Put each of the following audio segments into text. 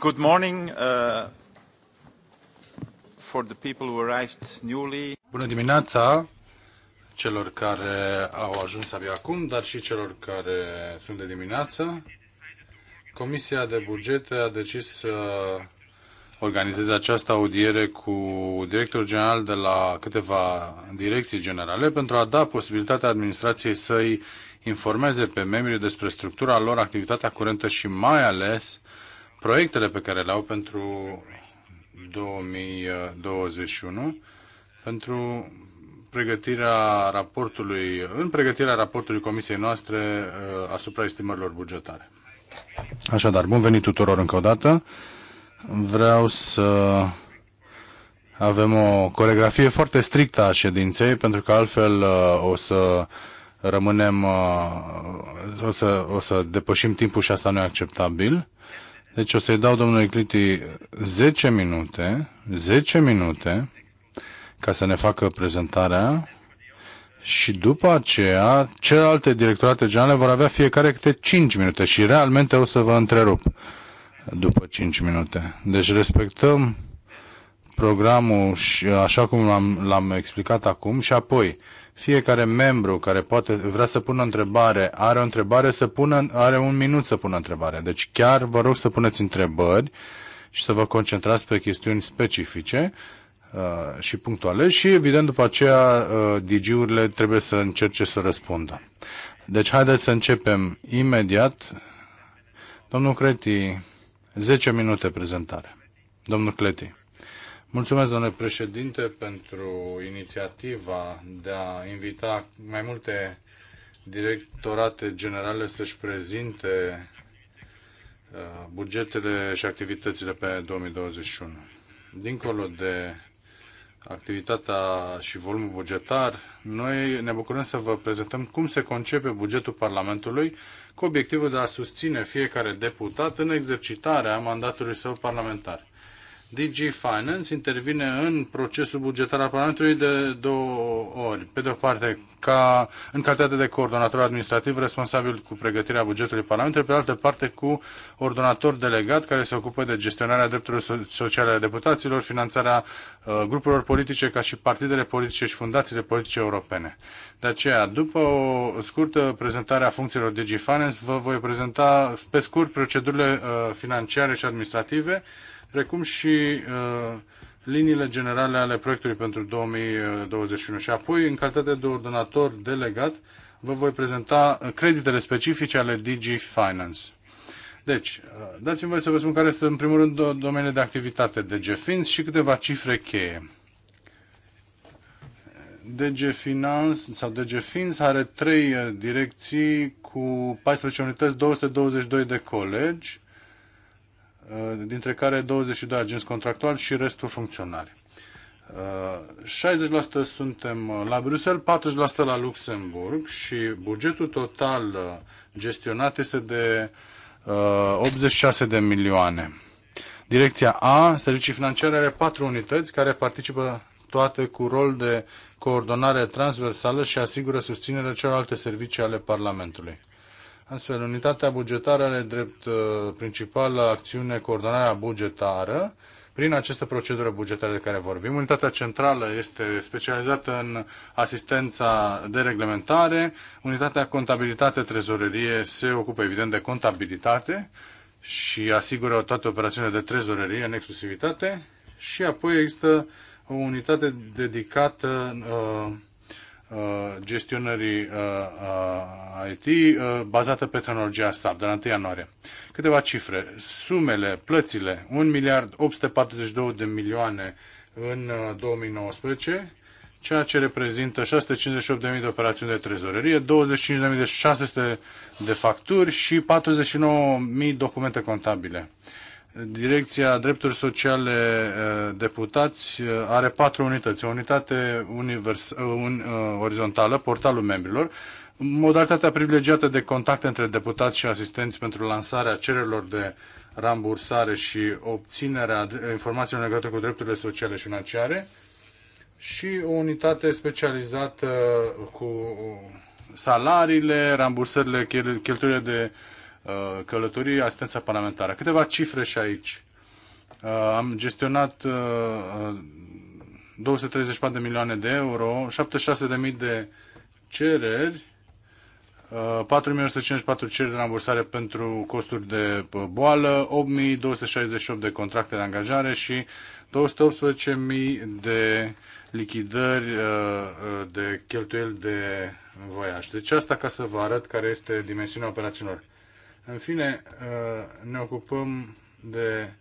Good morning uh, for the people who arrived newly. Bună dimineața celor care au ajuns abia acum, dar și celor care sunt de dimineață. Comisia de buget a decis să organizeze această audiere cu director general de la câteva direcții generale pentru a da posibilitatea administrației să-i informeze pe membrii despre structura lor, activitatea curentă și mai ales uh, proiectele pe care le au pentru 2021 pentru pregătirea raportului, în pregătirea raportului comisiei noastre uh, asupra estimărilor bugetare. Așadar, bun venit tuturor încă o dată. Vreau să avem o coregrafie foarte strictă a ședinței, pentru că altfel uh, o să rămânem, uh, o să, o să depășim timpul și asta nu e acceptabil. Deci o să-i dau domnului Cliti 10 minute, 10 minute, ca să ne facă prezentarea și după aceea celelalte directorate generale vor avea fiecare câte 5 minute și realmente o să vă întrerup după 5 minute. Deci respectăm programul și așa cum l-am, explicat acum și apoi fiecare membru care poate vrea să pună o întrebare, are o întrebare să pună, are un minut să pună întrebare. Deci chiar vă rog să puneți întrebări și să vă concentrați pe chestiuni specifice uh, și punctuale și, evident, după aceea, uh, digiurile trebuie să încerce să răspundă. Deci, haideți să începem imediat. Domnul Creti, 10 minute prezentare. Domnul Cleti. Mulțumesc, domnule președinte, pentru inițiativa de a invita mai multe directorate generale să-și prezinte uh, bugetele și activitățile pe 2021. Dincolo de activitatea și volumul bugetar, noi ne bucurăm să vă prezentăm cum se concepe bugetul Parlamentului cu obiectivul de a susține fiecare deputat în exercitarea mandatului său parlamentar. DG Finance intervine în procesul bugetar al Parlamentului de două ori. Pe de o parte, ca în calitate de coordonator administrativ responsabil cu pregătirea bugetului Parlamentului, pe de altă parte cu ordonator delegat care se ocupă de gestionarea drepturilor sociale ale deputaților, finanțarea uh, grupurilor politice ca și partidele politice și fundațiile politice europene. De aceea, după o scurtă prezentare a funcțiilor DG Finance, vă voi prezenta pe scurt procedurile uh, financiare și administrative precum și uh, liniile generale ale proiectului pentru 2021. Și apoi, în calitate de ordonator delegat, vă voi prezenta uh, creditele specifice ale DG Finance. Deci, uh, dați-mi voi să vă spun care sunt, în primul rând, domeniile de activitate DG Finance și câteva cifre cheie. DG Finance sau DG Finance are trei direcții cu 14 unități, 222 de colegi, Uh, dintre care 22 agenți contractuali și restul funcționari. 60% uh, suntem uh, la Bruxelles, 40% la Luxemburg și bugetul total gestionat este de 86 de milioane. Direcția A, servicii financiare, are patru unități care participă toate cu rol de coordonare transversală și asigură susținerea celorlalte servicii ale Parlamentului. Astfel, unitatea bugetară are drept uh, principală acțiune coordonarea bugetară prin această procedură bugetară de care vorbim. Unitatea centrală este specializată în asistența de reglementare, unitatea contabilitate trezorerie se ocupă evident de contabilitate și asigură toate operațiunile de trezorerie în exclusivitate și apoi există o unitate dedicată uh, Uh, gestionării uh, uh, IT bazată pe tehnologia SAP de la 1 ianuarie. Câteva cifre. Sumele, plățile, 1 miliard 842 de milioane în 2019, ceea ce reprezintă 658.000 de operațiuni de trezorerie, 25.600 de facturi și 49.000 documente contabile. Direcția Drepturi Sociale Deputați are patru unități. O unitate univers, un, orizontală, portalul membrilor, modalitatea privilegiată de contact între deputați și asistenți pentru lansarea cererilor de rambursare și obținerea informațiilor legate cu drepturile sociale și financiare și o unitate specializată cu salariile, rambursările, cheltuielile de uh, Uh, călătorii, asistența parlamentară. Câteva cifre și aici. Uh, am gestionat 234 uh, de milioane de euro, 76.000 de cereri, 4.154 cereri de rambursare pentru costuri de boală, 8.268 de contracte de angajare și 218.000 de lichidări de cheltuieli de voiaj. Deci asta ca să vă arăt care este dimensiunea operațiunilor. În fine, uh, ne ocupăm de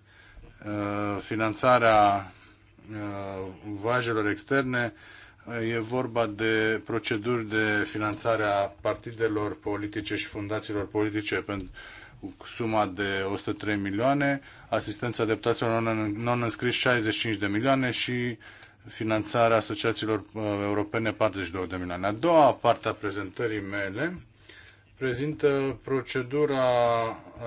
uh, finanțarea uh, voajelor externe. E vorba de proceduri de finanțare a partidelor politice și fundațiilor politice pentru suma de 103 milioane, asistența deputaților non înscris 65 de milioane și finanțarea asociațiilor europene 42 de milioane. A doua parte a prezentării mele prezintă procedura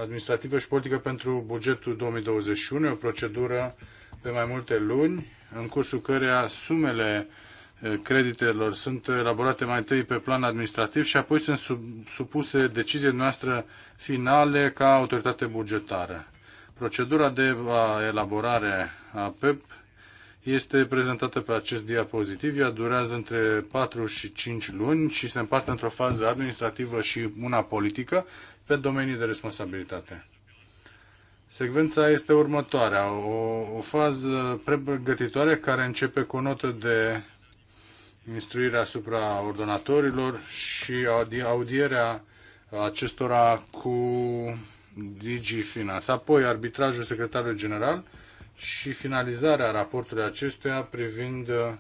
administrativă și politică pentru bugetul 2021, o procedură pe mai multe luni, în cursul căreia sumele creditelor sunt elaborate mai întâi pe plan administrativ și apoi sunt sub, supuse deciziei noastre finale ca autoritate bugetară. Procedura de elaborare a PEP este prezentată pe acest diapozitiv. Ea durează între 4 și 5 luni și se împarte într-o fază administrativă și una politică pe domenii de responsabilitate. Secvența este următoarea, o, o fază pregătitoare care începe cu o notă de instruire asupra ordonatorilor și audierea acestora cu DG Apoi arbitrajul secretarului general, și finalizarea raportului acestuia privind uh,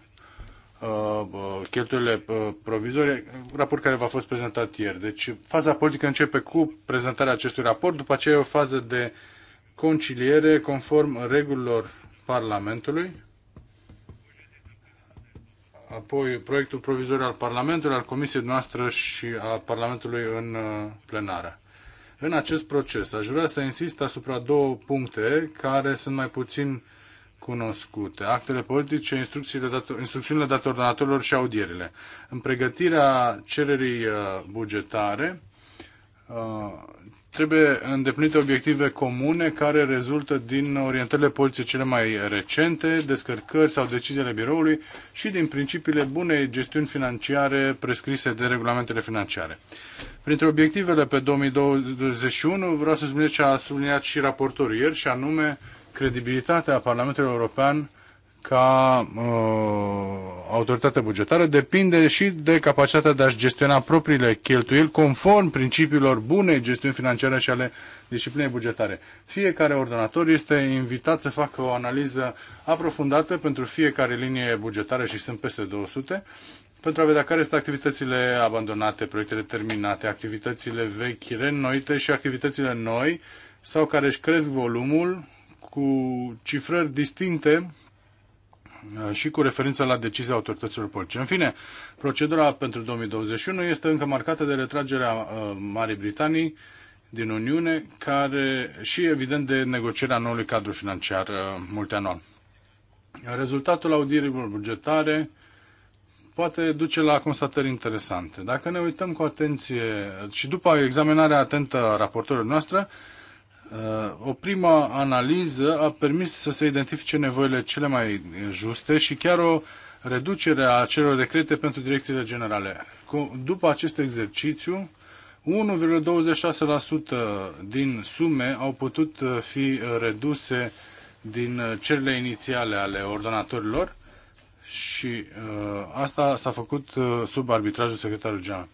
uh, cheltuielile uh, provizorii, raport care v-a fost prezentat ieri. Deci faza politică începe cu prezentarea acestui raport, după aceea e o fază de conciliere conform regulilor Parlamentului, apoi proiectul provizoriu al Parlamentului, al Comisiei noastre și a Parlamentului în plenară în acest proces. Aș vrea să insist asupra două puncte care sunt mai puțin cunoscute. Actele politice, instrucțiile, dator, instrucțiunile date ordonatorilor și audierile. În pregătirea cererii uh, bugetare, uh, trebuie îndeplinite obiective comune care rezultă din orientările poliției cele mai recente, descărcări sau deciziile biroului și din principiile bunei gestiuni financiare prescrise de regulamentele financiare. Printre obiectivele pe 2021 vreau să subliniez ce a subliniat și raportorul ieri și anume credibilitatea Parlamentului European ca uh, autoritate bugetară depinde și de capacitatea de a-și gestiona propriile cheltuieli conform principiilor bunei gestiuni financiare și ale disciplinei bugetare. Fiecare ordonator este invitat să facă o analiză aprofundată pentru fiecare linie bugetară și sunt peste 200 pentru a vedea care sunt activitățile abandonate, proiectele terminate, activitățile vechi renoite și activitățile noi sau care își cresc volumul cu cifrări distincte Uh, și cu referință la decizia autorităților politice. În fine, procedura pentru 2021 este încă marcată de retragerea uh, Marii Britanii din Uniune care, și, evident, de negocierea noului cadru financiar uh, multianual. Rezultatul audierilor bugetare poate duce la constatări interesante. Dacă ne uităm cu atenție și după examinarea atentă a raportorilor noastre, Uh, o primă analiză a permis să se identifice nevoile cele mai juste și chiar o reducere a celor decrete pentru direcțiile generale. După acest exercițiu, 1,26% din sume au putut uh, fi uh, reduse din cele inițiale ale ordonatorilor și asta s-a făcut sub arbitrajul secretarului general.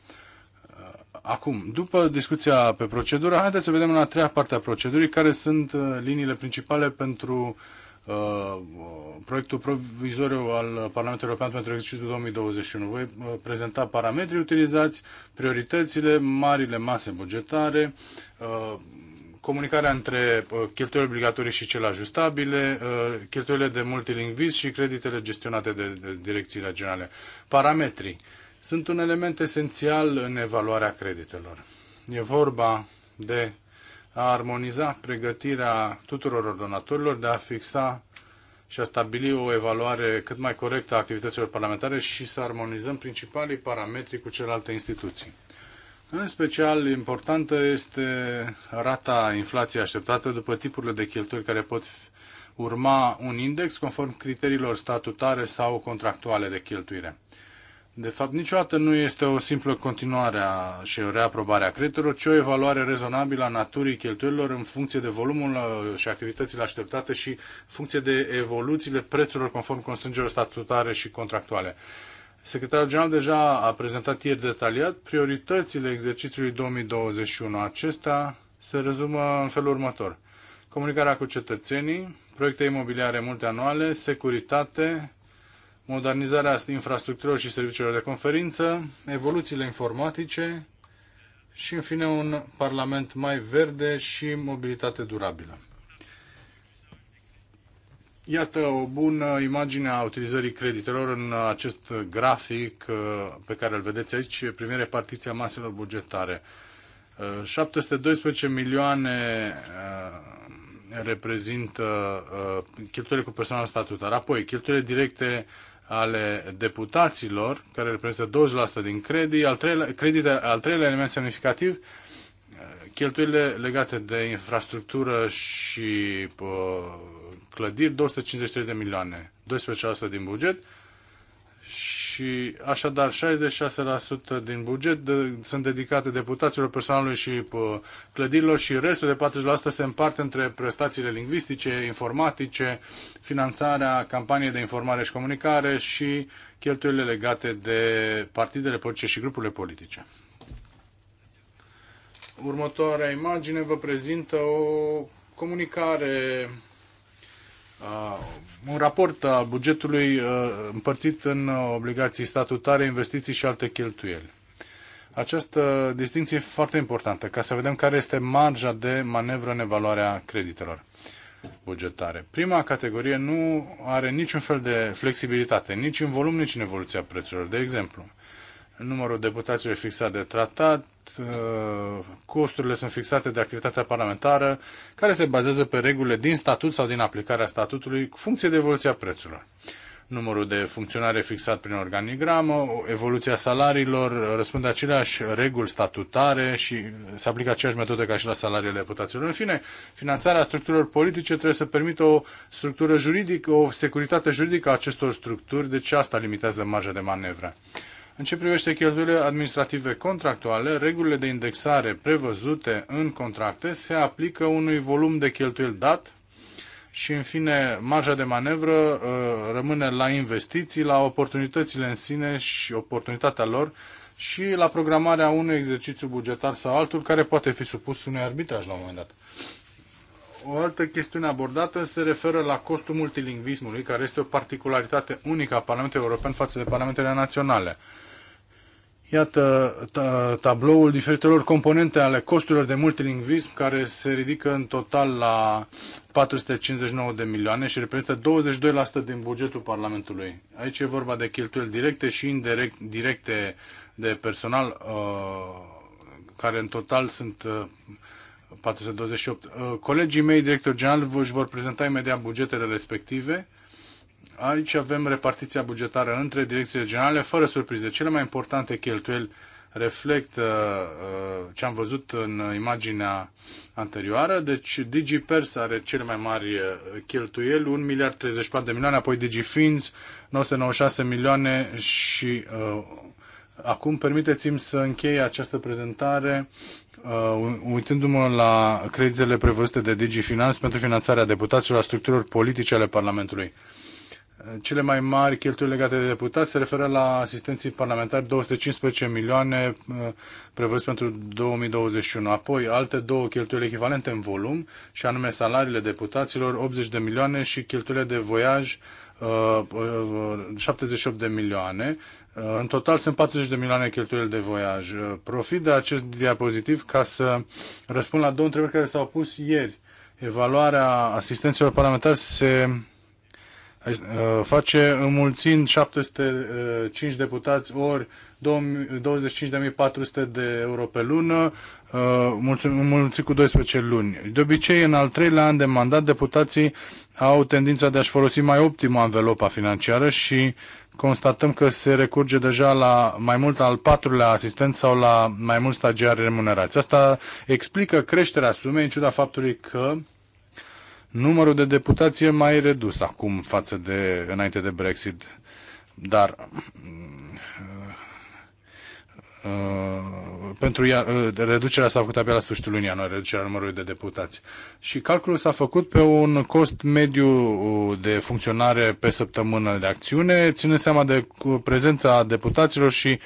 Acum, după discuția pe procedură, haideți să vedem în a treia parte a procedurii care sunt uh, liniile principale pentru uh, uh, proiectul provizoriu al Parlamentului European pentru exercițiul 2021. Voi uh, prezenta parametrii utilizați, prioritățile, marile mase bugetare, uh, comunicarea între cheltuieli obligatorii și cele ajustabile, cheltuielile de multilingvism și creditele gestionate de direcțiile generale. Parametrii sunt un element esențial în evaluarea creditelor. E vorba de a armoniza pregătirea tuturor donatorilor, de a fixa și a stabili o evaluare cât mai corectă a activităților parlamentare și să armonizăm principalii parametri cu celelalte instituții. În special, importantă este rata inflației așteptată după tipurile de cheltuieli care pot urma un index conform criteriilor statutare sau contractuale de cheltuire de fapt, niciodată nu este o simplă continuare a, și o reaprobare a creditelor, ci o evaluare rezonabilă a naturii cheltuielilor în funcție de volumul uh, și activitățile așteptate și în funcție de evoluțiile prețurilor conform constrângerilor statutare și contractuale. Secretarul General deja a prezentat ieri detaliat prioritățile exercițiului 2021. Acesta se rezumă în felul următor. Comunicarea cu cetățenii, proiecte imobiliare multianuale, securitate, modernizarea infrastructurilor și serviciilor de conferință, evoluțiile informatice și, în fine, un Parlament mai verde și mobilitate durabilă. Iată o bună imagine a utilizării creditelor în acest grafic uh, pe care îl vedeți aici, privind repartiția maselor bugetare. 712 uh, milioane uh, reprezintă cheltuielile cu personal statutar, apoi cheltuielile directe ale deputaților, care reprezintă 20% din credit, al treilea, credit, al treilea element semnificativ, eh, cheltuielile legate de infrastructură și pă, eh, clădiri, 253 de milioane, 12% din buget și așadar 66% din buget de, sunt dedicate deputaților, personalului și uh, clădirilor și restul de 40% se împarte între prestațiile lingvistice, informatice, finanțarea campaniei de informare și comunicare și cheltuielile legate de partidele politice și grupurile politice. Următoarea imagine vă prezintă o comunicare Uh, un raport al bugetului uh, împărțit în uh, obligații statutare, investiții și alte cheltuieli. Această distinție e foarte importantă ca să vedem care este marja de manevră în evaluarea creditelor bugetare. Prima categorie nu are niciun fel de flexibilitate, nici în volum, nici în evoluția prețurilor. De exemplu, numărul deputaților e fixat de tratat, uh, costurile sunt fixate de activitatea parlamentară, care se bazează pe regulile din statut sau din aplicarea statutului, cu funcție de evoluția prețurilor. Numărul de funcționare fixat prin organigramă, evoluția salariilor răspunde aceleași reguli statutare și se aplică aceeași metodă ca și la salariile deputaților. În fine, finanțarea structurilor politice trebuie să permită o structură juridică, o securitate juridică a acestor structuri, deci asta limitează marja de manevră. În ce privește cheltuielile administrative contractuale, regulile de indexare prevăzute în contracte se aplică unui volum de cheltuieli dat și, în fine, marja de manevră uh, rămâne la investiții, la oportunitățile în sine și oportunitatea lor și la programarea unui exercițiu bugetar sau altul care poate fi supus unui arbitraj la un moment dat. O altă chestiune abordată se referă la costul multilingvismului, care este o particularitate unică a Parlamentului European față de Parlamentele Naționale. Iată tabloul diferitelor componente ale costurilor de multilingvism care se ridică în total la 459 de milioane și reprezintă 22% din bugetul Parlamentului. Aici e vorba de cheltuieli directe și indirecte indirect, de personal, uh, care în total sunt 428. Uh, uh, colegii mei, director general, își vor prezenta imediat bugetele respective. Aici avem repartiția bugetară între direcțiile generale, fără surprize. Cele mai importante cheltuieli reflectă uh, ce am văzut în imaginea anterioară. Deci DigiPers are cele mai mari uh, cheltuieli, 1 miliard 34 de milioane, apoi DigiFins 996 milioane și uh, acum permiteți-mi să închei această prezentare uh, uitându-mă la creditele prevăzute de DigiFinance pentru finanțarea deputaților la structurilor politice ale Parlamentului. Cele mai mari cheltuieli legate de deputați se referă la asistenții parlamentari, 215 milioane uh, prevăzute pentru 2021. Apoi alte două cheltuieli echivalente în volum, și anume salariile deputaților, 80 de milioane și cheltuielile de voiaj, 78 uh, uh, de milioane. În total sunt 40 de milioane cheltuieli de voiaj. Profit de acest diapozitiv ca să răspund la două întrebări care s-au pus ieri. Evaluarea asistenților parlamentari se Uh, face înmulțind 705 uh, deputați ori 25.400 de euro pe lună, uh, mulțumit cu 12 luni. De obicei, în al treilea an de mandat, deputații au tendința de a-și folosi mai optim anvelopa financiară și constatăm că se recurge deja la mai mult al patrulea asistent sau la mai mulți stagiari remunerați. Asta explică creșterea sumei, în ciuda faptului că Numărul de deputați e mai redus acum față de înainte de Brexit, dar mm, Uh, pentru ia, uh, reducerea s-a făcut abia la sfârșitul lunii ianuarie, reducerea numărului de deputați. Și calculul s-a făcut pe un cost mediu uh, de funcționare pe săptămână de acțiune, ținând seama de uh, prezența deputaților și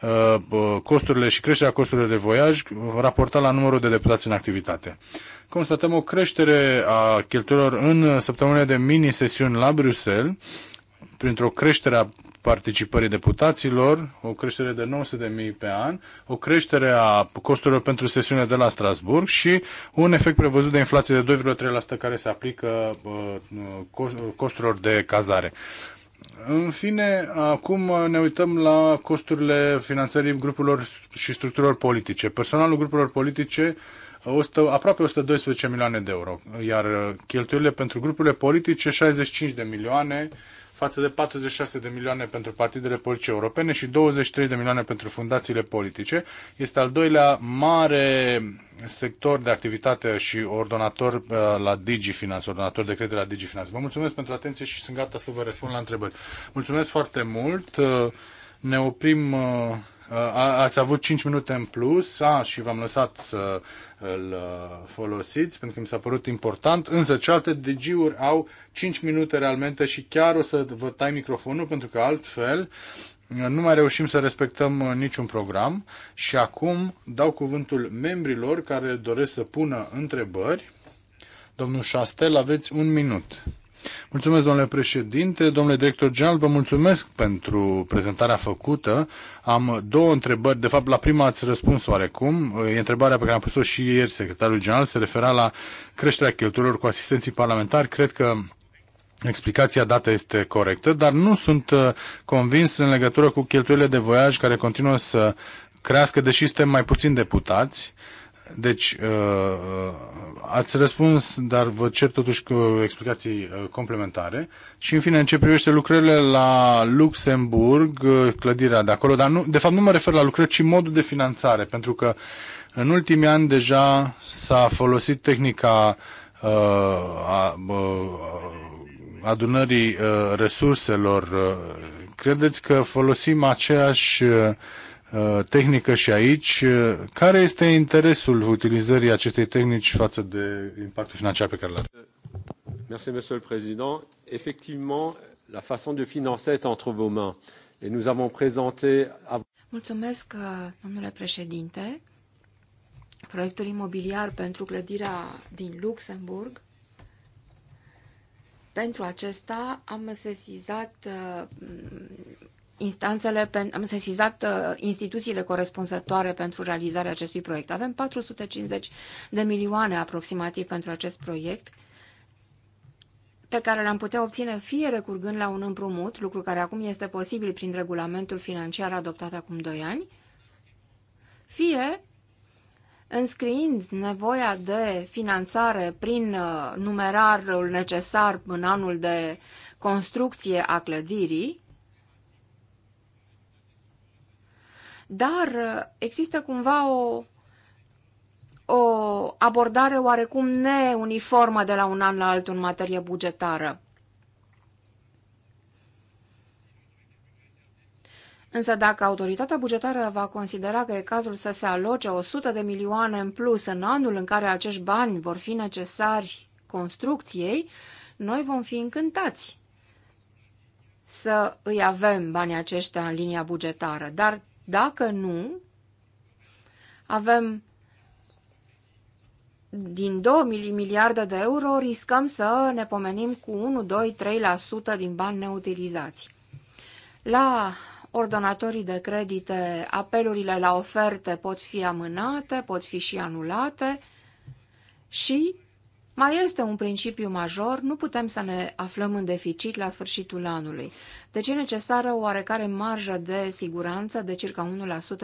uh, uh, costurile și creșterea costurilor de voiaj, raportat la numărul de deputați în activitate. Uh, constatăm o creștere a cheltuielor în săptămâna de mini-sesiuni la Bruxelles, printr-o creștere a participării deputaților, o creștere de 900.000 pe an, o creștere a costurilor pentru sesiunea de la Strasburg și un efect prevăzut de inflație de 2,3% care se aplică costurilor de cazare. În fine, acum ne uităm la costurile finanțării grupurilor și structurilor politice. Personalul grupurilor politice uh, 100, aproape 112 milioane de euro, iar uh, cheltuielile pentru grupurile politice 65 de milioane față de 46 de milioane pentru partidele politice europene și 23 de milioane pentru fundațiile politice. Este al doilea mare sector de activitate și ordonator uh, la DigiFinance, ordonator de credere la DigiFinance. Vă mulțumesc pentru atenție și sunt gata să vă răspund la întrebări. Mulțumesc foarte mult. Uh, ne oprim Ați avut 5 minute în plus a, și v-am lăsat să uh, îl uh, folosiți pentru că mi s-a părut important, însă cealaltă DG-uri au 5 minute realmente și chiar o să vă tai microfonul pentru că altfel uh, nu mai reușim să respectăm niciun program și acum dau cuvântul membrilor care doresc să pună întrebări. Domnul Șastel, aveți un minut. Mulțumesc, domnule președinte. Domnule director general, vă mulțumesc pentru prezentarea făcută. Am două întrebări. De fapt, la prima ați răspuns oarecum. E întrebarea pe care am pus-o și ieri secretarul general. Se refera la creșterea cheltuielor cu asistenții parlamentari. Cred că Explicația dată este corectă, dar nu sunt uh, convins în legătură cu cheltuielile de voiaj care continuă să crească, deși suntem mai puțin deputați. Deci, uh, uh, ați răspuns, dar vă cer totuși cu explicații uh, complementare. Și, în fine, în ce privește lucrările la Luxemburg, clădirea de acolo, dar nu, de fapt nu mă refer la lucrări, ci modul de finanțare, pentru că în ultimii ani deja s-a folosit tehnica uh, a, uh, adunării uh, resurselor. Credeți că folosim aceeași uh, Uh, tehnică și aici. Uh, care este interesul utilizării acestei tehnici față de impactul financiar pe care l are? Merci, Monsieur le Président. Effectivement, la façon de financer est entre vos mains. Et nous avons présenté... Mulțumesc, uh, domnule președinte. Proiectul imobiliar pentru clădirea din Luxemburg. Pentru acesta am sesizat instanțele, am sesizat uh, instituțiile corespunzătoare pentru realizarea acestui proiect. Avem 450 de milioane aproximativ pentru acest proiect, pe care l-am putea obține fie recurgând la un împrumut, lucru care acum este posibil prin regulamentul financiar adoptat acum 2 ani, fie înscriind nevoia de finanțare prin uh, numerarul necesar în anul de construcție a clădirii, dar uh, există cumva o, o abordare oarecum neuniformă de la un an la altul în materie bugetară. Însă dacă autoritatea bugetară va considera că e cazul să se aloce 100 de milioane în plus în anul în care acești bani vor fi necesari construcției, noi vom fi încântați să îi avem banii aceștia în linia bugetară, dar dacă nu, avem din 2 miliarde de euro, riscăm să ne pomenim cu 1, 2, 3% din bani neutilizați. La ordonatorii de credite, apelurile la oferte pot fi amânate, pot fi și anulate și mai este un principiu major, nu putem să ne aflăm în deficit la sfârșitul anului. Deci e necesară o oarecare marjă de siguranță de circa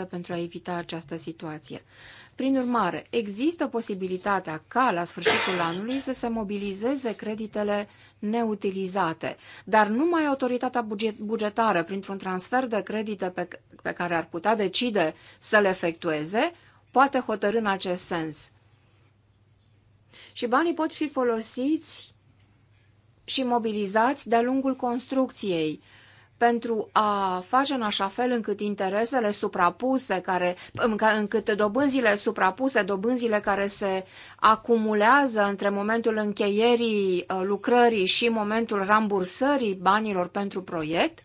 1% pentru a evita această situație. Prin urmare, există posibilitatea ca la sfârșitul anului să se mobilizeze creditele neutilizate, dar numai autoritatea bugetară, printr-un transfer de credite pe, pe care ar putea decide să le efectueze, poate hotărâ în acest sens și banii pot fi folosiți și mobilizați de-a lungul construcției pentru a face în așa fel încât interesele suprapuse, care, încât dobânzile suprapuse, dobânzile care se acumulează între momentul încheierii uh, lucrării și momentul rambursării banilor pentru proiect,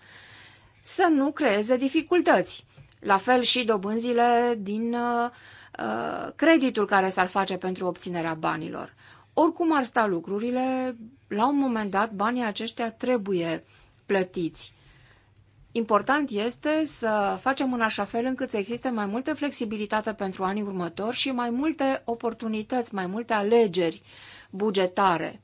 să nu creeze dificultăți. La fel și dobânzile din uh, uh creditul care s-ar face pentru obținerea banilor. Oricum ar sta lucrurile, la un moment dat banii aceștia trebuie plătiți. Important este să facem în așa fel încât să existe mai multă flexibilitate pentru anii următori și mai multe oportunități, mai multe alegeri bugetare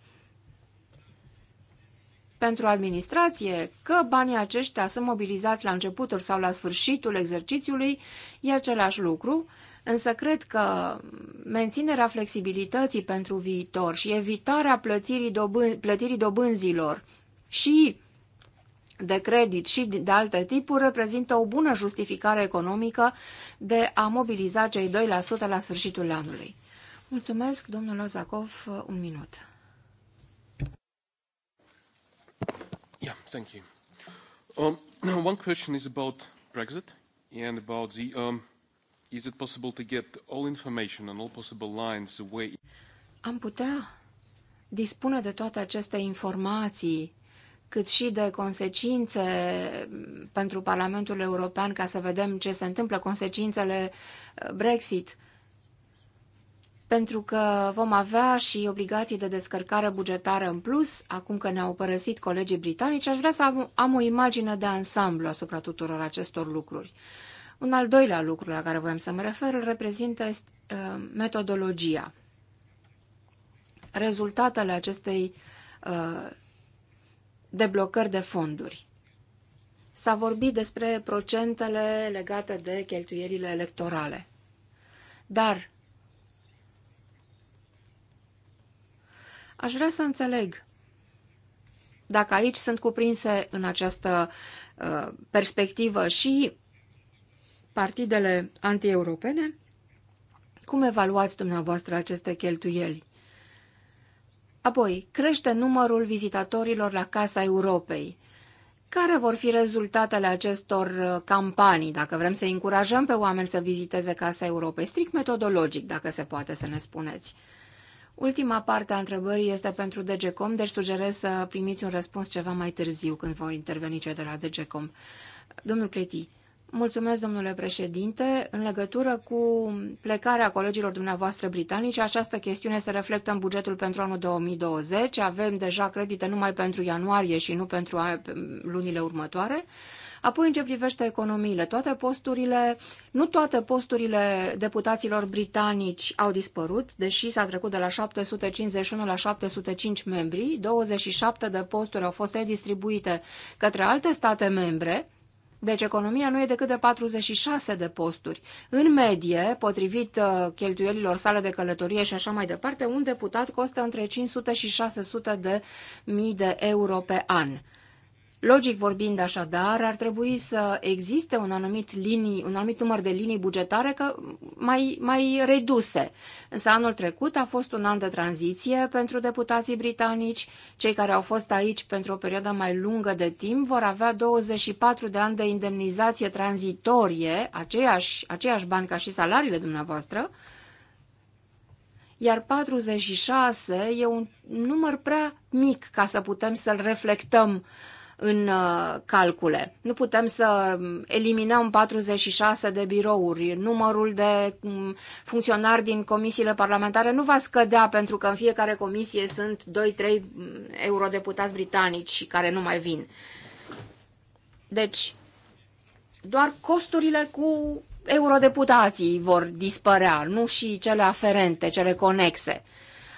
pentru administrație că banii aceștia sunt mobilizați la începutul sau la sfârșitul exercițiului e același lucru însă cred că menținerea flexibilității pentru viitor și evitarea plătirii, dobân plătirii dobânzilor și de credit și de alte tipuri reprezintă o bună justificare economică de a mobiliza cei 2% la sfârșitul anului. Mulțumesc, domnul Ozacov, un minut. Yeah, thank you. Um, one question is about Brexit and about the um, Is it possible to get all information on all possible lines away? Am putea dispune de toate aceste informații, cât și de consecințe pentru Parlamentul European ca să vedem ce se întâmplă, consecințele uh, Brexit pentru că vom avea și obligații de descărcare bugetară în plus, acum că ne-au părăsit colegii britanici, aș vrea să am, am o imagine de ansamblu asupra tuturor acestor lucruri. Un al doilea lucru la care voiam să mă refer îl reprezintă uh, metodologia. Rezultatele acestei uh, deblocări de fonduri. S-a vorbit despre procentele legate de cheltuielile electorale. Dar aș vrea să înțeleg dacă aici sunt cuprinse în această uh, perspectivă și partidele antieuropene? Cum evaluați dumneavoastră aceste cheltuieli? Apoi, crește numărul vizitatorilor la Casa Europei. Care vor fi rezultatele acestor uh, campanii, dacă vrem să încurajăm pe oameni să viziteze Casa Europei? Strict metodologic, dacă se poate să ne spuneți. Ultima parte a întrebării este pentru DGCOM, deci sugerez să primiți un răspuns ceva mai târziu când vor interveni cei de la DGCOM. Domnul Cleti, Mulțumesc, domnule președinte. În legătură cu plecarea colegilor dumneavoastră britanici, această chestiune se reflectă în bugetul pentru anul 2020. Avem deja credite numai pentru ianuarie și nu pentru lunile următoare. Apoi, în ce privește economiile, toate posturile, nu toate posturile deputaților britanici au dispărut, deși s-a trecut de la 751 la 705 membri, 27 de posturi au fost redistribuite către alte state membre, deci economia nu e decât de 46 de posturi. În medie, potrivit uh, cheltuielilor sale de călătorie și așa mai departe, un deputat costă între 500 și 600 de mii de euro pe an. Logic vorbind așadar, ar trebui să existe un anumit, linii, un anumit număr de linii bugetare că mai, mai reduse. Însă anul trecut a fost un an de tranziție pentru deputații britanici. Cei care au fost aici pentru o perioadă mai lungă de timp vor avea 24 de ani de indemnizație tranzitorie, aceiași, aceiași bani ca și salariile dumneavoastră, iar 46 e un număr prea mic ca să putem să-l reflectăm uh, în uh, calcule. Nu putem să um, eliminăm 46 de birouri. Numărul de um, funcționari din comisiile parlamentare nu va scădea pentru că în fiecare comisie sunt 2-3 um, eurodeputați britanici care nu mai vin. Deci, doar costurile cu eurodeputații vor dispărea, nu și cele aferente, cele conexe.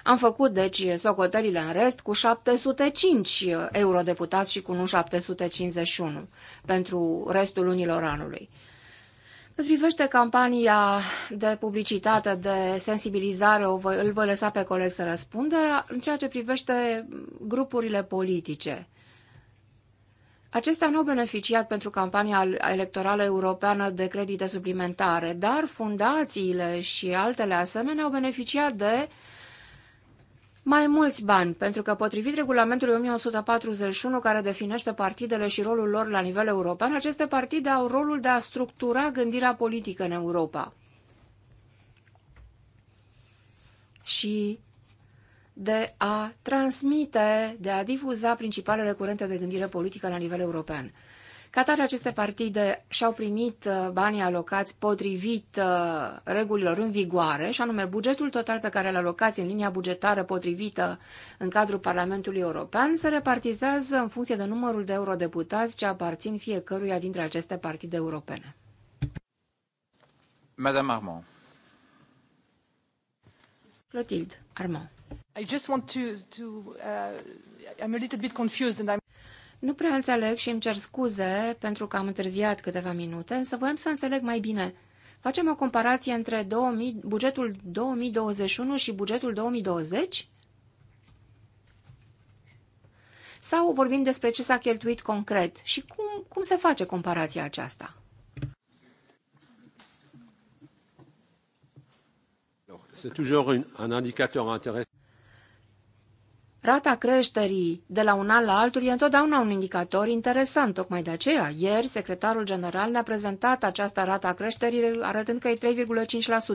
Am făcut, deci, socotările în rest cu 705 eurodeputați și cu nu 751 pentru restul lunilor anului. Cât privește campania de publicitate, de sensibilizare, o voi, îl voi lăsa pe coleg să răspundă, în ceea ce privește grupurile politice. Acestea nu au beneficiat pentru campania electorală europeană de credite suplimentare, dar fundațiile și altele asemenea au beneficiat de uh, mai mulți bani, pentru că potrivit regulamentului 1141 care definește partidele și rolul lor la nivel european, aceste partide au rolul de a structura gândirea politică în Europa. Și de a transmite, de a difuza principalele curente de gândire politică la nivel european. Ca toate aceste partide și-au primit uh, banii alocați potrivit uh, regulilor în vigoare, și anume bugetul total pe care îl alocați în linia bugetară potrivită în cadrul Parlamentului European se repartizează în funcție de numărul de eurodeputați ce aparțin fiecăruia dintre aceste partide europene. Madame Armand. Clotilde Armand. I just want to, to uh, I'm a little bit confused and I'm nu prea înțeleg și îmi cer scuze pentru că am întârziat câteva minute, însă voiam să înțeleg mai bine. Facem o comparație între 2000, bugetul 2021 și bugetul 2020? Sau vorbim despre ce s-a cheltuit concret și cum, cum se face comparația aceasta? C'est toujours un indicateur intéressant. Rata creșterii de la un an la altul e întotdeauna un indicator interesant. Tocmai de aceea, ieri, secretarul general ne-a prezentat această rata creșterii arătând că e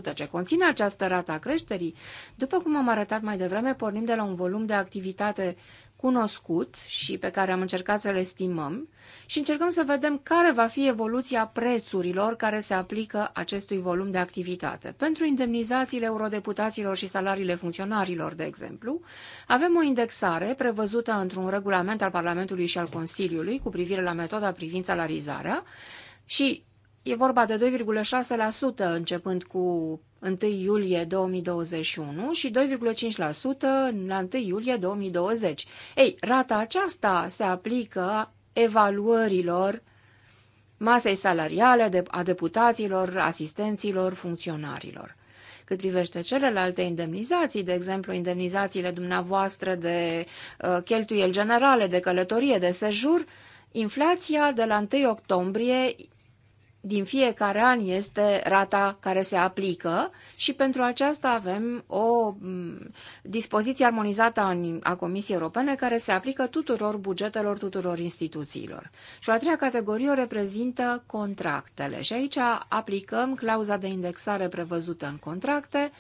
3,5%. Ce conține această rata creșterii? După cum am arătat mai devreme, pornim de la un volum de activitate cunoscuți și pe care am încercat să le estimăm și încercăm să vedem care va fi evoluția prețurilor care se aplică acestui volum de activitate. Pentru indemnizațiile eurodeputaților și salariile funcționarilor, de exemplu, avem o indexare prevăzută într-un regulament al Parlamentului și al Consiliului cu privire la metoda privind salarizarea și E vorba de 2,6% începând cu 1 iulie 2021 și 2,5% la 1 iulie 2020. Ei, rata aceasta se aplică evaluărilor masei salariale a deputaților, asistenților, funcționarilor. Cât privește celelalte indemnizații, de exemplu indemnizațiile dumneavoastră de uh, cheltuieli generale, de călătorie, de sejur, inflația de la 1 octombrie din fiecare an este rata care se aplică și pentru aceasta avem o mm, dispoziție armonizată a Comisiei Europene care se aplică tuturor bugetelor, tuturor instituțiilor. Și o a treia categorie o reprezintă contractele și aici aplicăm clauza de indexare prevăzută în contracte,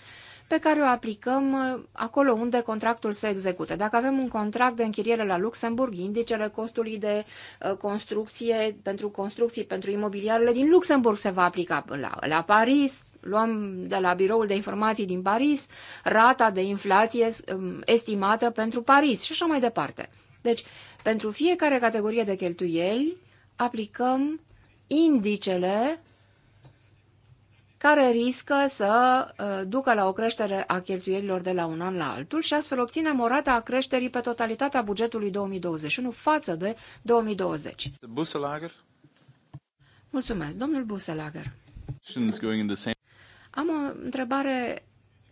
pe care o aplicăm uh, acolo unde contractul se execută. Dacă avem un contract de închiriere la Luxemburg, indicele costului de uh, construcție pentru construcții, pentru imobiliarele din Luxemburg se va aplica la, la Paris, luăm de la biroul de informații din Paris rata de inflație um, estimată pentru Paris și așa mai departe. Deci, pentru fiecare categorie de cheltuieli, aplicăm indicele care riscă să uh, ducă la o creștere a cheltuielilor de la un an la altul și astfel obținem o rată a creșterii pe totalitatea bugetului 2021 față de 2020. Busselager. Mulțumesc, domnul Buselager. Am o întrebare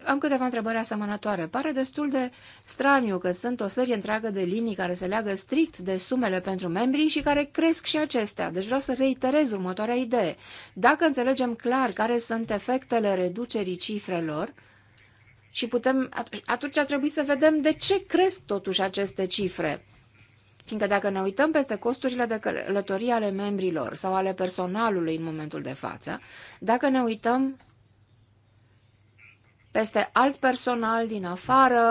am câteva întrebări asemănătoare. Pare destul de straniu că sunt o serie întreagă de linii care se leagă strict de sumele pentru membrii și care cresc și acestea. Deci vreau să reiterez următoarea idee. Dacă înțelegem clar care sunt efectele reducerii cifrelor, și putem, atunci ar trebui să vedem de ce cresc totuși aceste cifre. Fiindcă dacă ne uităm peste costurile de călătorie ale membrilor sau ale personalului în momentul de față, dacă ne uităm peste alt personal din afară,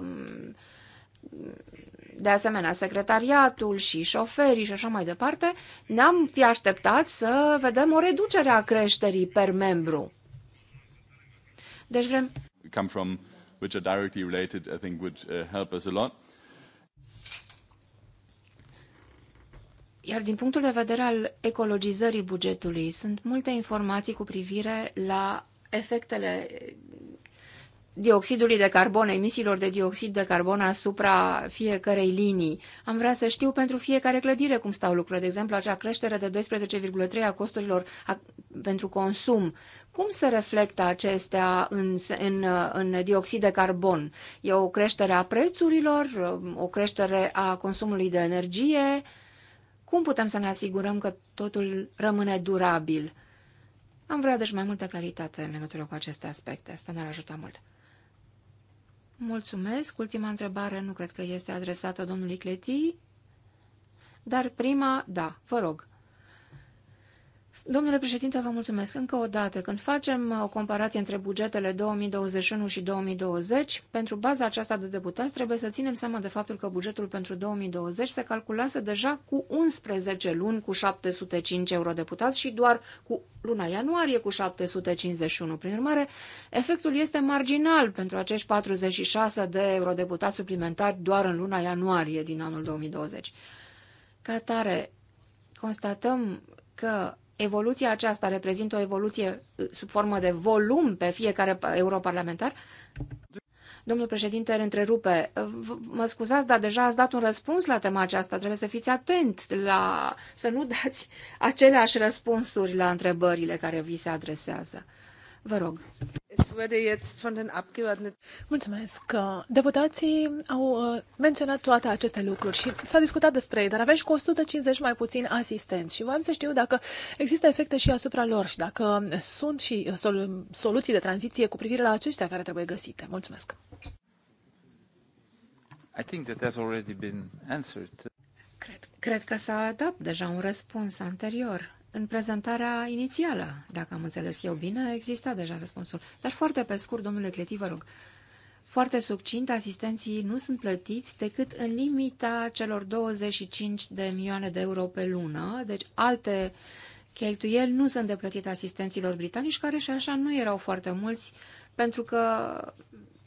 uh, de asemenea secretariatul și șoferii și așa mai departe, ne-am fi așteptat să vedem o reducere a creșterii per membru. Deci vrem... Come from which are directly related, I think would uh, help us a lot. Iar din punctul de vedere al ecologizării bugetului, sunt multe informații cu privire la efectele dioxidului de carbon, emisiilor de dioxid de carbon asupra fiecărei linii. Am vrea să știu pentru fiecare clădire cum stau lucrurile. De exemplu, acea creștere de 12,3 a costurilor a, pentru consum. Cum se reflectă acestea în, în, în dioxid de carbon? E o creștere a prețurilor? O creștere a consumului de energie? Cum putem să ne asigurăm că totul rămâne durabil? Am vrea deci mai multă claritate în legătură cu aceste aspecte. Asta ne-ar ajuta mult. Mulțumesc. Ultima întrebare nu cred că este adresată domnului Cleti, dar prima, da, vă rog. Domnule președinte, vă mulțumesc încă o dată. Când facem uh, o comparație între bugetele 2021 și 2020, pentru baza aceasta de deputați trebuie să ținem seama de faptul că bugetul pentru 2020 se calculase deja cu 11 luni cu 705 eurodeputați și doar cu luna ianuarie cu 751. Prin urmare, efectul este marginal pentru acești 46 de eurodeputați suplimentari doar în luna ianuarie din anul 2020. Ca atare, constatăm că evoluția aceasta reprezintă o evoluție uh, sub formă de volum pe fiecare europarlamentar? Domnul președinte, întrerupe. Uh, mă scuzați, dar deja ați dat un răspuns la tema aceasta. Trebuie să fiți atent la... să nu dați aceleași răspunsuri la întrebările care vi se adresează. Vă rog. Mulțumesc. Deputații au uh, menționat toate aceste lucruri și s-a discutat despre ei, dar avem și cu 150 mai puțin asistenți și voiam să știu dacă există efecte și asupra lor și dacă sunt și uh, soluții de tranziție cu privire la aceștia care trebuie găsite. Mulțumesc. I think that has already been answered. Cred, cred că s-a dat deja un răspuns anterior în prezentarea inițială, dacă am înțeles eu bine, exista deja răspunsul. Dar foarte pe scurt, domnule Cleti, vă rog. Foarte succint, asistenții nu sunt plătiți decât în limita celor 25 de milioane de euro pe lună, deci alte cheltuieli nu sunt de plătit asistenților britanici, care și așa nu erau foarte mulți, pentru că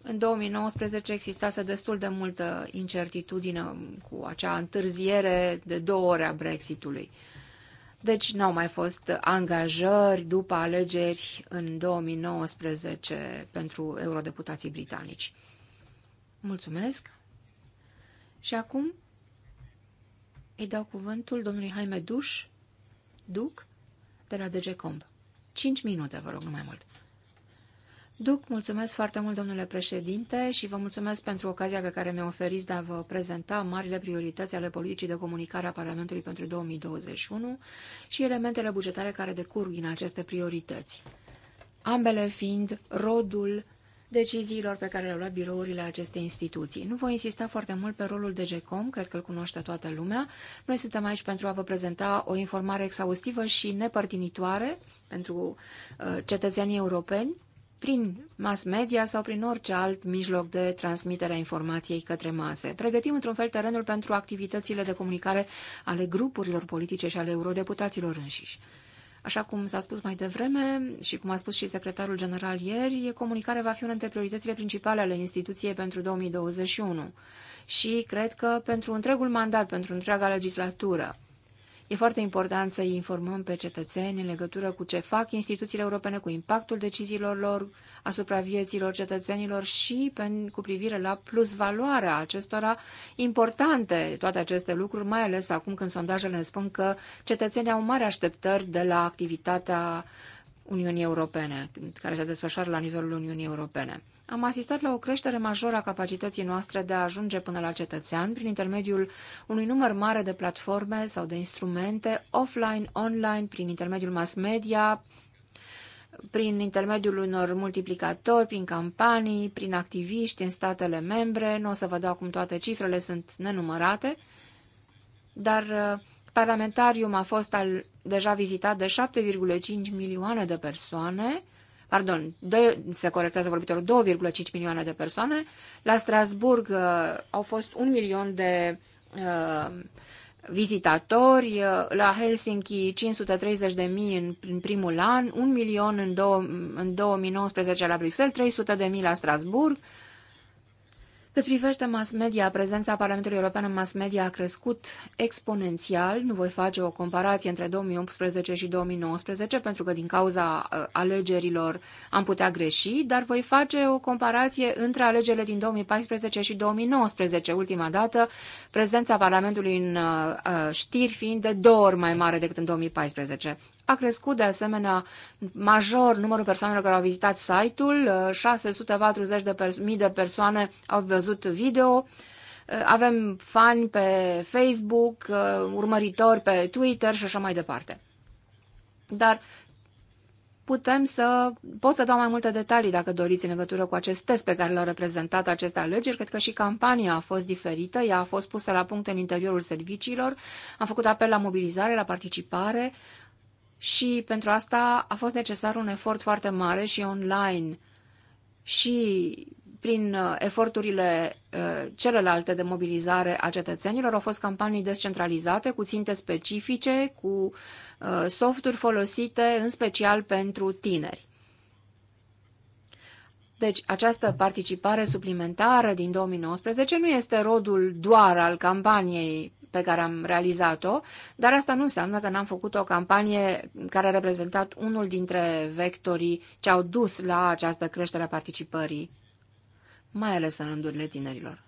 în 2019 existase destul de multă incertitudine cu acea întârziere de două ore a Brexitului. ului deci n-au mai fost angajări după alegeri în 2019 pentru eurodeputații britanici. Mulțumesc. Și acum îi dau cuvântul domnului Jaime Duș, Duc, de la DG Comp. minute, vă rog, nu mai mult. Duc, mulțumesc foarte mult, domnule președinte, și vă mulțumesc pentru ocazia pe care mi-o oferiți de a vă prezenta marile priorități ale politicii de comunicare a Parlamentului pentru 2021 și elementele bugetare care decurg din aceste priorități, ambele fiind rodul deciziilor pe care le-au luat birourile acestei instituții. Nu voi insista foarte mult pe rolul DGCOM, cred că îl cunoaște toată lumea. Noi suntem aici pentru a vă prezenta o informare exhaustivă și nepărtinitoare pentru uh, cetățenii europeni prin mass media sau prin orice alt mijloc de transmitere a informației către mase. Pregătim într-un fel terenul pentru activitățile de comunicare ale grupurilor politice și ale eurodeputaților înșiși. Așa cum s-a spus mai devreme și cum a spus și secretarul general ieri, comunicarea va fi una dintre prioritățile principale ale instituției pentru 2021 și cred că pentru întregul mandat, pentru întreaga legislatură. E foarte important să îi informăm pe cetățeni în legătură cu ce fac instituțiile europene, cu impactul deciziilor lor asupra vieților cetățenilor și cu privire la plusvaloarea acestora importante toate aceste lucruri, mai ales acum când sondajele ne spun că cetățenii au mari așteptări de la activitatea Uniunii Europene, care se desfășoară la nivelul Uniunii Europene. Am asistat la o creștere majoră a capacității noastre de a ajunge până la cetățean prin intermediul unui număr mare de platforme sau de instrumente, offline, online, prin intermediul mass media, prin intermediul unor multiplicatori, prin campanii, prin activiști în statele membre. Nu o să vă dau acum toate cifrele, sunt nenumărate, dar uh, parlamentarium a fost al, deja vizitat de 7,5 milioane de persoane, pardon, 2, se corectează vorbitorul, 2,5 milioane de persoane. La Strasburg uh, au fost un milion de uh, vizitatori, uh, la Helsinki 530 de mii în, în primul an, un milion în, două, în 2019 la Bruxelles, 300 de mii la Strasburg, cât privește mass media, prezența Parlamentului European în mass media a crescut exponențial. Nu voi face o comparație între 2018 și 2019, pentru că din cauza uh, alegerilor am putea greși, dar voi face o comparație între alegerile din 2014 și 2019. Ultima dată, prezența Parlamentului în uh, uh, știri fiind de două ori mai mare decât în 2014. A crescut de asemenea major numărul persoanelor care au vizitat site-ul, 640.000 de, pers de persoane au văzut video, avem fani pe Facebook, urmăritori pe Twitter și așa mai departe. Dar putem să... Pot să dau mai multe detalii dacă doriți în legătură cu acest test pe care l-au reprezentat aceste alegeri. Cred că și campania a fost diferită, ea a fost pusă la punct în interiorul serviciilor. Am făcut apel la mobilizare, la participare, și pentru asta a fost necesar un efort foarte mare și online și prin uh, eforturile uh, celelalte de mobilizare a cetățenilor au fost campanii descentralizate cu ținte specifice, cu uh, softuri folosite în special pentru tineri. Deci, această participare suplimentară din 2019 nu este rodul doar al campaniei pe care am realizat-o, dar asta nu înseamnă că n-am făcut o campanie care a reprezentat unul dintre vectorii ce au dus la această creștere a participării, mai ales în rândurile tinerilor.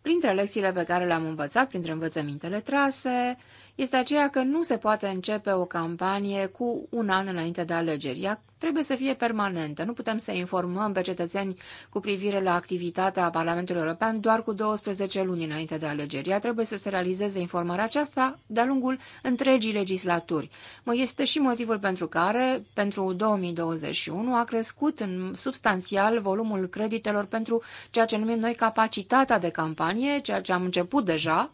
Printre lecțiile pe care le-am învățat, printre învățămintele trase, este aceea că nu se poate începe o campanie cu un an înainte de alegeri. Ea trebuie să fie permanentă. Nu putem să informăm pe cetățeni cu privire la activitatea Parlamentului European doar cu 12 luni înainte de alegeri. Ea trebuie să se realizeze informarea aceasta de-a lungul întregii legislaturi. Mă este și motivul pentru care, pentru 2021, a crescut în substanțial volumul creditelor pentru ceea ce numim noi capacitatea de campanie, ceea ce am început deja,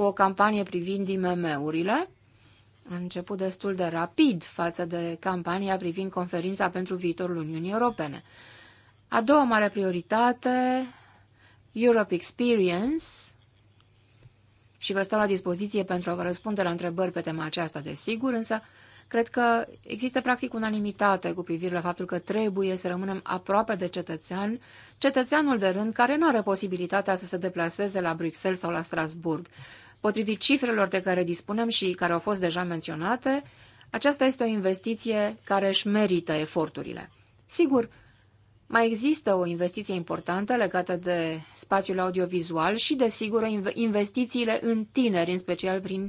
cu o campanie privind IMM-urile, a început destul de rapid față de campania privind conferința pentru viitorul Uniunii Europene. A doua mare prioritate, Europe Experience, și vă stau la dispoziție pentru a vă răspunde la întrebări pe tema aceasta, desigur, însă cred că există practic unanimitate cu privire la faptul că trebuie să rămânem aproape de cetățean, cetățeanul de rând care nu are posibilitatea să se deplaseze la Bruxelles sau la Strasburg. Potrivit cifrelor de care dispunem și care au fost deja menționate, aceasta este o investiție care își merită eforturile. Sigur, mai există o investiție importantă legată de spațiul audiovizual și, desigur, investițiile în tineri, în special prin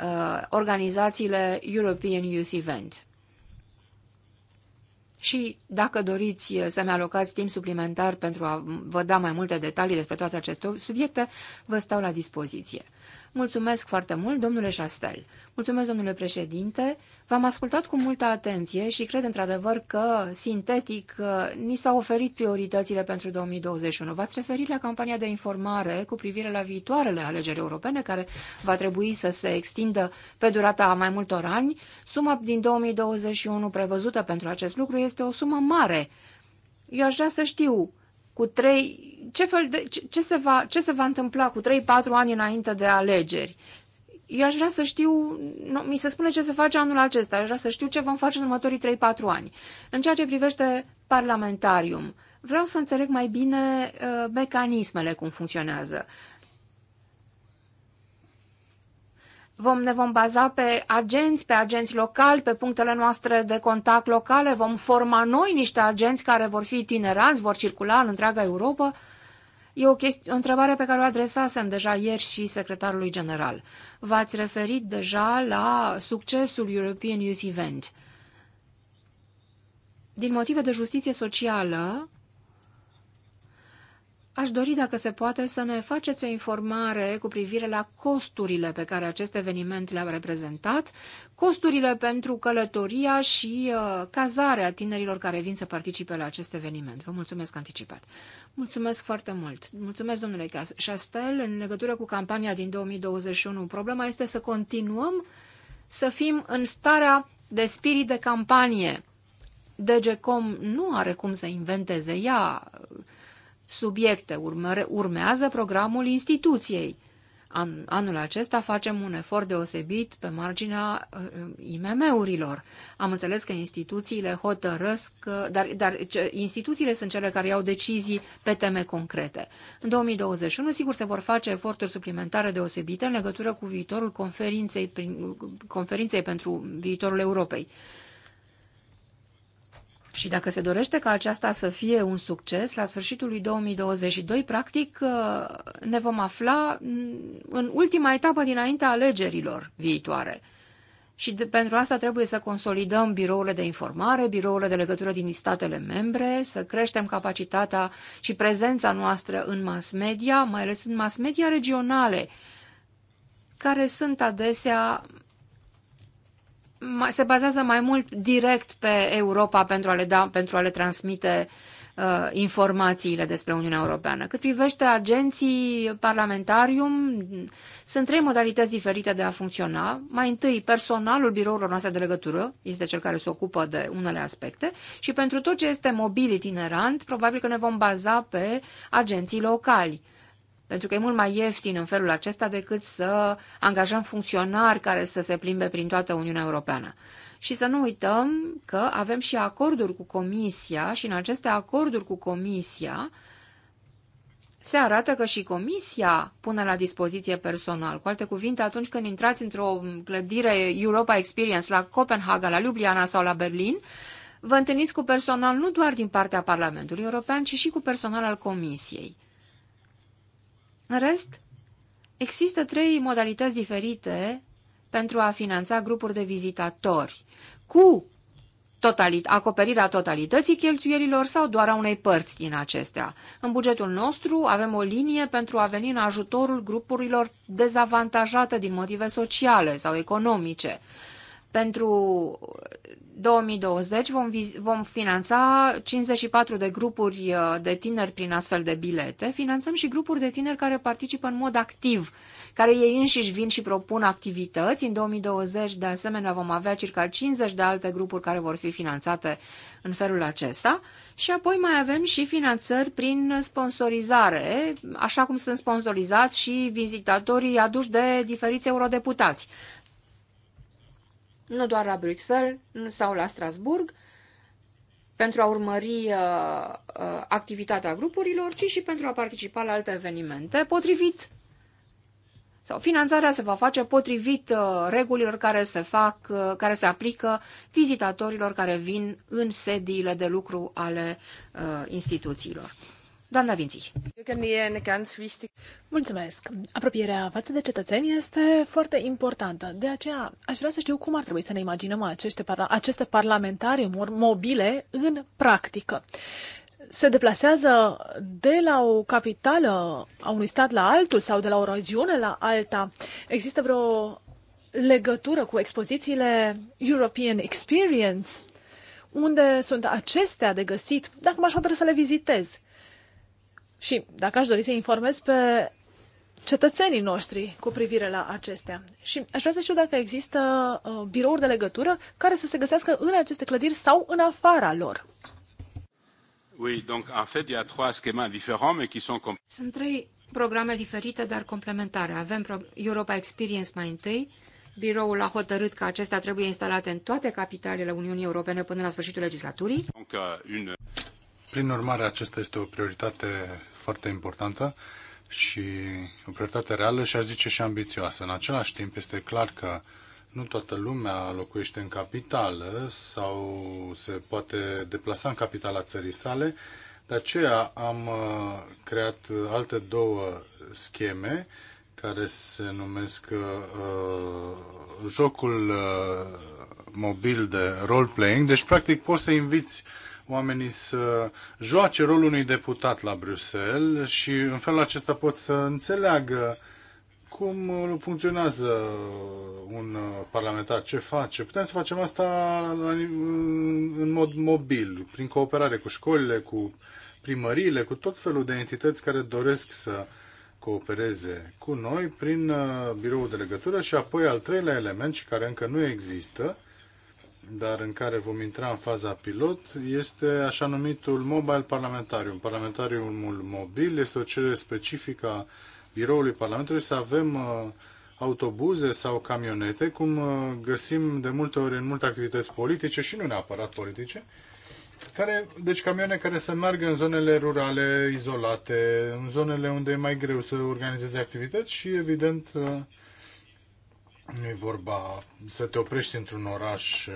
uh, organizațiile European Youth Event și dacă doriți eh, să-mi alocați timp suplimentar pentru a vă da mai multe detalii despre toate aceste subiecte, vă stau la dispoziție. Mulțumesc foarte mult, domnule Șastel. Mulțumesc, domnule președinte. V-am ascultat cu multă atenție și cred într-adevăr că, sintetic, ni s-au oferit prioritățile pentru 2021. V-ați referit la campania de informare cu privire la viitoarele alegeri europene, care va trebui să se extindă pe durata a mai multor ani. Suma din 2021 prevăzută pentru acest lucru este o sumă mare. Eu aș vrea să știu cu trei ce, fel de, ce, ce, se va, ce se va întâmpla cu 3-4 ani înainte de alegeri? Eu aș vrea să știu, nu, mi se spune ce se face anul acesta, aș vrea să știu ce vom face în următorii 3-4 ani. În ceea ce privește parlamentarium, vreau să înțeleg mai bine uh, mecanismele, cum funcționează. Vom, ne vom baza pe agenți, pe agenți locali, pe punctele noastre de contact locale, vom forma noi niște agenți care vor fi itineranți, vor circula în întreaga Europa. E o, o întrebare pe care o adresasem deja ieri și secretarului general. V-ați referit deja la succesul European Youth Event. Din motive de justiție socială, Aș dori, dacă se poate, să ne faceți o informare cu privire la costurile pe care acest eveniment le-a reprezentat, costurile pentru călătoria și uh, cazarea tinerilor care vin să participe la acest eveniment. Vă mulțumesc anticipat. Mulțumesc foarte mult. Mulțumesc, domnule Chastel. În legătură cu campania din 2021, problema este să continuăm să fim în starea de spirit de campanie. DGCOM nu are cum să inventeze ea subiecte. Urmăre, urmează programul instituției. An, anul acesta facem un efort deosebit pe marginea uh, IMM-urilor. Am înțeles că instituțiile hotărăsc, uh, dar, dar ce, instituțiile sunt cele care iau decizii pe teme concrete. În 2021, sigur, se vor face eforturi suplimentare deosebite în legătură cu viitorul conferinței, prin, uh, conferinței pentru viitorul Europei. Uh, și dacă se dorește ca aceasta să fie un succes, la sfârșitul lui 2022, practic, uh, ne vom afla în ultima etapă dinaintea alegerilor viitoare. Și de, pentru asta trebuie să consolidăm birourile de informare, birourile de legătură din statele membre, să creștem capacitatea și prezența noastră în mass media, mai ales în mass media regionale, care sunt adesea se bazează mai mult direct pe Europa pentru a le, da, pentru a le transmite uh, informațiile despre Uniunea Europeană. Cât privește agenții parlamentarium, sunt trei modalități diferite de a funcționa. Mai întâi, personalul birourilor noastre de legătură este cel care se ocupă de unele aspecte și pentru tot ce este mobil itinerant, probabil că ne vom baza pe agenții locali. Uh, pentru că e mult mai ieftin în felul acesta decât să angajăm funcționari care să se plimbe prin toată Uniunea Europeană. Și să nu uităm că avem și acorduri cu Comisia și în aceste acorduri cu Comisia se arată că și comisia pune la dispoziție personal. Cu alte cuvinte, atunci când intrați într-o clădire Europa Experience la Copenhaga, la Ljubljana sau la Berlin, vă întâlniți cu personal nu doar din partea Parlamentului European, ci și cu personal al comisiei. În rest, există trei modalități diferite pentru a finanța grupuri de vizitatori, cu totalit acoperirea totalității cheltuielilor sau doar a unei părți din acestea. În bugetul nostru avem o linie pentru a veni în ajutorul grupurilor dezavantajate din motive sociale sau economice, pentru 2020 vom, vom finanța 54 de grupuri uh, de tineri prin astfel de bilete. Finanțăm și grupuri de tineri care participă în mod activ, care ei înșiși vin și propun activități. În 2020, de asemenea, vom avea circa 50 de alte grupuri care vor fi finanțate în felul acesta. Și apoi mai avem și finanțări prin sponsorizare, așa cum sunt sponsorizați și vizitatorii aduși de diferiți eurodeputați nu doar la Bruxelles sau la Strasburg, pentru a urmări uh, uh, activitatea grupurilor, ci și pentru a participa la alte evenimente, potrivit sau finanțarea se va face potrivit uh, regulilor care se fac, uh, care se aplică vizitatorilor care vin în sediile de lucru ale uh, instituțiilor. Doamna Vinții. Mulțumesc. Apropierea față de cetățeni este foarte importantă. De aceea aș vrea să știu cum ar trebui să ne imaginăm aceste, parla- aceste parlamentari mobile în practică. Se deplasează de la o capitală a unui stat la altul sau de la o regiune la alta. Există vreo legătură cu expozițiile European Experience? Unde sunt acestea de găsit? Dacă m-aș hotărâ să le vizitez? Și dacă aș dori să informez pe cetățenii noștri cu privire la acestea. Și aș vrea să știu dacă există uh, birouri de legătură care să se găsească în aceste clădiri sau în afara lor. Oui, donc en fait, il y a trois schémas différents, mais qui sont Sunt trei programe diferite, dar complementare. Avem Europa Experience mai întâi. Biroul a hotărât că acestea trebuie instalate în toate capitalele Uniunii Europene până la sfârșitul legislaturii. Donc, euh, une... Prin urmare, acesta este o prioritate foarte importantă și o prioritate reală și aș zice și ambițioasă. În același timp este clar că nu toată lumea locuiește în capitală sau se poate deplasa în capitala țării sale, de aceea am uh, creat uh, alte două scheme care se numesc uh, uh, jocul uh, mobil de role-playing. Deci, practic, poți să inviți uh, oamenii să joace rolul unui deputat la Bruxelles și în felul acesta pot să înțeleagă cum funcționează un parlamentar, ce face. Putem să facem asta în mod mobil, prin cooperare cu școlile, cu primăriile, cu tot felul de entități care doresc să coopereze cu noi prin uh, biroul de legătură și apoi al treilea element și care încă nu există dar în care vom intra în faza pilot, este așa numitul Mobile Parlamentarium. Parlamentariumul mobil este o cerere specifică a biroului Parlamentului să avem uh, autobuze sau camionete, cum uh, găsim de multe ori în multe activități politice și nu neapărat politice, care, deci camioane care să meargă în zonele rurale izolate, în zonele unde e mai greu să organizeze activități și, evident, uh, nu e vorba să te oprești într-un oraș uh,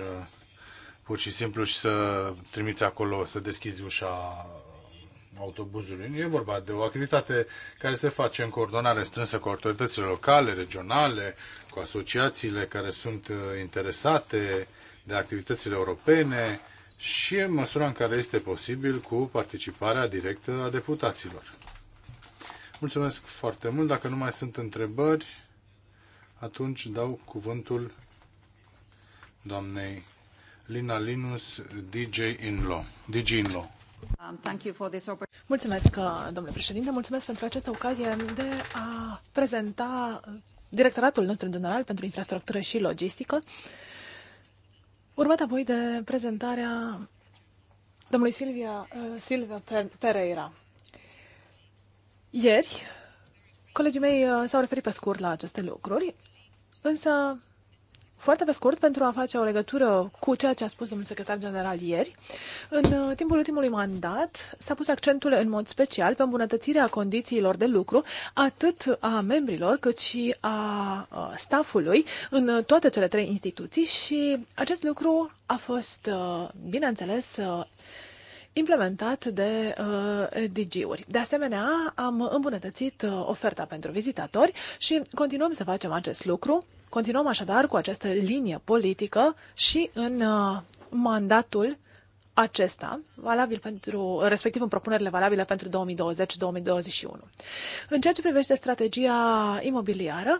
pur și simplu și să trimiți acolo, să deschizi ușa uh, autobuzului. Nu e vorba de o activitate care se face în coordonare strânsă cu autoritățile locale, regionale, cu asociațiile care sunt uh, interesate de activitățile europene și în măsura în care este posibil cu participarea directă a deputaților. Mulțumesc foarte mult. Dacă nu mai sunt întrebări, atunci dau cuvântul doamnei Lina Linus, DJ Inlo. DJ Inlo. Mulțumesc, uh, domnule președinte, mulțumesc pentru această ocazie de a prezenta uh, directoratul nostru general pentru infrastructură și logistică, urmat apoi de prezentarea domnului Silvia, uh, Silvia Pereira. Ieri, colegii mei s-au referit pe scurt la aceste lucruri. Însă, foarte pe scurt, pentru a face o legătură cu ceea ce a spus domnul secretar general ieri, în uh, timpul ultimului mandat s-a pus accentul în mod special pe îmbunătățirea condițiilor de lucru atât a membrilor cât și a uh, staffului în toate cele trei instituții și acest lucru a fost, uh, bineînțeles, implementat de uh, DG-uri. De asemenea, am îmbunătățit uh, oferta pentru vizitatori și continuăm să facem acest lucru. Continuăm așadar cu această linie politică și în uh, mandatul acesta, valabil pentru, respectiv în propunerile valabile pentru 2020-2021. În ceea ce privește strategia imobiliară,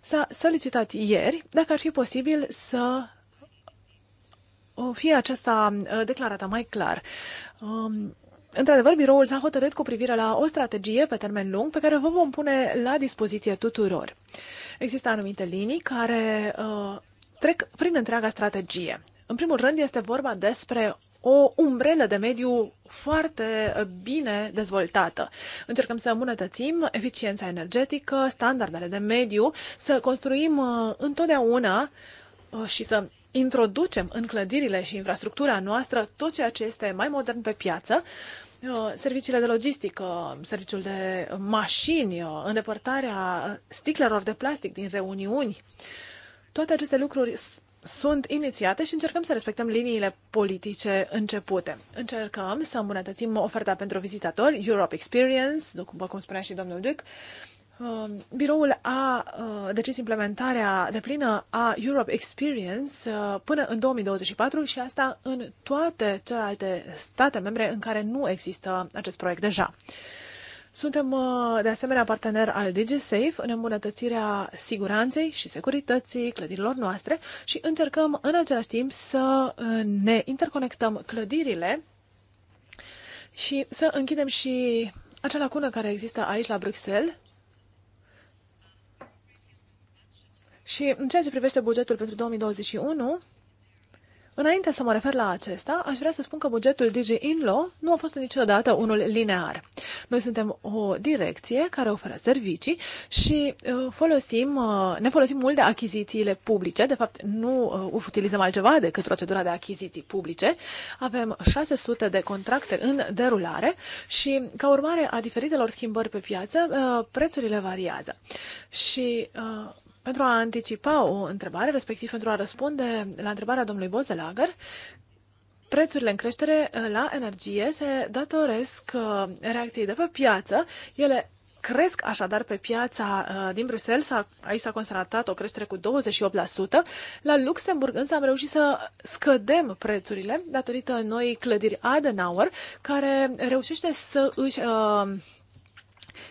s-a solicitat ieri dacă ar fi posibil să fie acesta uh, declarată mai clar. Um, într-adevăr, biroul s-a hotărât cu privire la o strategie pe termen lung pe care vă vom pune la dispoziție tuturor. Există anumite linii care uh, trec prin întreaga strategie. În primul rând este vorba despre o umbrelă de mediu foarte bine dezvoltată. Încercăm să îmbunătățim eficiența energetică, standardele de mediu, să construim uh, întotdeauna uh, și să introducem în clădirile și infrastructura noastră tot ceea ce este mai modern pe piață, uh, serviciile de logistică, serviciul de mașini, uh, îndepărtarea sticlelor de plastic din reuniuni. Toate aceste lucruri sunt inițiate și încercăm să respectăm liniile politice începute. Încercăm să îmbunătățim oferta pentru vizitatori, Europe Experience, după cum spunea și domnul Duc, Um, biroul a uh, decis implementarea de plină a Europe Experience uh, până în 2024 și asta în toate celelalte state membre în care nu există acest proiect deja. Suntem uh, de asemenea partener al DigiSafe în îmbunătățirea siguranței și securității clădirilor noastre și încercăm în același timp să ne interconectăm clădirile și să închidem și acea lacună care există aici la Bruxelles Și în ceea ce privește bugetul pentru 2021, înainte să mă refer la acesta, aș vrea să spun că bugetul Digi Inlo nu a fost niciodată unul linear. Noi suntem o direcție care oferă servicii și uh, folosim, uh, ne folosim mult de achizițiile publice. De fapt, nu uh, utilizăm altceva decât procedura de achiziții publice. Avem 600 de contracte în derulare și, ca urmare a diferitelor schimbări pe piață, prețurile variază. Și pentru a anticipa o întrebare, respectiv pentru a răspunde la întrebarea domnului Bozelager, prețurile în creștere uh, la energie se datoresc uh, reacției de pe piață. Ele cresc așadar pe piața uh, din Bruxelles, aici s-a constatat o creștere cu 28%, la Luxemburg însă am reușit să scădem prețurile datorită noi clădiri Adenauer, care reușește să își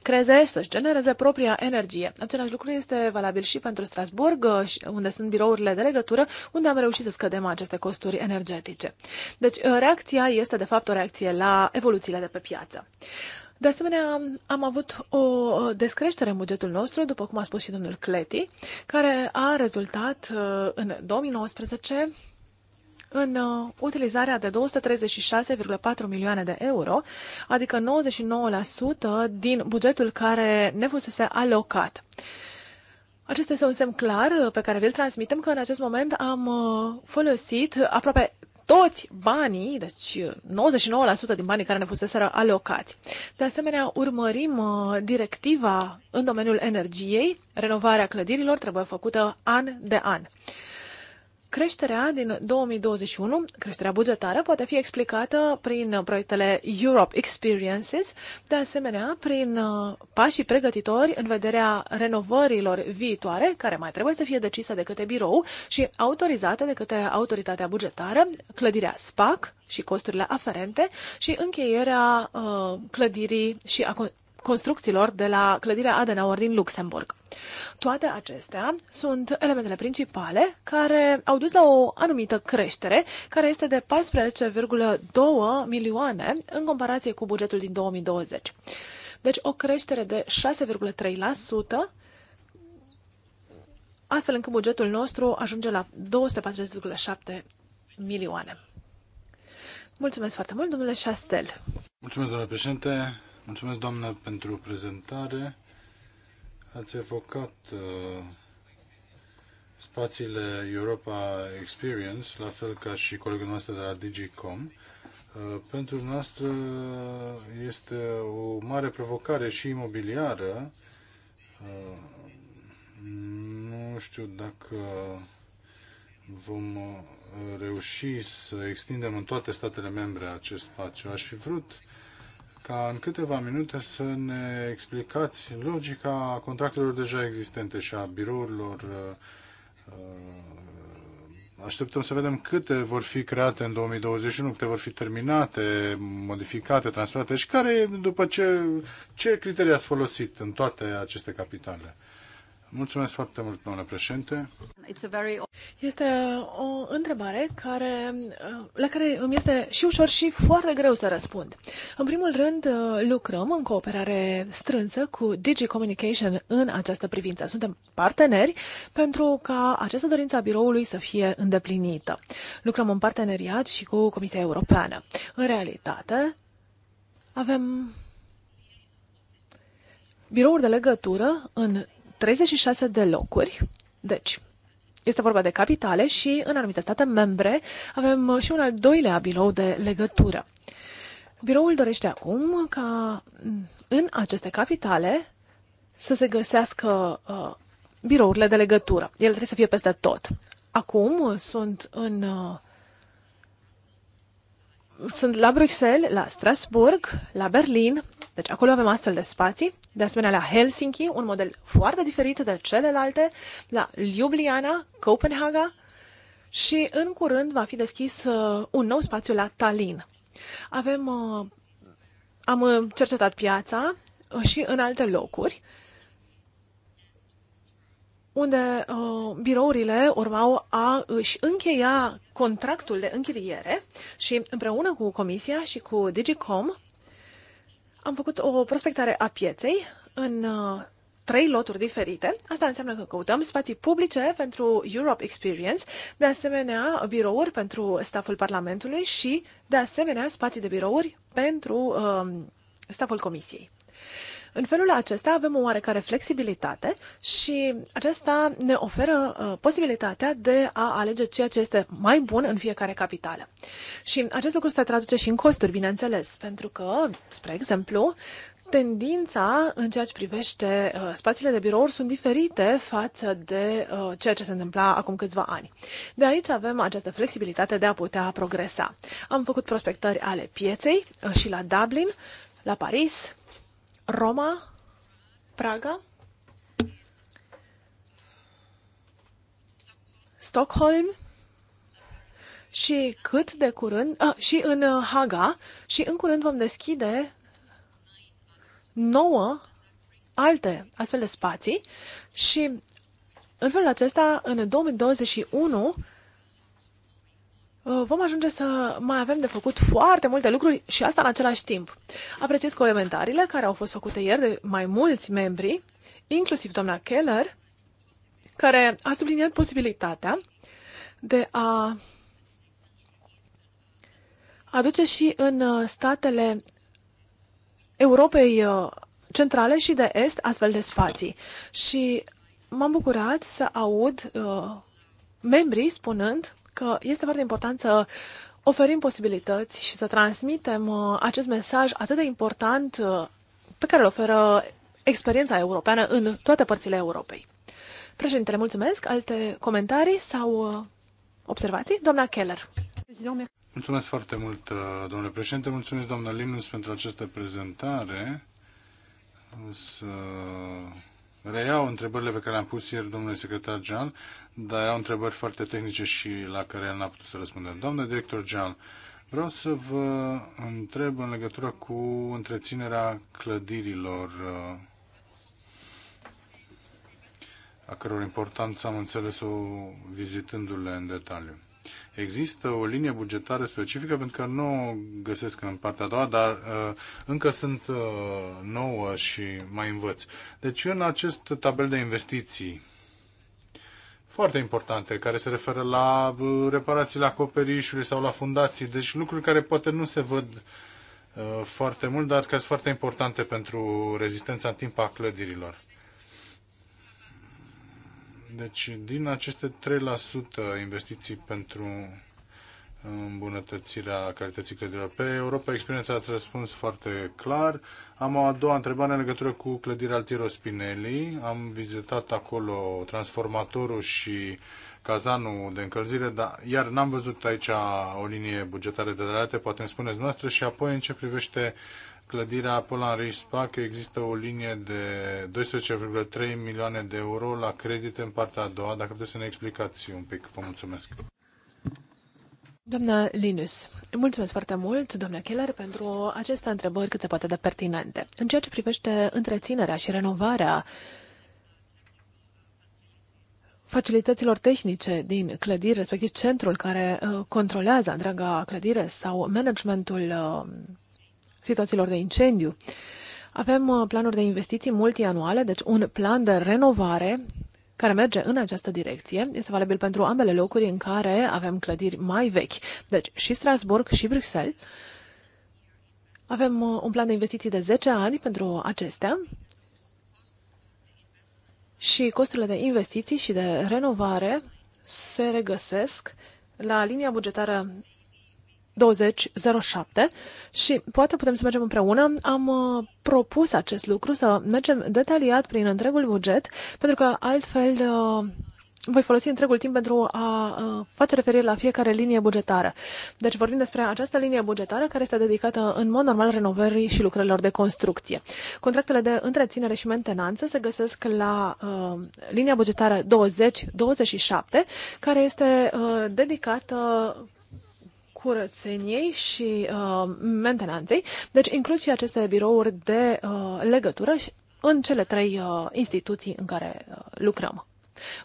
creeze, să-și genereze propria energie. Același lucru este valabil și pentru Strasburg, uh, unde sunt birourile de legătură, unde am reușit să scădem aceste costuri energetice. Deci, uh, reacția este, de fapt, o reacție la evoluțiile de pe piață. De asemenea, am avut o uh, descreștere în bugetul nostru, după cum a spus și domnul Cleti, care a rezultat în 2019 în uh, utilizarea de 236,4 milioane de euro, adică 99% din bugetul care ne fusese alocat. Acesta este un semn clar uh, pe care îl transmitem că în acest moment am uh, folosit aproape toți banii, deci 99% din banii care ne fusese alocați. De asemenea, urmărim directiva în domeniul energiei, renovarea clădirilor trebuie făcută an de an. Creșterea din 2021, creșterea bugetară, poate fi explicată prin proiectele Europe Experiences, de asemenea prin uh, pașii pregătitori în vederea renovărilor viitoare, care mai trebuie să fie decisă de către birou și autorizată de către autoritatea bugetară, clădirea SPAC și costurile aferente și încheierea uh, clădirii și a construcțiilor de la clădirea Adenauer din Luxemburg. Toate acestea sunt elementele principale care au dus la o anumită creștere, care este de 14,2 milioane în comparație cu bugetul din 2020. Deci o creștere de 6,3%, astfel încât bugetul nostru ajunge la 240,7 milioane. Mulțumesc foarte mult, domnule Șastel. Mulțumesc, domnule președinte. Mulțumesc, doamnă, pentru prezentare. Ați evocat uh, spațiile Europa Experience, la fel ca și colegul noastră de la Digicom. Uh, pentru noastră este o mare provocare și imobiliară. Uh, nu știu dacă vom uh, reuși să extindem în toate statele membre acest spațiu. Aș fi vrut uh, ca în câteva minute să ne explicați logica contractelor deja existente și a birourilor. Uh, uh, așteptăm să vedem câte vor fi create în 2021, câte vor fi terminate, modificate, transferate și care, după ce, ce criterii ați folosit în toate aceste capitale. Mulțumesc foarte mult, domnule președinte. Este o întrebare care, la care îmi este și ușor și foarte greu să răspund. În primul rând, lucrăm în cooperare strânsă cu Digi Communication în această privință. Suntem parteneri pentru ca această dorință a biroului să fie îndeplinită. Lucrăm în parteneriat și cu Comisia Europeană. În realitate, avem birouri de legătură în 36 de locuri. Deci, este vorba de capitale și în anumite state membre avem și un al doilea birou de legătură. Biroul dorește acum ca în aceste capitale să se găsească uh, birourile de legătură. Ele trebuie să fie peste tot. Acum sunt în uh, sunt la Bruxelles, la Strasburg, la Berlin, deci acolo avem astfel de spații, de asemenea la Helsinki, un model foarte diferit de celelalte, la Ljubljana, Copenhaga și în curând va fi deschis uh, un nou spațiu la Tallinn. Avem, uh, am uh, cercetat piața și în alte locuri unde uh, birourile urmau a își încheia contractul de închiriere și împreună cu Comisia și cu Digicom am făcut o prospectare a pieței în uh, trei loturi diferite. Asta înseamnă că căutăm spații publice pentru Europe Experience, de asemenea birouri pentru staful Parlamentului și, de asemenea, spații de birouri pentru uh, staful Comisiei. În felul acesta avem o oarecare flexibilitate și acesta ne oferă uh, posibilitatea de a alege ceea ce este mai bun în fiecare capitală. Și acest lucru se traduce și în costuri, bineînțeles, pentru că, spre exemplu, tendința în ceea ce privește uh, spațiile de birouri sunt diferite față de uh, ceea ce se întâmpla acum câțiva ani. De aici avem această flexibilitate de a putea progresa. Am făcut prospectări ale pieței uh, și la Dublin, la Paris, Roma, Praga, Stockholm și cât de curând, a, și în uh, Haga, și în curând vom deschide nouă alte astfel de spații și în felul acesta, în 2021, Uh, vom ajunge să mai avem de făcut foarte multe lucruri și asta în același timp. Apreciez comentariile care au fost făcute ieri de mai mulți membri, inclusiv doamna Keller, care a subliniat posibilitatea de a aduce și în uh, statele Europei uh, centrale și de est astfel de spații. Și m-am bucurat să aud uh, membrii spunând că este foarte important să oferim posibilități și să transmitem uh, acest mesaj atât de important uh, pe care îl oferă experiența europeană în toate părțile Europei. Președintele, mulțumesc. Alte comentarii sau uh, observații? Doamna Keller. Mulțumesc foarte mult, domnule președinte. Mulțumesc, doamna Linus, pentru această prezentare. O să reiau întrebările pe care le-am pus ieri domnului secretar general, dar erau întrebări foarte tehnice și la care el n-a putut să răspundă. Domnule director general, vreau să vă întreb în legătură cu întreținerea clădirilor a căror importanță am înțeles-o vizitându-le în detaliu. Există o linie bugetară specifică pentru că nu o găsesc în partea a doua, dar uh, încă sunt uh, nouă și mai învăț. Deci în acest tabel de investiții foarte importante, care se referă la uh, reparațiile acoperișului sau la fundații, deci lucruri care poate nu se văd uh, foarte mult, dar care sunt foarte importante pentru rezistența în timp a clădirilor. Deci, din aceste 3% investiții pentru îmbunătățirea calității clădirilor. Pe Europa experiența ați răspuns foarte clar. Am o a doua întrebare în legătură cu clădirea Altiro Spinelli. Am vizitat acolo transformatorul și cazanul de încălzire, dar iar n-am văzut aici o linie bugetară de date, poate îmi spuneți noastră, și apoi în ce privește clădirea Polan Spac există o linie de 12,3 milioane de euro la credit în partea a doua. Dacă puteți să ne explicați un pic, vă mulțumesc. Doamna Linus, mulțumesc foarte mult, doamna Keller, pentru aceste întrebări cât se poate de pertinente. În ceea ce privește întreținerea și renovarea facilităților tehnice din clădiri, respectiv centrul care uh, controlează întreaga clădire sau managementul uh, situațiilor de incendiu. Avem uh, planuri de investiții multianuale, deci un plan de renovare care merge în această direcție. Este valabil pentru ambele locuri în care avem clădiri mai vechi, deci și Strasburg și Bruxelles. Avem uh, un plan de investiții de 10 ani pentru acestea și costurile de investiții și de renovare se regăsesc la linia bugetară 2007 și poate putem să mergem împreună. Am uh, propus acest lucru, să mergem detaliat prin întregul buget, pentru că altfel uh, voi folosi întregul timp pentru a uh, face referire la fiecare linie bugetară. Deci vorbim despre această linie bugetară care este dedicată în mod normal renovării și lucrărilor de construcție. Contractele de întreținere și mentenanță se găsesc la uh, linia bugetară 20-27, care este uh, dedicată curățeniei și uh, mentenanței, deci inclus și aceste birouri de uh, legătură în cele trei uh, instituții în care uh, lucrăm.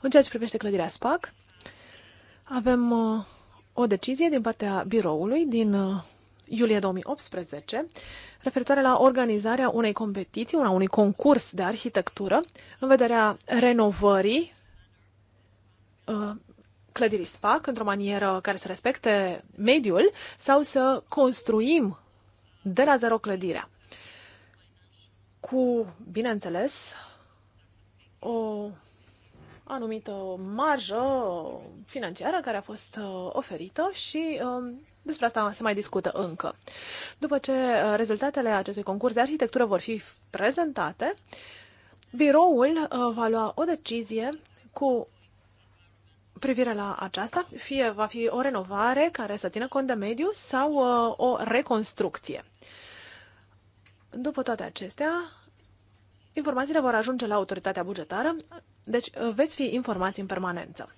În ceea ce privește clădirea SPAC, avem uh, o decizie din partea biroului din uh, iulie 2018 referitoare la organizarea unei competiții, una unui concurs de arhitectură în vederea renovării uh, clădirii SPAC într-o manieră care să respecte mediul sau să construim de la zero clădirea. Cu, bineînțeles, o anumită marjă financiară care a fost uh, oferită și um, despre asta se mai discută încă. După ce uh, rezultatele acestui concurs de arhitectură vor fi prezentate, biroul uh, va lua o decizie cu privire la aceasta, fie va fi o renovare care să țină cont de mediu sau uh, o reconstrucție. După toate acestea, informațiile vor ajunge la autoritatea bugetară, deci uh, veți fi informați în permanență.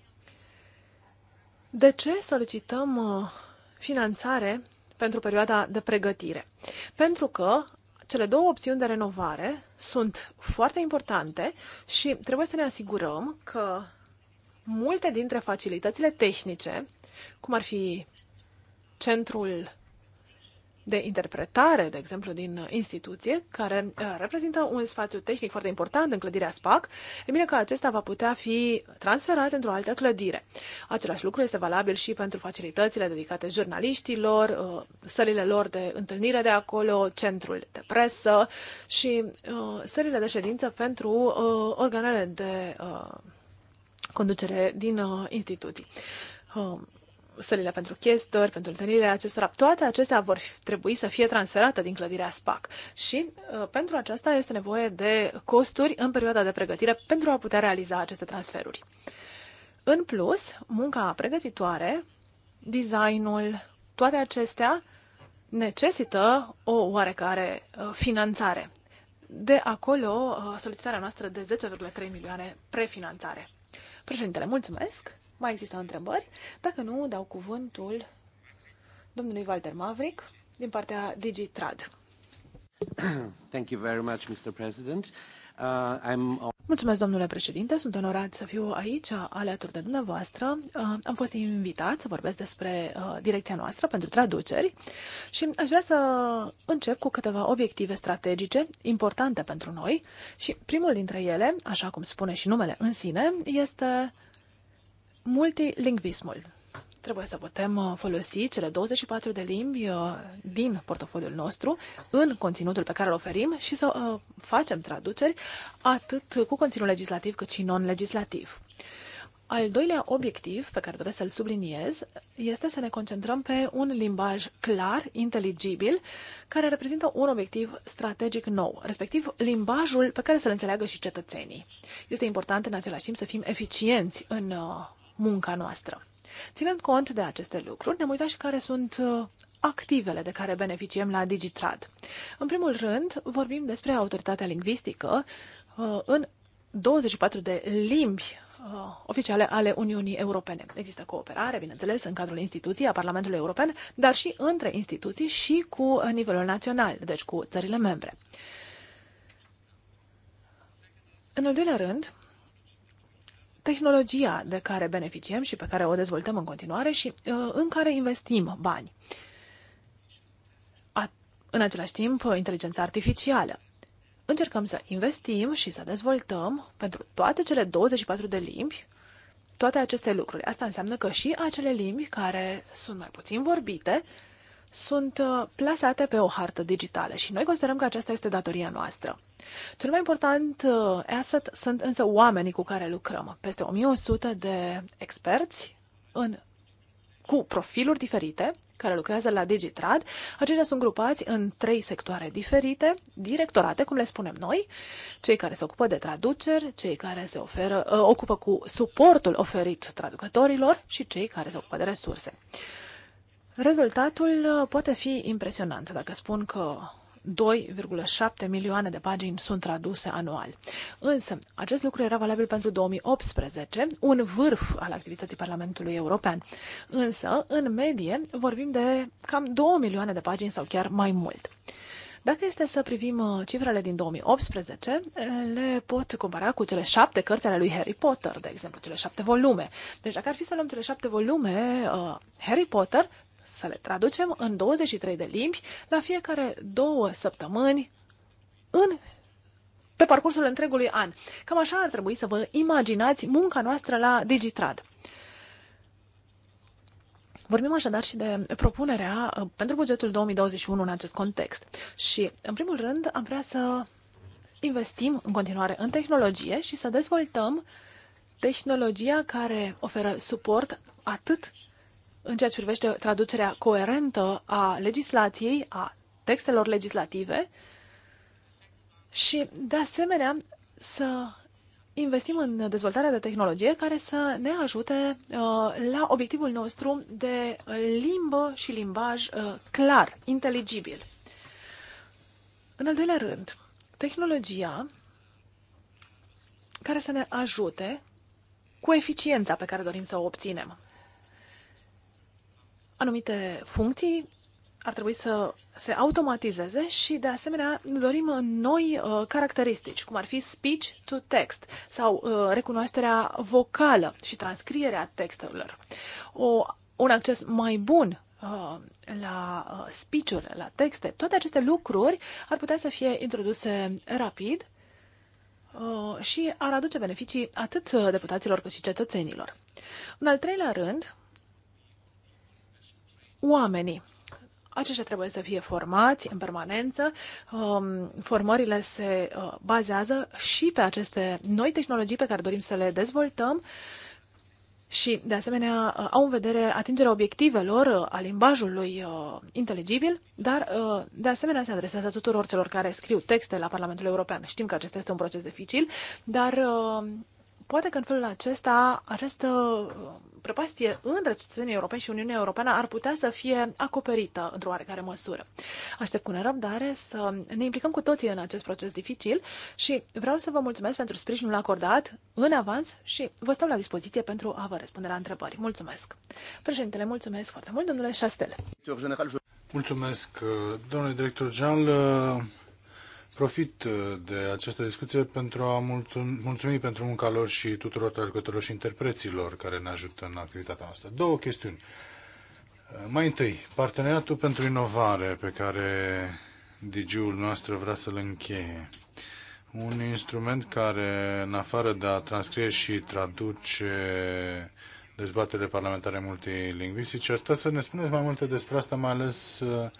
De ce solicităm uh, finanțare pentru perioada de pregătire? Pentru că cele două opțiuni de renovare sunt foarte importante și trebuie să ne asigurăm că multe dintre facilitățile tehnice, cum ar fi centrul de interpretare, de exemplu, din instituție, care uh, reprezintă un spațiu tehnic foarte important în clădirea SPAC, e bine că acesta va putea fi transferat într-o altă clădire. Același lucru este valabil și pentru facilitățile dedicate jurnaliștilor, uh, sălile lor de întâlnire de acolo, centrul de presă și uh, sălile de ședință pentru organele de conducere din uh, instituții. Uh, sălile pentru chestori, pentru întâlnirea acestora, toate acestea vor trebui să fie transferate din clădirea SPAC și uh, pentru aceasta este nevoie de costuri în perioada de pregătire pentru a putea realiza aceste transferuri. În plus, munca pregătitoare, designul, toate acestea necesită o oarecare uh, finanțare. De acolo, uh, solicitarea noastră de 10,3 milioane prefinanțare. Președintele, mulțumesc. Mai există întrebări? Dacă nu, dau cuvântul domnului Walter Mavric din partea DigiTrad. Thank you very much, Mr. President. Uh, Mulțumesc, domnule președinte. Sunt onorat să fiu aici, alături de dumneavoastră. Uh, am fost invitat să vorbesc despre uh, direcția noastră pentru traduceri și aș vrea să încep cu câteva obiective strategice importante pentru noi și primul dintre ele, așa cum spune și numele în sine, este multilingvismul. Trebuie să putem uh, folosi cele 24 de limbi uh, din portofoliul nostru în conținutul pe care îl oferim și să uh, facem traduceri atât cu conținut legislativ cât și non-legislativ. Al doilea obiectiv pe care doresc să-l subliniez este să ne concentrăm pe un limbaj clar, inteligibil, care reprezintă un obiectiv strategic nou, respectiv limbajul pe care să-l înțeleagă și cetățenii. Este important în același timp să fim eficienți în munca noastră. Ținând cont de aceste lucruri, ne-am uitat și care sunt uh, activele de care beneficiem la Digitrad. În primul rând, vorbim despre autoritatea lingvistică uh, în 24 de limbi uh, oficiale ale Uniunii Europene. Există cooperare, bineînțeles, în cadrul instituției a Parlamentului European, dar și între instituții și cu nivelul național, deci cu țările membre. În al doilea rând, tehnologia de care beneficiem și pe care o dezvoltăm în continuare și uh, în care investim bani. A, în același timp, inteligența artificială. Încercăm să investim și să dezvoltăm pentru toate cele 24 de limbi toate aceste lucruri. Asta înseamnă că și acele limbi care sunt mai puțin vorbite sunt uh, plasate pe o hartă digitală și noi considerăm că aceasta este datoria noastră. Cel mai important uh, asset sunt însă oamenii cu care lucrăm. Peste 1100 de experți în, cu profiluri diferite care lucrează la Digitrad. Aceștia sunt grupați în trei sectoare diferite, directorate, cum le spunem noi, cei care se ocupă de traduceri, cei care se oferă, uh, ocupă cu suportul oferit traducătorilor și cei care se ocupă de resurse. Rezultatul uh, poate fi impresionant dacă spun că 2,7 milioane de pagini sunt traduse anual. Însă, acest lucru era valabil pentru 2018, un vârf al activității Parlamentului European. Însă, în medie, vorbim de cam 2 milioane de pagini sau chiar mai mult. Dacă este să privim uh, cifrele din 2018, le pot compara cu cele șapte cărți ale lui Harry Potter, de exemplu, cele șapte volume. Deci dacă ar fi să luăm cele șapte volume uh, Harry Potter, să le traducem în 23 de limbi la fiecare două săptămâni în pe parcursul întregului an. Cam așa ar trebui să vă imaginați munca noastră la Digitrad. Vorbim așadar și de propunerea uh, pentru bugetul 2021 în acest context. Și, în primul rând, am vrea să investim în continuare în tehnologie și să dezvoltăm tehnologia care oferă suport atât în ceea ce privește traducerea coerentă a legislației, a textelor legislative și, de asemenea, să investim în dezvoltarea de tehnologie care să ne ajute uh, la obiectivul nostru de limbă și limbaj uh, clar, inteligibil. În al doilea rând, tehnologia care să ne ajute cu eficiența pe care dorim să o obținem anumite funcții ar trebui să se automatizeze și, de asemenea, dorim uh, noi uh, caracteristici, cum ar fi speech to text sau uh, recunoașterea vocală și transcrierea textelor. O, un acces mai bun uh, la uh, speech la texte, toate aceste lucruri ar putea să fie introduse rapid uh, și ar aduce beneficii atât deputaților cât și cetățenilor. În al treilea rând, oamenii. Aceștia trebuie să fie formați în permanență. Um, formările se uh, bazează și pe aceste noi tehnologii pe care dorim să le dezvoltăm și, de asemenea, uh, au în vedere atingerea obiectivelor uh, a limbajului inteligibil, dar, de asemenea, se adresează tuturor celor care scriu texte la Parlamentul European. Știm că acesta este un proces dificil, dar Poate că în felul acesta această prăpastie între cetățenii europeni și Uniunea Europeană ar putea să fie acoperită într-o oarecare măsură. Aștept cu nerăbdare să ne implicăm cu toții în acest proces dificil și vreau să vă mulțumesc pentru sprijinul acordat în avans și vă stau la dispoziție pentru a vă răspunde la întrebări. Mulțumesc! Președintele, mulțumesc foarte mult, domnule Șastel! Mulțumesc, domnule director general. Profit uh, de această discuție pentru a mulțumi pentru munca lor și tuturor traducătorilor și interpreților care ne ajută în activitatea noastră. Două chestiuni. Uh, mai întâi, parteneriatul pentru inovare pe care DG-ul noastră vrea să-l încheie. Un instrument care, în afară de a transcrie și traduce dezbaterile parlamentare multilingvistice, aș să ne spuneți mai multe despre asta, mai ales uh,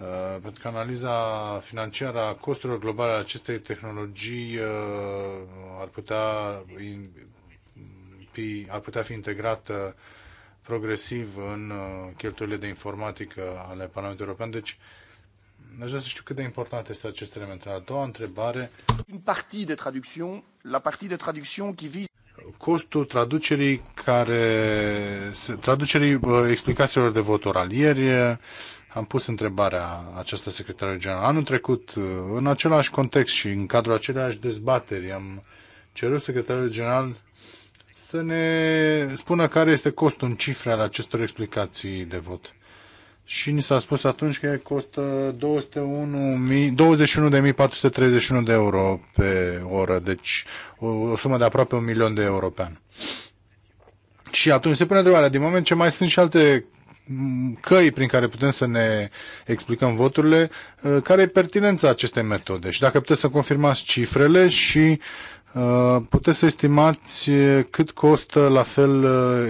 Uh, pentru că analiza financiară a costurilor globale ale acestei tehnologii uh, ar putea, ar putea fi integrată progresiv în uh, cheltuielile de informatică ale Parlamentului European. Deci, aș vrea să știu cât de important este acest element. A doua întrebare. Une partie de traduction, la partie de traduction qui vise costul traducerii care traducerii explicațiilor de vot oralieri am pus întrebarea aceasta secretară general. Anul trecut, în același context și în cadrul aceleași dezbateri, am cerut secretarul general să ne spună care este costul în cifre al acestor explicații de vot. Și ni s-a spus atunci că costă 21.431 de euro pe oră, deci o, o sumă de aproape un milion de euro pe an. Și atunci se pune întrebarea, din moment ce mai sunt și alte căi prin care putem să ne explicăm voturile, uh, care e pertinența acestei metode și dacă puteți să confirmați cifrele și uh, puteți să estimați uh, cât costă la fel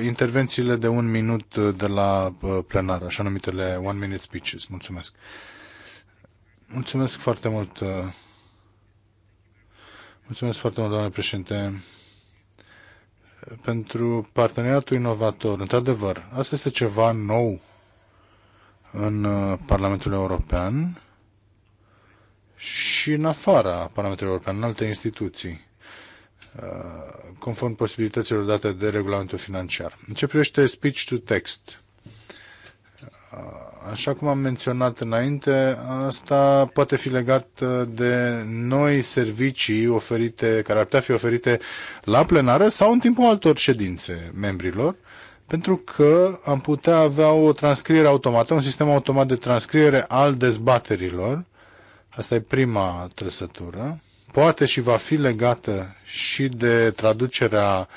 intervențiile de un minut de la plenar, așa numitele one minute speeches. Mulțumesc. Mulțumesc foarte mult. Mulțumesc foarte mult, doamne președinte pentru parteneriatul inovator. Într-adevăr, asta este ceva nou în uh, Parlamentul European și în afara Parlamentului European, în alte instituții, uh, conform posibilităților date de regulamentul financiar. În ce privește speech to text, uh, Așa cum am menționat înainte, asta poate fi legat uh, de noi servicii oferite, care ar putea fi oferite la plenară sau în timpul altor ședințe membrilor, pentru că am putea avea o transcriere automată, un sistem automat de transcriere al dezbaterilor. Asta e prima trăsătură. Poate și va fi legată și de traducerea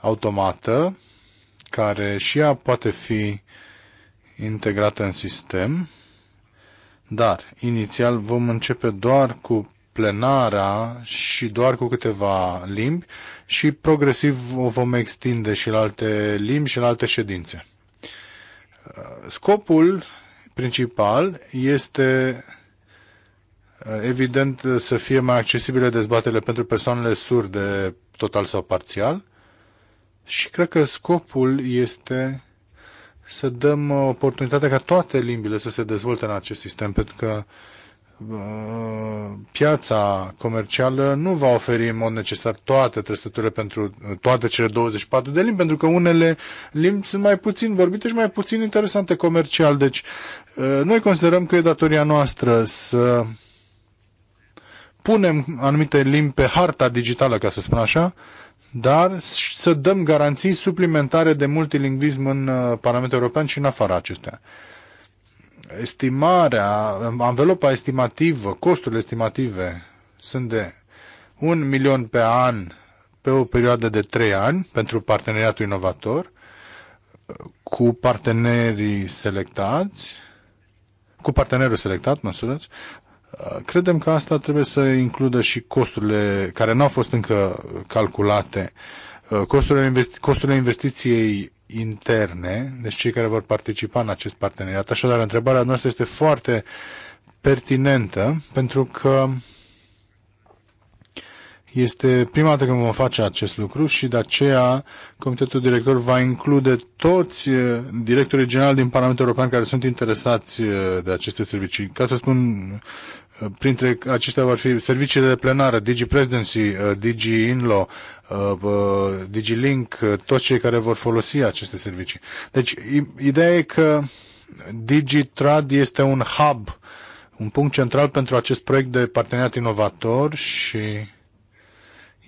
automată, care și ea poate fi integrată în sistem, dar inițial vom începe doar cu plenara și doar cu câteva limbi și progresiv o vom extinde și la alte limbi și la alte ședințe. Scopul principal este evident să fie mai accesibile dezbatele pentru persoanele surde total sau parțial și cred că scopul este să dăm oportunitatea ca toate limbile să se dezvolte în acest sistem, pentru că uh, piața comercială nu va oferi în mod necesar toate trăsăturile pentru uh, toate cele 24 de limbi, pentru că unele limbi sunt mai puțin vorbite și mai puțin interesante comercial. Deci, uh, noi considerăm că e datoria noastră să punem anumite limbi pe harta digitală, ca să spun așa, dar să dăm garanții suplimentare de multilingvism în uh, Parlamentul European și în afara acestea. Estimarea, anvelopa estimativă, costurile estimative sunt de un milion pe an pe o perioadă de trei ani pentru parteneriatul inovator cu partenerii selectați cu partenerul selectat, mă surați, Credem că asta trebuie să includă și costurile care nu au fost încă calculate, uh, costurile, investi- costurile investiției interne, deci cei care vor participa în acest parteneriat. Așadar, întrebarea noastră este foarte pertinentă pentru că uh, este prima dată când vom face acest lucru și de aceea Comitetul Director va include toți eh, directorii generali din Parlamentul European care sunt interesați eh, de aceste servicii. Ca să spun, eh, printre acestea vor fi serviciile de plenară, Digi Presidency, Digi Inlo, Digi Link, toți cei care vor folosi aceste servicii. Deci, ideea e că DigiTrad este un hub, un punct central pentru acest proiect de parteneriat inovator și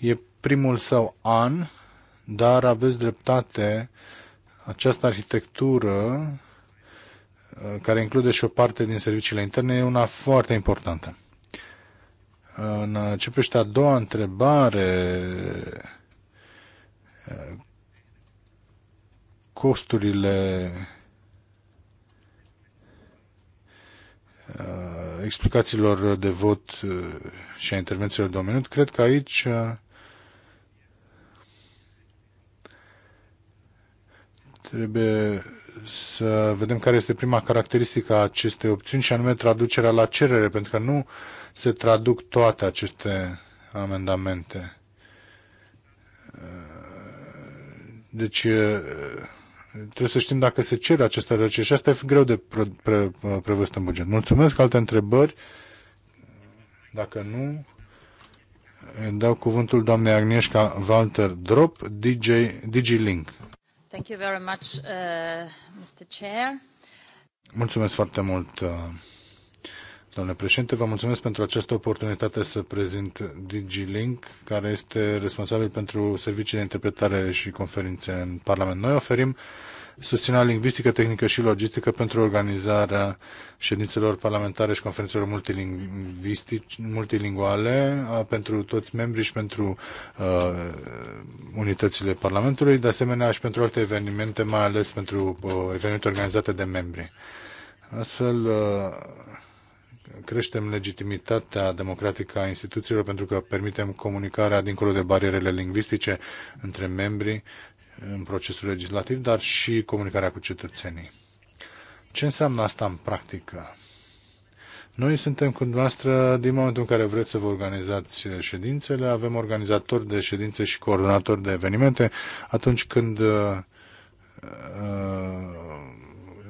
E primul său an, dar aveți dreptate, această arhitectură, uh, care include și o parte din serviciile interne, e una foarte importantă. În uh, ce privește a doua întrebare, uh, costurile explicațiilor de vot și a intervențiilor de un minut, cred că aici Trebuie să vedem care este prima caracteristică a acestei opțiuni și anume traducerea la cerere, pentru că nu se traduc toate aceste amendamente. Deci trebuie să știm dacă se cere această traducere și asta e greu de pre, pre, prevăzut în buget. Mulțumesc, alte întrebări? Dacă nu, dau cuvântul doamnei Agnieszka Walter Drop, DJ, DJ Link. Thank you very much, uh, Mr. Chair. Mulțumesc foarte mult, uh, doamne președinte. Vă mulțumesc pentru această oportunitate să prezint DigiLink, care este responsabil pentru serviciile de interpretare și conferințe în Parlament. Noi oferim uh, susținerea lingvistică, tehnică și logistică pentru organizarea ședințelor parlamentare și conferințelor multilinguale pentru toți membrii și pentru uh, unitățile Parlamentului, de asemenea și pentru alte evenimente, mai ales pentru uh, evenimente organizate de membri. Astfel, uh, creștem legitimitatea democratică a instituțiilor pentru că permitem comunicarea dincolo de barierele lingvistice între membri în procesul legislativ, dar și comunicarea cu cetățenii. Ce înseamnă asta în practică? Noi suntem cu dumneavoastră din momentul în care vreți să vă organizați ședințele, avem organizatori de ședințe și coordonatori de evenimente. Atunci când uh, uh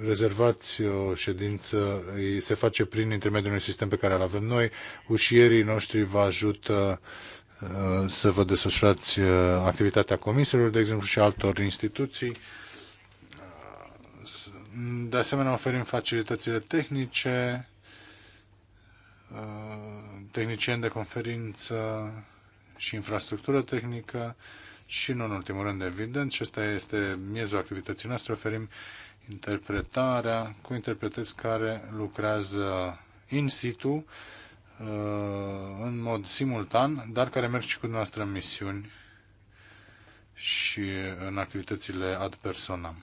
rezervați o ședință, se face prin intermediul unui sistem pe care îl avem noi, ușierii noștri vă ajută Uh, să vă desfășurați uh, activitatea comisiilor, de exemplu, și altor instituții. Uh, de asemenea, oferim facilitățile tehnice, tehnicieni de conferință și infrastructură tehnică și, nu în ultimul rând, evident, și ăsta este miezul activității noastre, oferim interpretarea cu interpreteți care lucrează in situ Uh, în mod simultan, dar care merg și cu dumneavoastră în misiuni și în activitățile ad personam.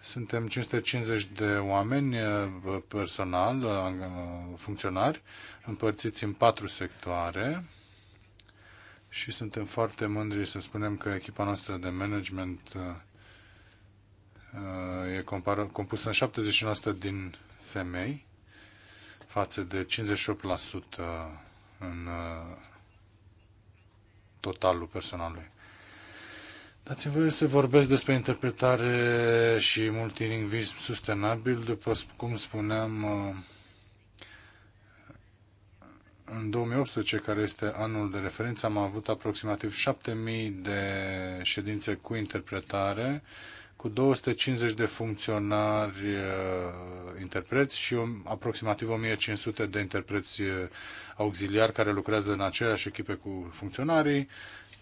Suntem 550 de oameni uh, personal, uh, funcționari, împărțiți în patru sectoare și suntem foarte mândri să spunem că echipa noastră de management e compusă în 79% din femei față de 58% în uh, totalul personalului. Dați-mi voie să vorbesc despre interpretare și multilingvism sustenabil. După cum spuneam, uh, în 2018, care este anul de referință, am avut aproximativ 7000 de ședințe cu interpretare cu 250 de funcționari uh, interpreți și aproximativ 1500 de interpreți uh, auxiliari care lucrează în aceeași echipe cu funcționarii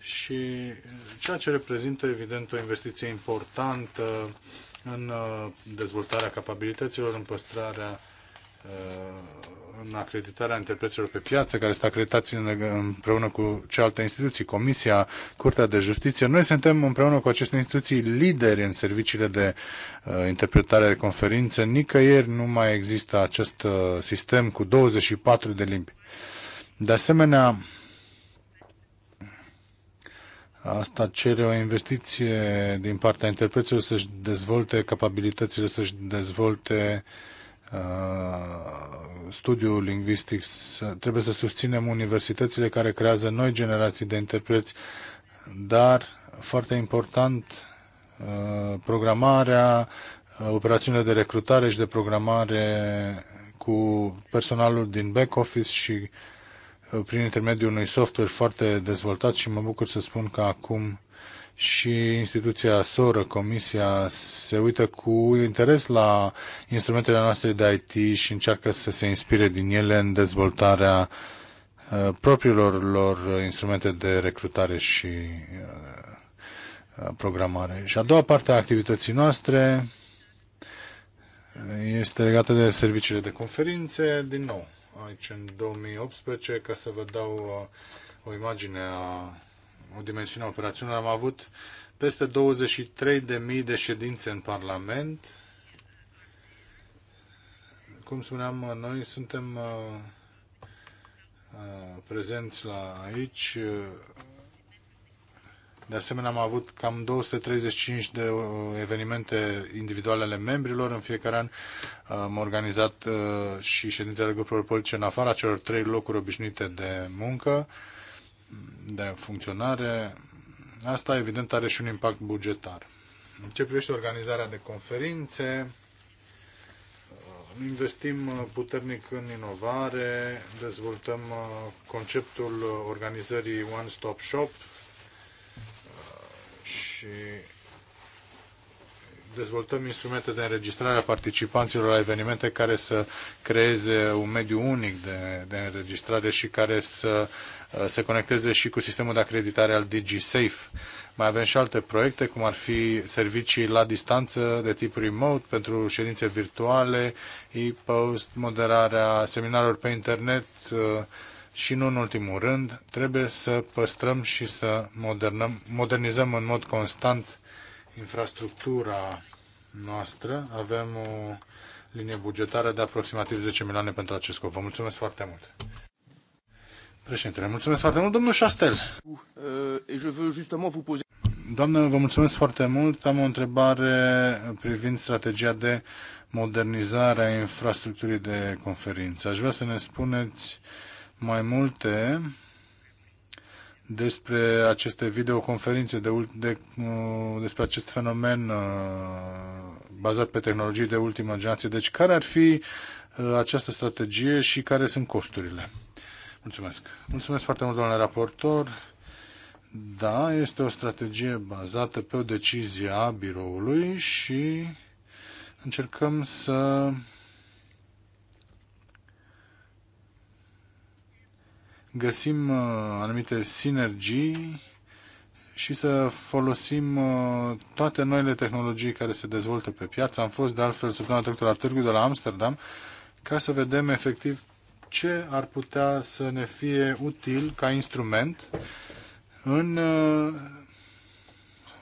și uh, ceea ce reprezintă evident o investiție importantă în dezvoltarea capabilităților, în păstrarea în acreditarea interpreților pe piață, care sunt acreditați împreună cu cealaltă instituții, Comisia, Curtea de Justiție. Noi suntem împreună cu aceste instituții lideri în serviciile de uh, interpretare de conferințe. Nicăieri nu mai există acest uh, sistem cu 24 de limbi. De asemenea, Asta cere o investiție din partea interpreților să-și dezvolte capabilitățile, să-și dezvolte uh, Uh, studiu lingvistic, trebuie să susținem universitățile care creează noi generații de interpreți, dar foarte important uh, programarea, uh, operațiunile de recrutare și de programare cu personalul din back office și prin intermediul unui software foarte dezvoltat și mă bucur să spun că acum și instituția soră, Comisia, se uită cu interes la instrumentele noastre de IT și încearcă să se inspire din ele în dezvoltarea uh, propriilor lor instrumente de recrutare și uh, uh, programare. Și a doua parte a activității noastre este legată de serviciile de conferințe, din nou, aici în 2018, ca să vă dau o imagine a o dimensiune operațională. Am avut peste 23.000 de ședințe în Parlament. Cum spuneam, noi suntem uh, uh, prezenți la aici. De asemenea, am avut cam 235 de uh, evenimente individuale ale membrilor. În fiecare an am organizat și ședințele grupurilor politice în afara celor trei locuri obișnuite de muncă de funcționare, asta evident are și un impact bugetar. În ce privește organizarea de conferințe, uh, investim uh, puternic în inovare, dezvoltăm uh, conceptul organizării One Stop Shop și dezvoltăm instrumente de înregistrare a participanților la evenimente care să creeze un mediu unic de, de înregistrare și care să Uh, se conecteze și cu sistemul de acreditare al DigiSafe. Mai avem și alte proiecte, cum ar fi servicii la distanță de tip remote pentru ședințe virtuale, e-post, moderarea seminarilor pe internet uh, și nu în ultimul rând, trebuie să păstrăm și să modernăm, modernizăm în mod constant infrastructura noastră. Avem o linie bugetară de aproximativ 10 milioane pentru acest scop. Vă mulțumesc foarte mult! Președintele, mulțumesc foarte mult, domnul Șastel. Uh, Doamnă, vă mulțumesc foarte mult. Am o întrebare privind strategia de modernizare a infrastructurii de conferință. Aș vrea să ne spuneți mai multe despre aceste videoconferințe, de, de, uh, despre acest fenomen uh, bazat pe tehnologii de ultimă generație. Deci, care ar fi această strategie și care sunt costurile? Mulțumesc. Mulțumesc foarte mult, domnule raportor. Da, este o strategie bazată pe o decizie a biroului și încercăm să găsim uh, anumite sinergii și să folosim uh, toate noile tehnologii care se dezvoltă pe piață. Am fost de altfel săptămâna trecută la târgul de la Amsterdam ca să vedem efectiv ce ar putea să ne fie util ca instrument în uh,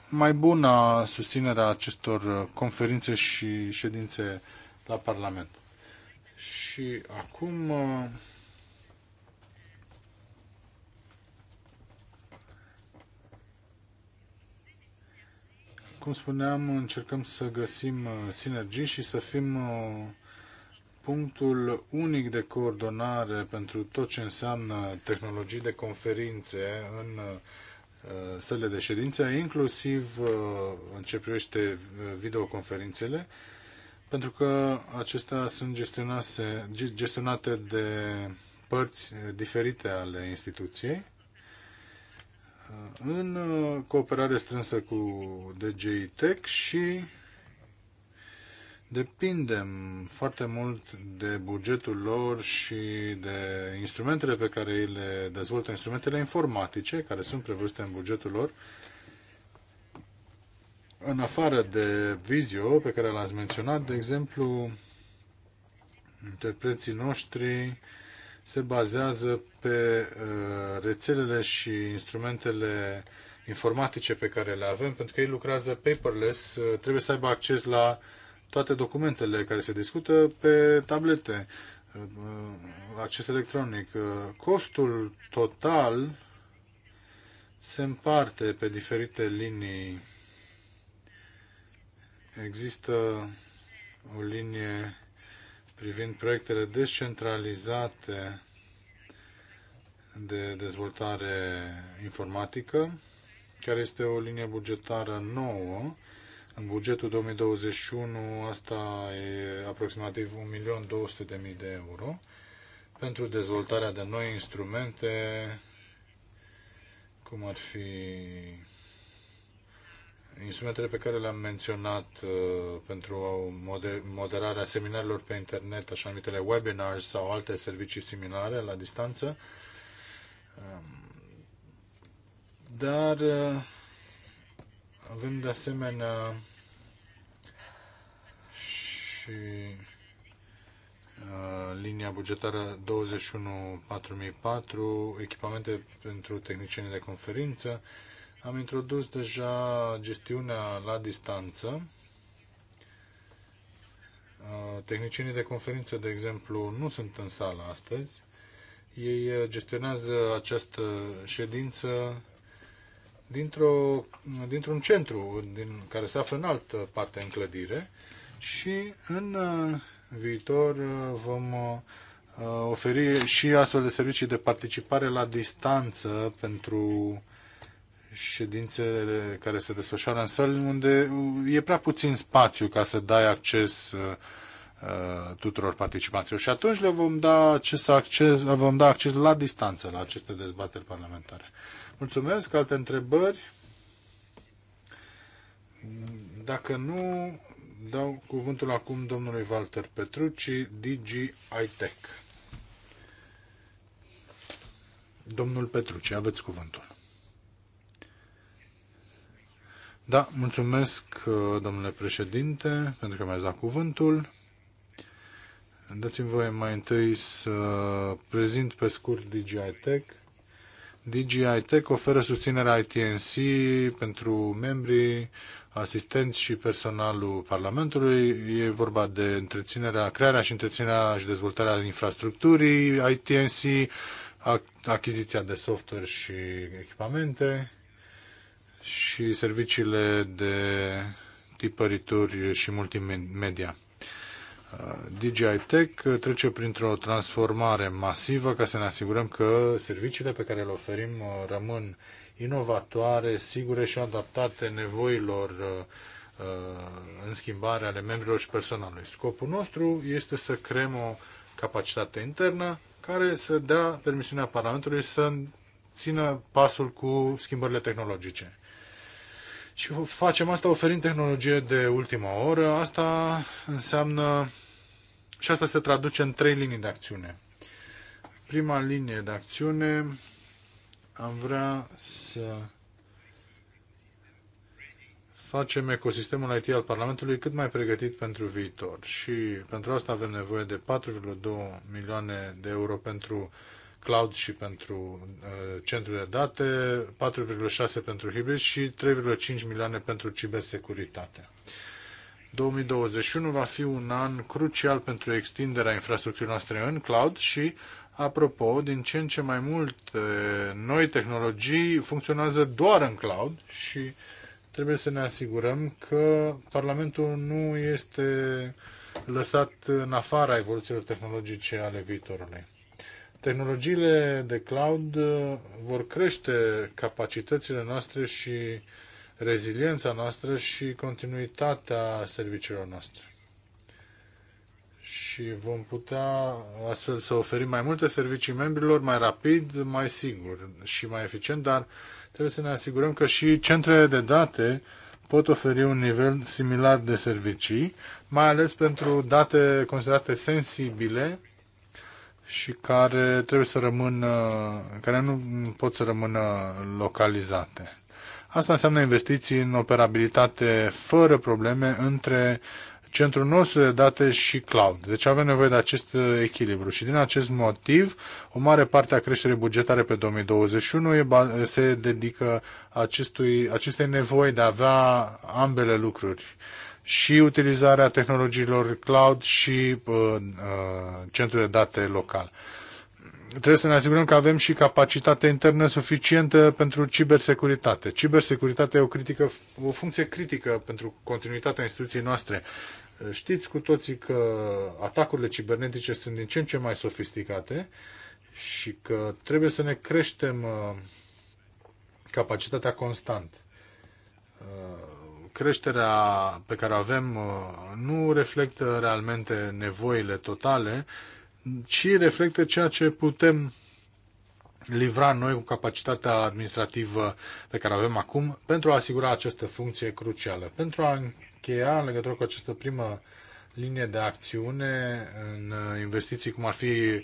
mai bună susținerea acestor uh, conferințe și ședințe la Parlament. Și acum uh, cum spuneam, încercăm să găsim sinergii și să fim punctul unic de coordonare pentru tot ce înseamnă tehnologii de conferințe în uh, sălile de ședință, inclusiv uh, în ce privește uh, videoconferințele, pentru că acestea sunt gestionate, gestionate de părți diferite ale instituției. În cooperare strânsă cu DJI Tech și depindem foarte mult de bugetul lor și de instrumentele pe care ei le dezvoltă, instrumentele informatice care sunt prevăzute în bugetul lor, în afară de Vizio, pe care l-ați menționat, de exemplu, interpreții noștri se bazează pe uh, rețelele și instrumentele informatice pe care le avem, pentru că ei lucrează paperless, uh, trebuie să aibă acces la uh, toate documentele care se discută pe tablete, uh, acces electronic. Uh, costul total se împarte pe diferite linii. Există o linie privind proiectele descentralizate de dezvoltare informatică, care este o linie bugetară nouă în bugetul 2021 asta e aproximativ 1.200.000 de euro pentru dezvoltarea de noi instrumente, cum ar fi instrumentele pe care le-am menționat uh, pentru moder moderarea seminarilor pe internet, așa numitele webinars sau alte servicii similare la distanță. Um, dar uh, avem de asemenea și uh, linia bugetară 21.4004, echipamente pentru tehnicieni de conferință. Am introdus deja gestiunea la distanță. Uh, tehnicienii de conferință, de exemplu, nu sunt în sală astăzi. Ei uh, gestionează această ședință dintr-o, dintr-un centru din, care se află în altă parte în clădire și în uh, viitor uh, vom uh, oferi și astfel de servicii de participare la distanță pentru ședințele care se desfășoară în săli unde e prea puțin spațiu ca să dai acces tuturor participanților și atunci le vom da acces, acces, vom da acces la distanță la aceste dezbateri parlamentare. Mulțumesc. Alte întrebări? Dacă nu, dau cuvântul acum domnului Walter Petrucci, DG Tech. Domnul Petrucci, aveți cuvântul. Da, mulțumesc, domnule președinte, pentru că mi-ați dat cuvântul. Dați-mi voie mai întâi să prezint pe scurt DJI Tech DGI Tech oferă susținerea ITNC pentru membrii, asistenți și personalul Parlamentului. E vorba de întreținerea, crearea și întreținerea și dezvoltarea infrastructurii ITNC, achiziția de software și echipamente și serviciile de tipărituri și multimedia. DJI Tech uh, trece printr-o transformare masivă ca să ne asigurăm că serviciile pe care le oferim uh, rămân inovatoare, sigure și adaptate nevoilor uh, în schimbare ale membrilor și personalului. Scopul nostru este să creăm o capacitate internă care să dea permisiunea Parlamentului să țină pasul cu schimbările tehnologice. Și facem asta oferind tehnologie de ultima oră. Asta înseamnă și asta se traduce în trei linii de acțiune. Prima linie de acțiune am vrea să facem ecosistemul IT al Parlamentului cât mai pregătit pentru viitor. Și pentru asta avem nevoie de 4,2 milioane de euro pentru cloud și pentru uh, centru de date, 4,6 pentru hibrid și 3,5 milioane pentru cibersecuritate. 2021 va fi un an crucial pentru extinderea infrastructurii noastre în cloud și, apropo, din ce în ce mai mult noi tehnologii funcționează doar în cloud și trebuie să ne asigurăm că Parlamentul nu este lăsat în afara evoluțiilor tehnologice ale viitorului. Tehnologiile de cloud uh, vor crește capacitățile noastre și reziliența noastră și continuitatea serviciilor noastre. Și vom putea astfel să oferim mai multe servicii membrilor mai rapid, mai sigur și mai eficient, dar trebuie să ne asigurăm că și centrele de date pot oferi un nivel similar de servicii, mai ales pentru date considerate sensibile și care trebuie să rămână, care nu pot să rămână localizate. Asta înseamnă investiții în operabilitate fără probleme între centrul nostru de date și cloud. Deci avem nevoie de acest echilibru și din acest motiv o mare parte a creșterii bugetare pe 2021 se dedică acestui, acestei nevoi de a avea ambele lucruri și utilizarea tehnologiilor cloud și uh, uh, centrul de date local trebuie să ne asigurăm că avem și capacitate internă suficientă pentru cibersecuritate. Cibersecuritatea e o, critică, o funcție critică pentru continuitatea instituției noastre. Știți cu toții că atacurile cibernetice sunt din ce în ce mai sofisticate și că trebuie să ne creștem uh, capacitatea constant. Uh, creșterea pe care o avem uh, nu reflectă realmente nevoile totale, și reflectă ceea ce putem livra noi cu capacitatea administrativă pe care o avem acum pentru a asigura această funcție crucială. Pentru a încheia în legătură cu această primă linie de acțiune în investiții cum ar fi uh,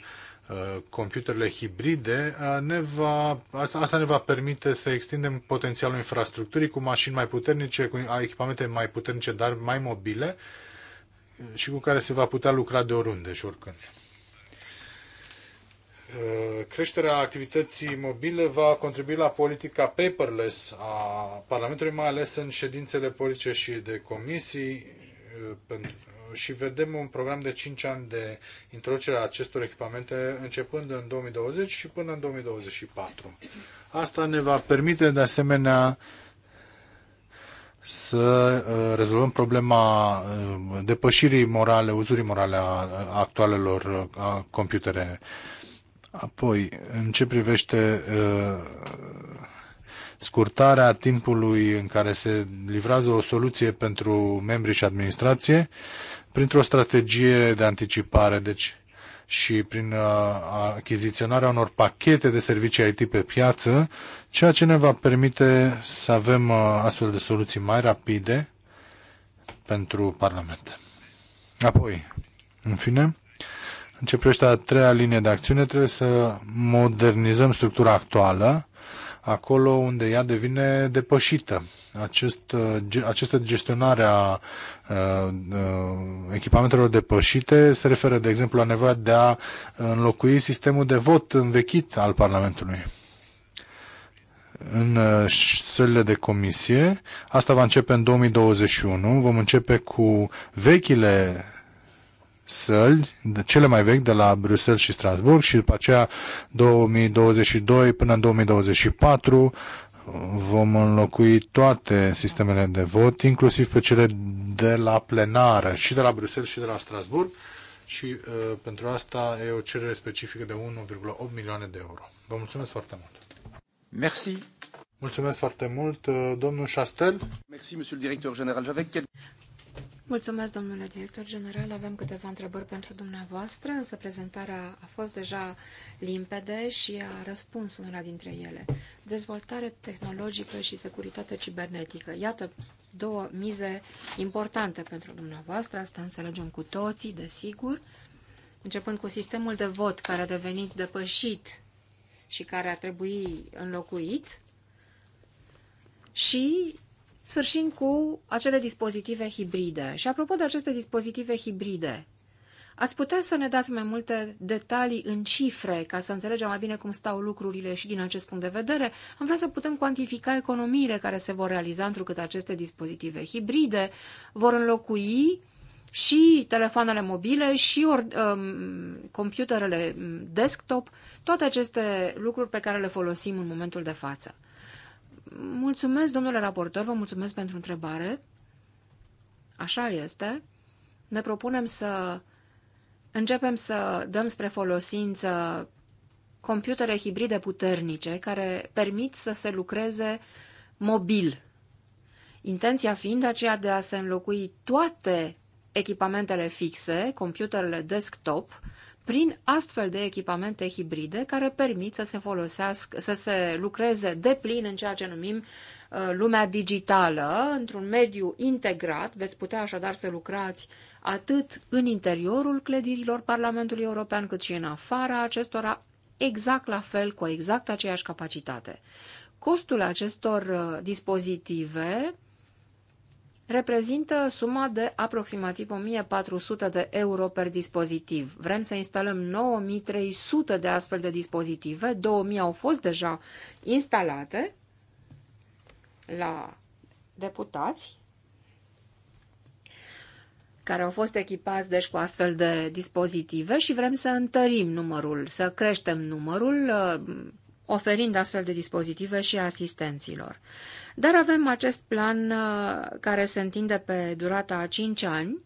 computerele hibride, uh, ne va, asta ne va permite să extindem potențialul infrastructurii cu mașini mai puternice, cu echipamente mai puternice, dar mai mobile și cu care se va putea lucra de oriunde și oricând. Eh, creșterea activității mobile va contribui la politica paperless a Parlamentului, mai ales în ședințele politice și de comisii eh, și vedem un program de 5 ani de introducere a acestor echipamente începând în 2020 și până în 2024. Asta ne va permite de asemenea să eh, rezolvăm problema depășirii morale, uzurii morale a actualelor computere Apoi, în ce privește uh, scurtarea timpului în care se livrează o soluție pentru membrii și administrație, printr-o strategie de anticipare, deci și prin uh, achiziționarea unor pachete de servicii IT pe piață, ceea ce ne va permite să avem uh, astfel de soluții mai rapide pentru Parlament. Apoi, în fine, în ce privește a treia linie de acțiune, trebuie să modernizăm structura actuală, acolo unde ea devine depășită. Acest, uh, această gestionare a uh, uh, echipamentelor depășite se referă, de exemplu, la nevoia de a înlocui sistemul de vot învechit al Parlamentului în sălile de comisie. Asta va începe în 2021. Vom începe cu vechile săli, cele mai vechi de la Bruxelles și Strasburg și după aceea 2022 până în 2024 vom înlocui toate sistemele de vot, inclusiv pe cele de la plenară, și de la Bruxelles și de la Strasburg și uh, pentru asta e o cerere specifică de 1,8 milioane de euro. Vă mulțumesc foarte mult! Merci! Mulțumesc foarte mult, uh, domnul Chastel. Merci, monsieur le directeur général. Mulțumesc, domnule director general. Avem câteva întrebări pentru dumneavoastră, însă prezentarea a fost deja limpede și a răspuns una dintre ele. Dezvoltare tehnologică și securitate cibernetică. Iată două mize importante pentru dumneavoastră, asta înțelegem cu toții, desigur, începând cu sistemul de vot care a devenit depășit și care ar trebui înlocuit și sfârșim cu acele dispozitive hibride. Și apropo de aceste dispozitive hibride, ați putea să ne dați mai multe detalii în cifre ca să înțelegem mai bine cum stau lucrurile și din acest punct de vedere? Am vrea să putem cuantifica economiile care se vor realiza întrucât aceste dispozitive hibride vor înlocui și telefoanele mobile și or, um, computerele mm, desktop, toate aceste lucruri pe care le folosim în momentul de față. Mulțumesc, domnule raportor, vă mulțumesc pentru întrebare. Așa este. Ne propunem să începem să dăm spre folosință computere hibride puternice care permit să se lucreze mobil. Intenția fiind aceea de a se înlocui toate echipamentele fixe, computerele desktop, prin astfel de echipamente hibride care permit să se folosească, să se lucreze de plin în ceea ce numim uh, lumea digitală, într-un mediu integrat, veți putea așadar să lucrați atât în interiorul clădirilor Parlamentului European, cât și în afara acestora, exact la fel, cu exact aceeași capacitate. Costul acestor uh, dispozitive reprezintă suma de aproximativ 1400 de euro per dispozitiv. Vrem să instalăm 9300 de astfel de dispozitive, 2000 au fost deja instalate la deputați care au fost echipați deci cu astfel de dispozitive și vrem să întărim numărul, să creștem numărul uh, oferind astfel de dispozitive și asistenților. Dar avem acest plan uh, care se întinde pe durata a 5 ani.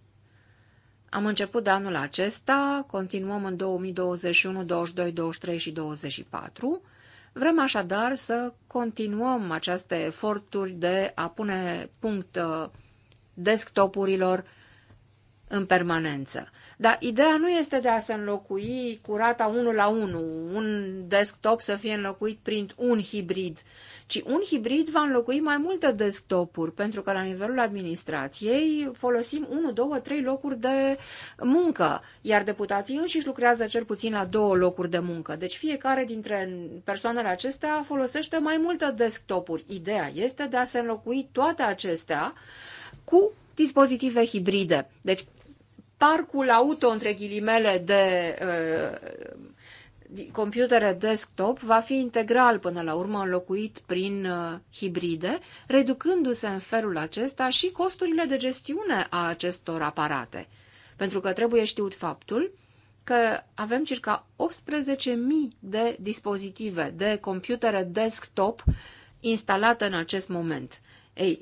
Am început de anul acesta, continuăm în 2021, 22, 23 și 24. Vrem așadar să continuăm aceste eforturi de a pune punct uh, desktopurilor în permanență. Dar ideea nu este de a se înlocui cu rata 1 la 1, un desktop să fie înlocuit prin un hibrid ci un hibrid va înlocui mai multe desktopuri, pentru că la nivelul administrației folosim 1, 2, 3 locuri de muncă, iar deputații înșiși lucrează cel puțin la două locuri de muncă. Deci fiecare dintre persoanele acestea folosește mai multe desktopuri. Ideea este de a se înlocui toate acestea cu dispozitive hibride. Deci parcul auto, între ghilimele, de uh, computere desktop va fi integral până la urmă înlocuit prin uh, hibride, reducându-se în felul acesta și costurile de gestiune a acestor aparate. Pentru că trebuie știut faptul că avem circa 18.000 de dispozitive de computere desktop instalate în acest moment. Ei,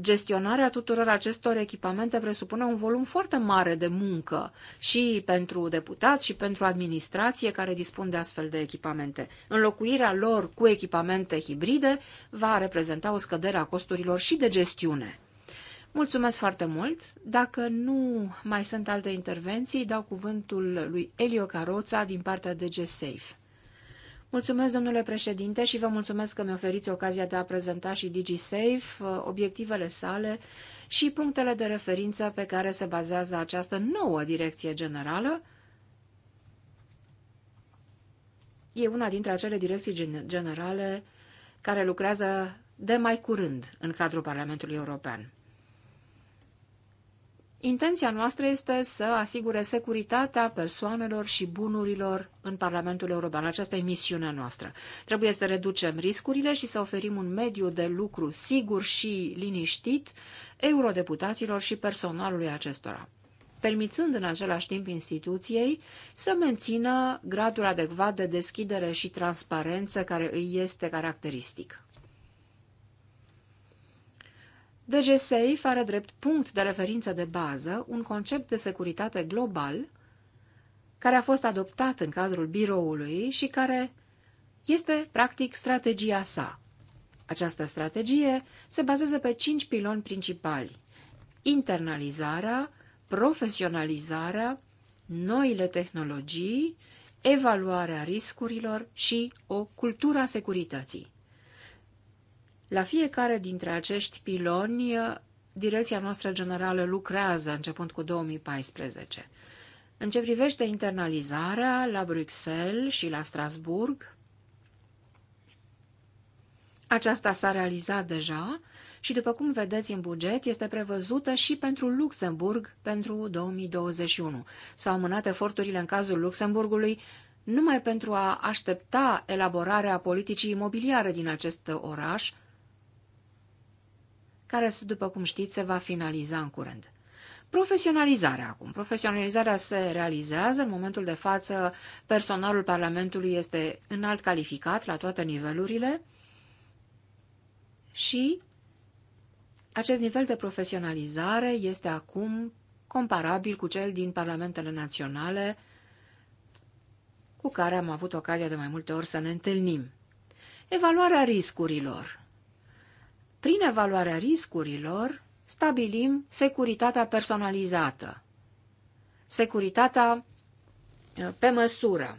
gestionarea tuturor acestor echipamente presupune un volum foarte mare de muncă și pentru deputați și pentru administrație care dispun de astfel de echipamente. Înlocuirea lor cu echipamente hibride va reprezenta o scădere a costurilor și de gestiune. Mulțumesc foarte mult! Dacă nu mai sunt alte intervenții, dau cuvântul lui Elio Caroța din partea de G Safe. Mulțumesc, domnule președinte, și vă mulțumesc că mi oferiți ocazia de a prezenta și DigiSafe, uh, obiectivele sale și punctele de referință pe care se bazează această nouă direcție generală. E una dintre acele direcții generale care lucrează de mai curând în cadrul Parlamentului European. Intenția noastră este să asigure securitatea persoanelor și bunurilor în Parlamentul European. Aceasta e misiunea noastră. Trebuie să reducem riscurile și să oferim un mediu de lucru sigur și liniștit eurodeputaților și personalului acestora, permițând în același timp instituției să mențină gradul adecvat de deschidere și transparență care îi este caracteristic. DGSAFE are drept punct de referință de bază un concept de securitate global care a fost adoptat în cadrul biroului și care este, practic, strategia sa. Această strategie se bazează pe cinci piloni principali. Internalizarea, profesionalizarea, noile tehnologii, evaluarea riscurilor și o cultură a securității. La fiecare dintre acești piloni, direcția noastră generală lucrează, începând cu 2014. În ce privește internalizarea, la Bruxelles și la Strasburg, aceasta s-a realizat deja și, după cum vedeți în buget, este prevăzută și pentru Luxemburg pentru 2021. S-au amânat eforturile în cazul Luxemburgului numai pentru a aștepta elaborarea politicii imobiliare din acest oraș, care, după cum știți, se va finaliza în curând. Profesionalizarea acum. Profesionalizarea se realizează. În momentul de față, personalul Parlamentului este înalt calificat la toate nivelurile și acest nivel de profesionalizare este acum comparabil cu cel din parlamentele naționale cu care am avut ocazia de mai multe ori să ne întâlnim. Evaluarea riscurilor prin evaluarea riscurilor, stabilim securitatea personalizată, securitatea uh, pe măsură.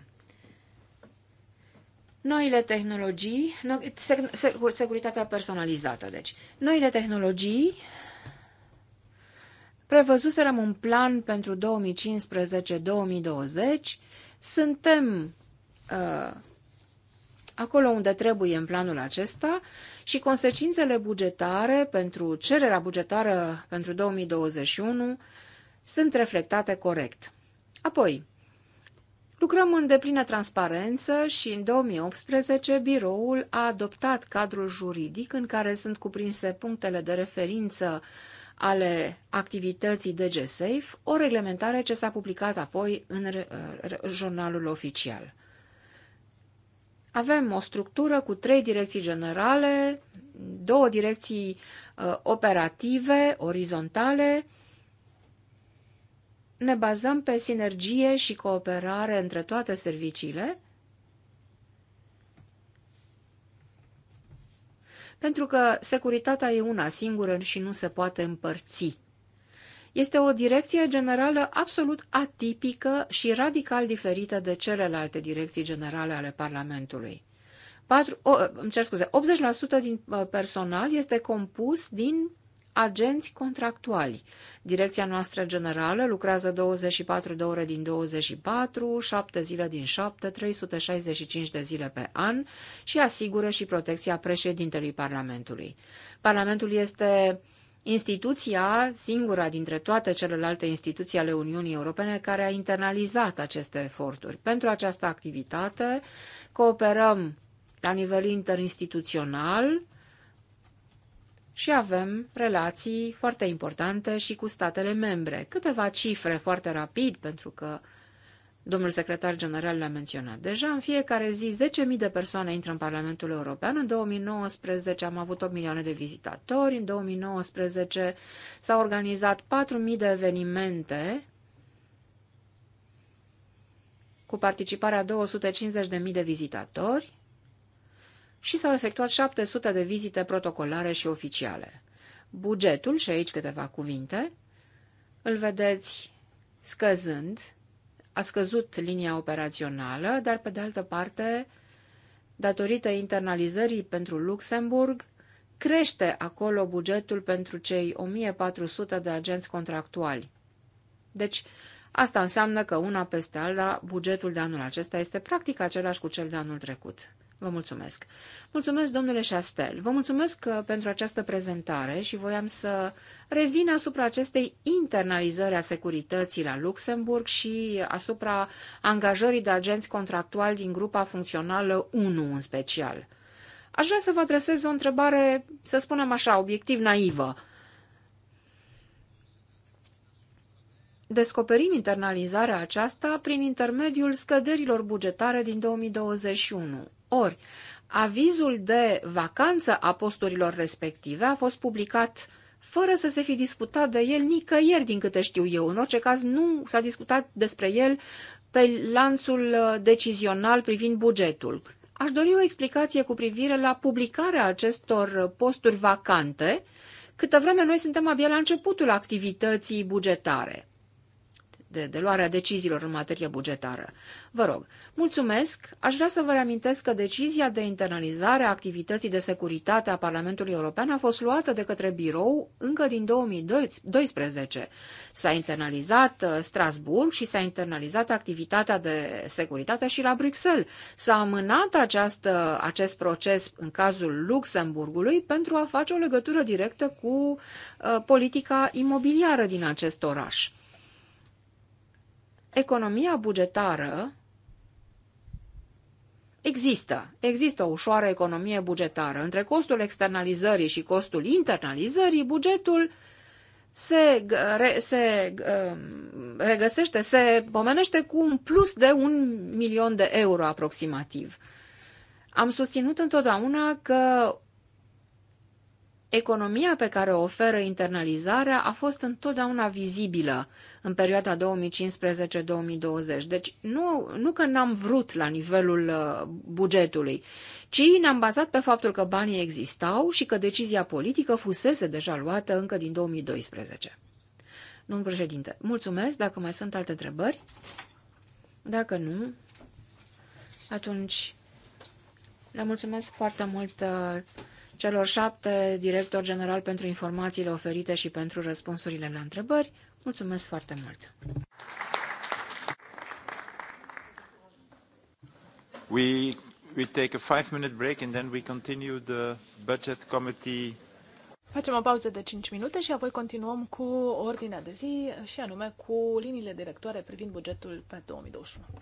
Noile tehnologii, no, sec, securitatea personalizată, deci. Noile tehnologii prevăzuserăm un plan pentru 2015-2020. Suntem uh, acolo unde trebuie în planul acesta. Uh, și consecințele bugetare pentru cererea bugetară pentru 2021 sunt reflectate corect. Apoi, lucrăm în deplină transparență și în 2018 biroul a adoptat cadrul juridic în care sunt cuprinse punctele de referință ale activității DG Safe, o reglementare ce s-a publicat apoi în jurnalul oficial. Avem o structură cu trei direcții generale, două direcții uh, operative, orizontale. Ne bazăm pe sinergie și cooperare între toate serviciile, pentru că securitatea e una singură și nu se poate împărți este o direcție generală absolut atipică și radical diferită de celelalte direcții generale ale Parlamentului. 4, o, îmi cer scuze, 80% din uh, personal este compus din agenți contractuali. Direcția noastră generală lucrează 24 de ore din 24, 7 zile din 7, 365 de zile pe an și asigură și protecția președintelui Parlamentului. Parlamentul este uh, instituția singura dintre toate celelalte instituții ale Uniunii Europene care a internalizat aceste eforturi. Pentru această activitate cooperăm la nivel interinstituțional și avem relații foarte importante și cu statele membre. Câteva cifre foarte rapid, pentru că Domnul secretar general le-a menționat deja, în fiecare zi 10.000 de persoane intră în Parlamentul European. În 2019 am avut 8 milioane de vizitatori, în 2019 s-au organizat 4.000 de evenimente cu participarea 250.000 de vizitatori și s-au efectuat 700 de vizite protocolare și oficiale. Bugetul, și aici câteva cuvinte, îl vedeți scăzând a scăzut linia operațională, dar pe de altă parte, datorită internalizării pentru Luxemburg, crește acolo bugetul pentru cei 1400 de agenți contractuali. Deci, asta înseamnă că una peste alta, bugetul de anul acesta este practic același cu cel de anul trecut. Vă mulțumesc. Mulțumesc, domnule Șastel. Vă mulțumesc uh, pentru această prezentare și voiam să revin asupra acestei internalizări a securității la Luxemburg și asupra angajării de agenți contractuali din grupa funcțională 1 în special. Aș vrea să vă adresez o întrebare, să spunem așa, obiectiv naivă. Descoperim internalizarea aceasta prin intermediul scăderilor bugetare din 2021 ori. Avizul de vacanță a posturilor respective a fost publicat fără să se fi discutat de el nicăieri, din câte știu eu. În orice caz, nu s-a discutat despre el pe lanțul uh, decizional privind bugetul. Aș dori o explicație cu privire la publicarea acestor uh, posturi vacante, câtă vreme noi suntem abia la începutul activității bugetare de, de luarea deciziilor în materie bugetară. Vă rog, mulțumesc! Aș vrea să vă reamintesc că decizia de internalizare a activității de securitate a Parlamentului European a fost luată de către birou încă din 2012. S-a internalizat uh, Strasburg și s-a internalizat activitatea de securitate și la Bruxelles. S-a amânat această, uh, acest proces în cazul Luxemburgului pentru a face o legătură directă cu uh, politica imobiliară din acest oraș economia bugetară există. Există o ușoară economie bugetară. Între costul externalizării și costul internalizării, bugetul se, re, se um, regăsește, se pomenește cu un plus de un milion de euro aproximativ. Am susținut întotdeauna că economia pe care o oferă internalizarea a fost întotdeauna vizibilă în perioada 2015-2020. Deci nu, nu că n-am vrut la nivelul uh, bugetului, ci ne-am bazat pe faptul că banii existau și că decizia politică fusese deja luată încă din 2012. Domnul președinte, mulțumesc dacă mai sunt alte întrebări. Dacă nu, atunci le mulțumesc foarte mult uh, celor șapte directori general pentru informațiile oferite și pentru răspunsurile la întrebări. Mulțumesc foarte mult! We, we take a five minute break and then we continue the budget committee. Facem o pauză de 5 minute și apoi continuăm cu ordinea de zi și anume cu liniile directoare privind bugetul pe 2021.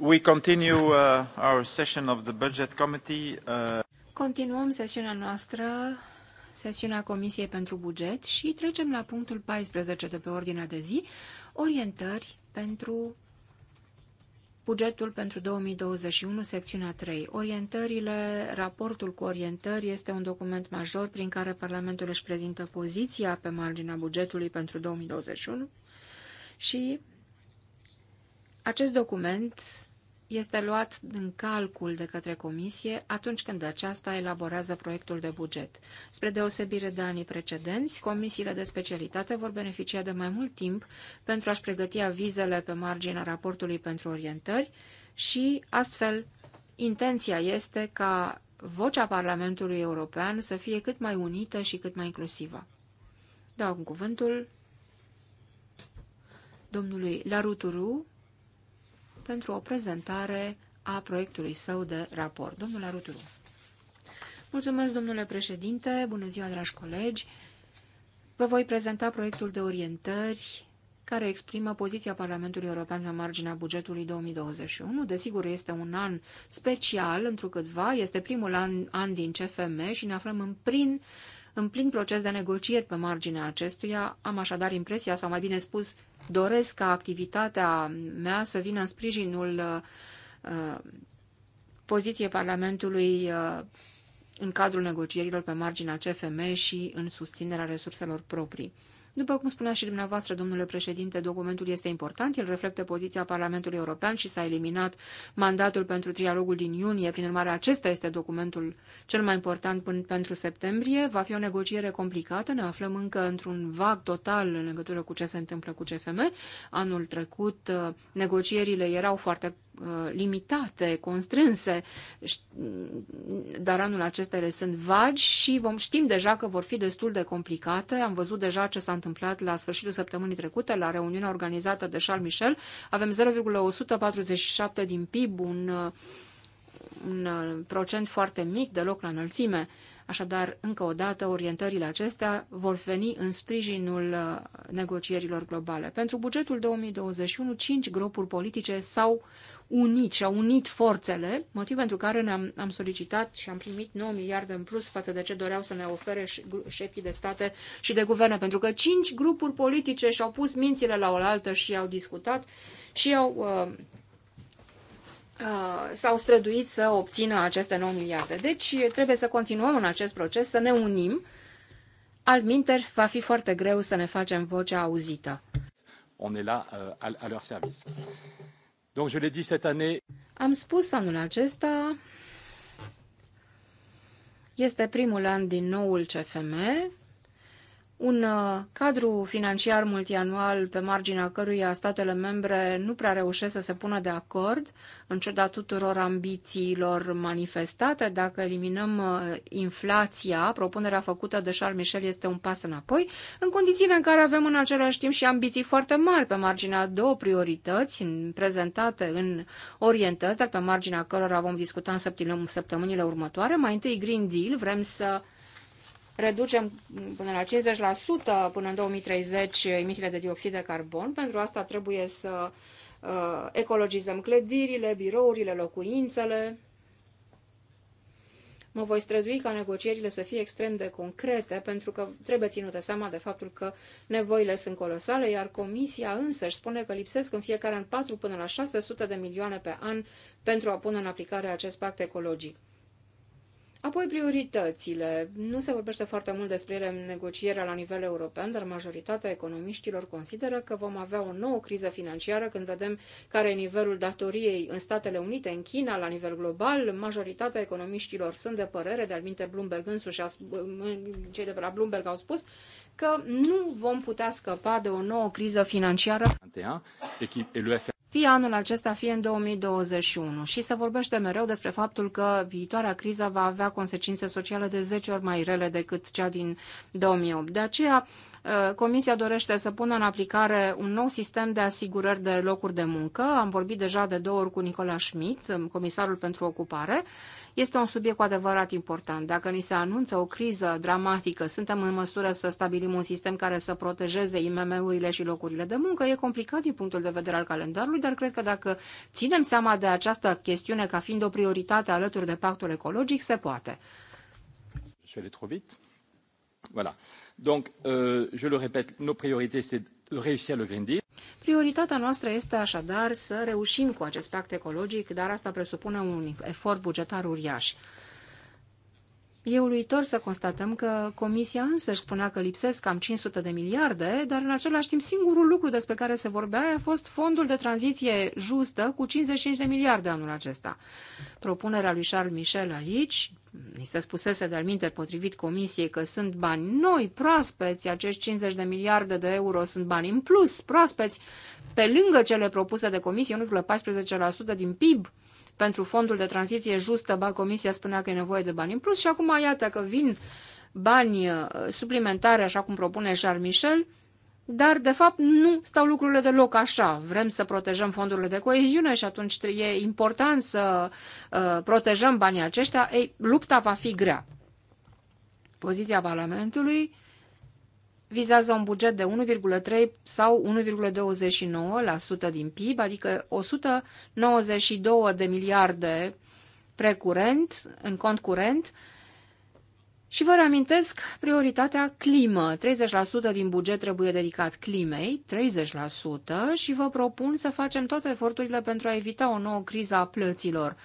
We continue uh, our session of the budget committee. Uh... Continuăm sesiunea noastră, sesiunea Comisiei pentru Buget și trecem la punctul 14 de pe ordinea de zi, orientări pentru bugetul pentru 2021, secțiunea 3. Orientările, raportul cu orientări este un document major prin care Parlamentul își prezintă poziția pe marginea bugetului pentru 2021 și acest document este luat în calcul de către comisie atunci când aceasta elaborează proiectul de buget. Spre deosebire de anii precedenți, comisiile de specialitate vor beneficia de mai mult timp pentru a-și pregăti avizele pe marginea raportului pentru orientări și, astfel, intenția este ca vocea Parlamentului European să fie cât mai unită și cât mai inclusivă. Dau cuvântul domnului Laruturu, pentru o prezentare a proiectului său de raport. Domnul Aruturu. Mulțumesc, domnule președinte, bună ziua, dragi colegi. Vă voi prezenta proiectul de orientări care exprimă poziția Parlamentului European pe marginea bugetului 2021. Desigur, este un an special, întrucâtva, este primul an, an din CFM și ne aflăm în prin uh, în plin proces de negocieri pe marginea acestuia. Am așadar impresia, sau mai bine spus, doresc ca activitatea mea să vină în sprijinul uh, uh poziției Parlamentului uh, în cadrul negocierilor pe marginea CFM și în susținerea resurselor proprii. După cum spunea și dumneavoastră, domnule președinte, documentul este important, el reflectă poziția Parlamentului European și s-a eliminat mandatul pentru trialogul din iunie, prin urmare acesta este documentul cel mai important până pentru septembrie. Va fi o negociere complicată, ne aflăm încă într-un vag total în legătură cu ce se întâmplă cu CFM. Anul trecut uh, negocierile erau foarte Uh, limitate, constrânse, dar anul acesta ele sunt vagi și vom știm deja că vor fi destul de complicate. Am văzut deja ce s-a întâmplat la sfârșitul săptămânii trecute, la reuniunea organizată de Charles Michel. Avem 0,147 din PIB, un, uh, un uh, procent foarte mic, deloc la înălțime. Așadar, încă o dată, orientările acestea vor veni în sprijinul negocierilor globale. Pentru bugetul 2021, cinci grupuri politice s-au unit și au unit forțele, motiv pentru care ne-am am solicitat și am primit 9 miliarde în plus față de ce doreau să ne ofere șefii de state și de guverne, pentru că cinci grupuri politice și-au pus mințile la oaltă și au discutat și au, uh, uh, s-au străduit să obțină aceste 9 miliarde. Deci trebuie să continuăm în acest proces, să ne unim, Alminter, va fi foarte greu să ne facem vocea auzită. On est là uh, à leur service. Donc je l'ai dit cette année. Am spus anul acesta este primul an din noul CFM un uh, cadru financiar multianual pe marginea căruia statele membre nu prea reușesc să se pună de acord, în ciuda tuturor ambițiilor manifestate. Dacă eliminăm uh, inflația, propunerea făcută de Charles Michel este un pas înapoi, în condițiile în care avem în același timp și ambiții foarte mari pe marginea două priorități prezentate în orientări, pe marginea cărora vom discuta în săptămânile următoare. Mai întâi Green Deal, vrem să reducem până la 50% până în 2030 emisiile de dioxid de carbon. Pentru asta trebuie să uh, ecologizăm clădirile, birourile, locuințele. Mă voi strădui ca negocierile să fie extrem de concrete, pentru că trebuie ținută seama de faptul că nevoile sunt colosale, iar Comisia însă își spune că lipsesc în fiecare an 4 până la 600 de milioane pe an pentru a pune în aplicare acest pact ecologic. Apoi prioritățile. Nu se vorbește foarte mult despre ele în negocierea la nivel european, dar majoritatea economiștilor consideră că vom avea o nouă criză financiară când vedem care e nivelul datoriei în Statele Unite, în China, la nivel global. Majoritatea economiștilor sunt de părere, de-al minte Bloomberg însuși, cei de pe la Bloomberg au spus, că nu vom putea scăpa de o nouă criză financiară. Et fie anul acesta, fie în 2021. Și se vorbește mereu despre faptul că viitoarea criză va avea consecințe sociale de 10 ori mai rele decât cea din 2008. De aceea Uh, Comisia dorește să pună în aplicare un nou sistem de asigurări de locuri de muncă. Am vorbit deja de două ori cu Nicola Schmidt, um, comisarul pentru ocupare. Este un subiect cu adevărat important. Dacă ni se anunță o criză dramatică, suntem în măsură să stabilim un sistem care să protejeze IMM-urile și locurile de muncă. E complicat din punctul de vedere al calendarului, dar cred că dacă ținem seama de această chestiune ca fiind o prioritate alături de pactul ecologic, se poate. Je suis allé trop vite. Voilà. Donc, euh, je le répète, nos priorités, c'est de réussir le Green Deal. Prioritatea noastră este așadar să reușim cu acest pact ecologic, dar asta presupune un efort bugetar uriaș. E uluitor să constatăm că Comisia însăși spunea că lipsesc cam 500 de miliarde, dar în același timp singurul lucru despre care se vorbea a fost fondul de tranziție justă cu 55 de miliarde anul acesta. Propunerea lui Charles Michel aici, ni se spusese de-al potrivit Comisiei că sunt bani noi, proaspeți, acești 50 de miliarde de euro sunt bani în plus, proaspeți, pe lângă cele propuse de Comisie, 1,14% din PIB, pentru fondul de tranziție justă, ba comisia spunea că e nevoie de bani în plus și acum iată că vin bani uh, suplimentare, așa cum propune Charles Michel, dar de fapt nu stau lucrurile deloc așa. Vrem să protejăm fondurile de coeziune și atunci e important să uh, protejăm banii aceștia. Ei, lupta va fi grea. Poziția Parlamentului uh, vizează un buget de 1,3 sau 1,29% din PIB, adică 192 de miliarde precurent, în cont curent, și vă reamintesc prioritatea climă. 30% din buget trebuie dedicat climei, 30% și vă propun să facem toate eforturile pentru a evita o nouă criză a plăților.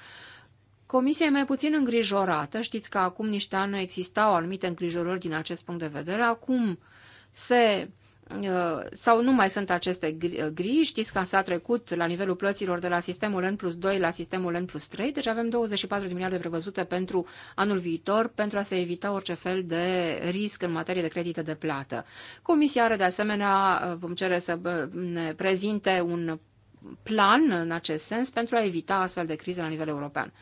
Comisia e mai puțin îngrijorată, știți că acum niște ani nu existau anumite îngrijorări din acest punct de vedere, acum uh, se uh, sau nu mai sunt aceste uh, griji, știți că s-a trecut la nivelul plăților de la sistemul N plus 2 la sistemul N plus 3, deci avem 24 de miliarde prevăzute pentru anul viitor pentru a se evita orice fel de risc în materie de credite de plată. Comisia are de asemenea, uh, vom cere să ne prezinte un plan în acest sens pentru a evita astfel de crize la nivel european.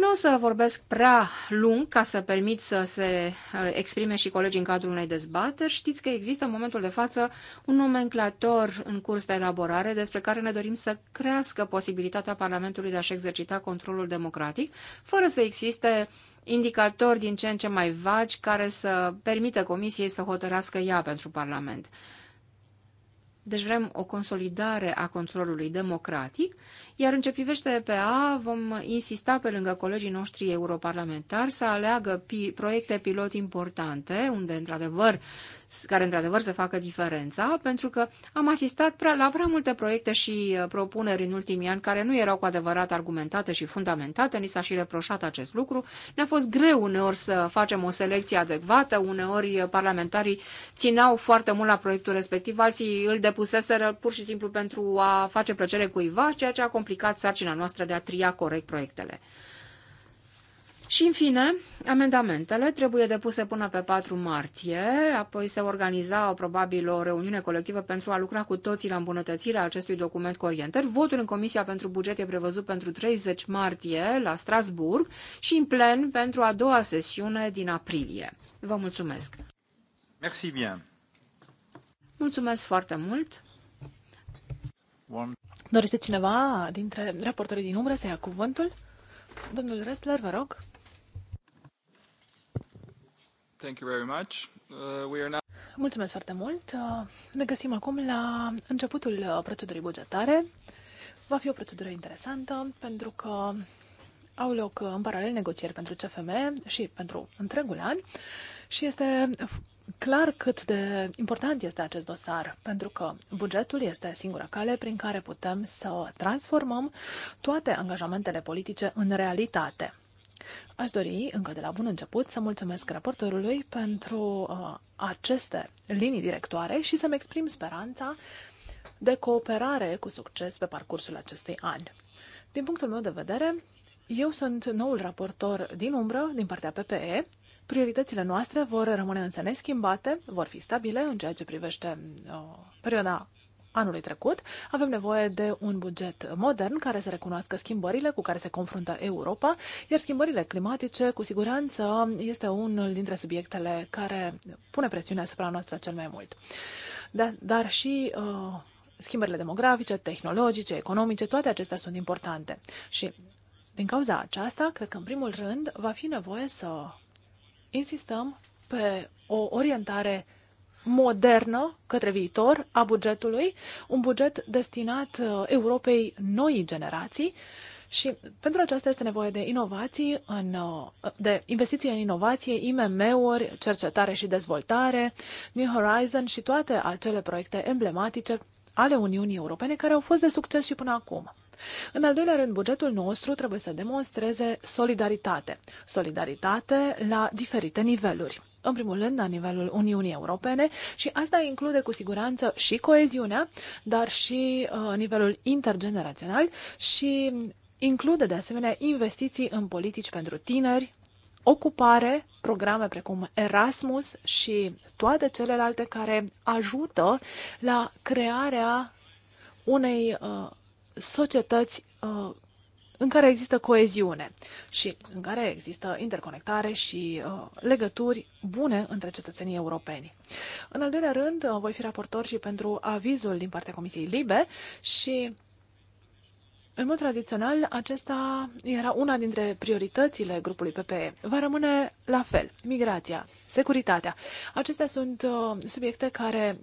Nu o să vorbesc prea lung ca să permit să se uh, exprime și colegii în cadrul unei dezbateri. Știți că există în momentul de față un nomenclator în curs de elaborare despre care ne dorim să crească posibilitatea Parlamentului de a-și exercita controlul democratic, fără să existe indicatori din ce în ce mai vagi care să permită Comisiei să hotărească ea pentru Parlament. Deci vrem o consolidare a controlului democratic, iar în ce privește EPA, vom insista pe lângă colegii noștri europarlamentari să aleagă pi proiecte pilot importante, unde într-adevăr, care într-adevăr să facă diferența, pentru că am asistat prea, la prea multe proiecte și uh, propuneri în ultimii ani care nu erau cu adevărat argumentate și fundamentate, ni s-a și reproșat acest lucru. Ne-a fost greu uneori să facem o selecție adecvată, uneori uh, parlamentarii țineau foarte mult la proiectul respectiv, alții îl depuseseră pur și simplu pentru a face plăcere cuiva, ceea ce a complicat sarcina noastră de a tria corect proiectele. Și, în fine, amendamentele trebuie depuse până pe 4 martie, apoi se organiza probabil o reuniune colectivă pentru a lucra cu toții la îmbunătățirea acestui document cu orientări. Votul în Comisia pentru Buget e prevăzut pentru 30 martie la Strasburg și în plen pentru a doua sesiune din aprilie. Vă mulțumesc! Merci bien! Mulțumesc foarte mult! One... Dorește cineva dintre raportorii din umbră să ia cuvântul? Domnul Ressler, vă rog. Thank you very much. Uh, we are now... Mulțumesc foarte mult. Uh, ne găsim acum la începutul uh, procedurii bugetare. Va fi o procedură interesantă pentru că au loc uh, în paralel negocieri pentru CFM și pentru întregul an și este clar cât de important este acest dosar, pentru că bugetul este singura cale prin care putem să transformăm toate angajamentele politice în realitate. Aș dori, încă de la bun început, să mulțumesc raportorului pentru uh, aceste linii directoare și să-mi exprim speranța de cooperare cu succes pe parcursul acestui an. Din punctul meu de vedere, eu sunt noul raportor din umbră din partea PPE prioritățile noastre vor rămâne însă neschimbate, vor fi stabile în ceea ce privește uh, perioada anului trecut. Avem nevoie de un buget modern care să recunoască schimbările cu care se confruntă Europa, iar schimbările climatice, cu siguranță, este unul dintre subiectele care pune presiune asupra noastră cel mai mult. Da, dar și uh, schimbările demografice, tehnologice, economice, toate acestea sunt importante. Și din cauza aceasta, cred că în primul rând va fi nevoie să insistăm pe o orientare modernă către viitor a bugetului, un buget destinat uh, Europei noii generații și pentru aceasta este nevoie de inovații, în, uh, de investiții în inovație, IMM-uri, cercetare și dezvoltare, New Horizon și toate acele proiecte emblematice ale Uniunii Europene care au fost de succes și până acum. În al doilea rând, bugetul nostru trebuie să demonstreze solidaritate. Solidaritate la diferite niveluri în primul rând la nivelul Uniunii Europene și asta include cu siguranță și coeziunea, dar și uh, nivelul intergenerațional și include de asemenea investiții în politici pentru tineri, ocupare, programe precum Erasmus și toate celelalte care ajută la crearea unei uh, societăți uh, în care există coeziune și în care există interconectare și uh, legături bune între cetățenii europeni. În al doilea rând, uh, voi fi raportor și pentru avizul din partea Comisiei Libe și în mod tradițional, acesta era una dintre prioritățile grupului PPE. Va rămâne la fel. Migrația, securitatea. Acestea sunt uh, subiecte care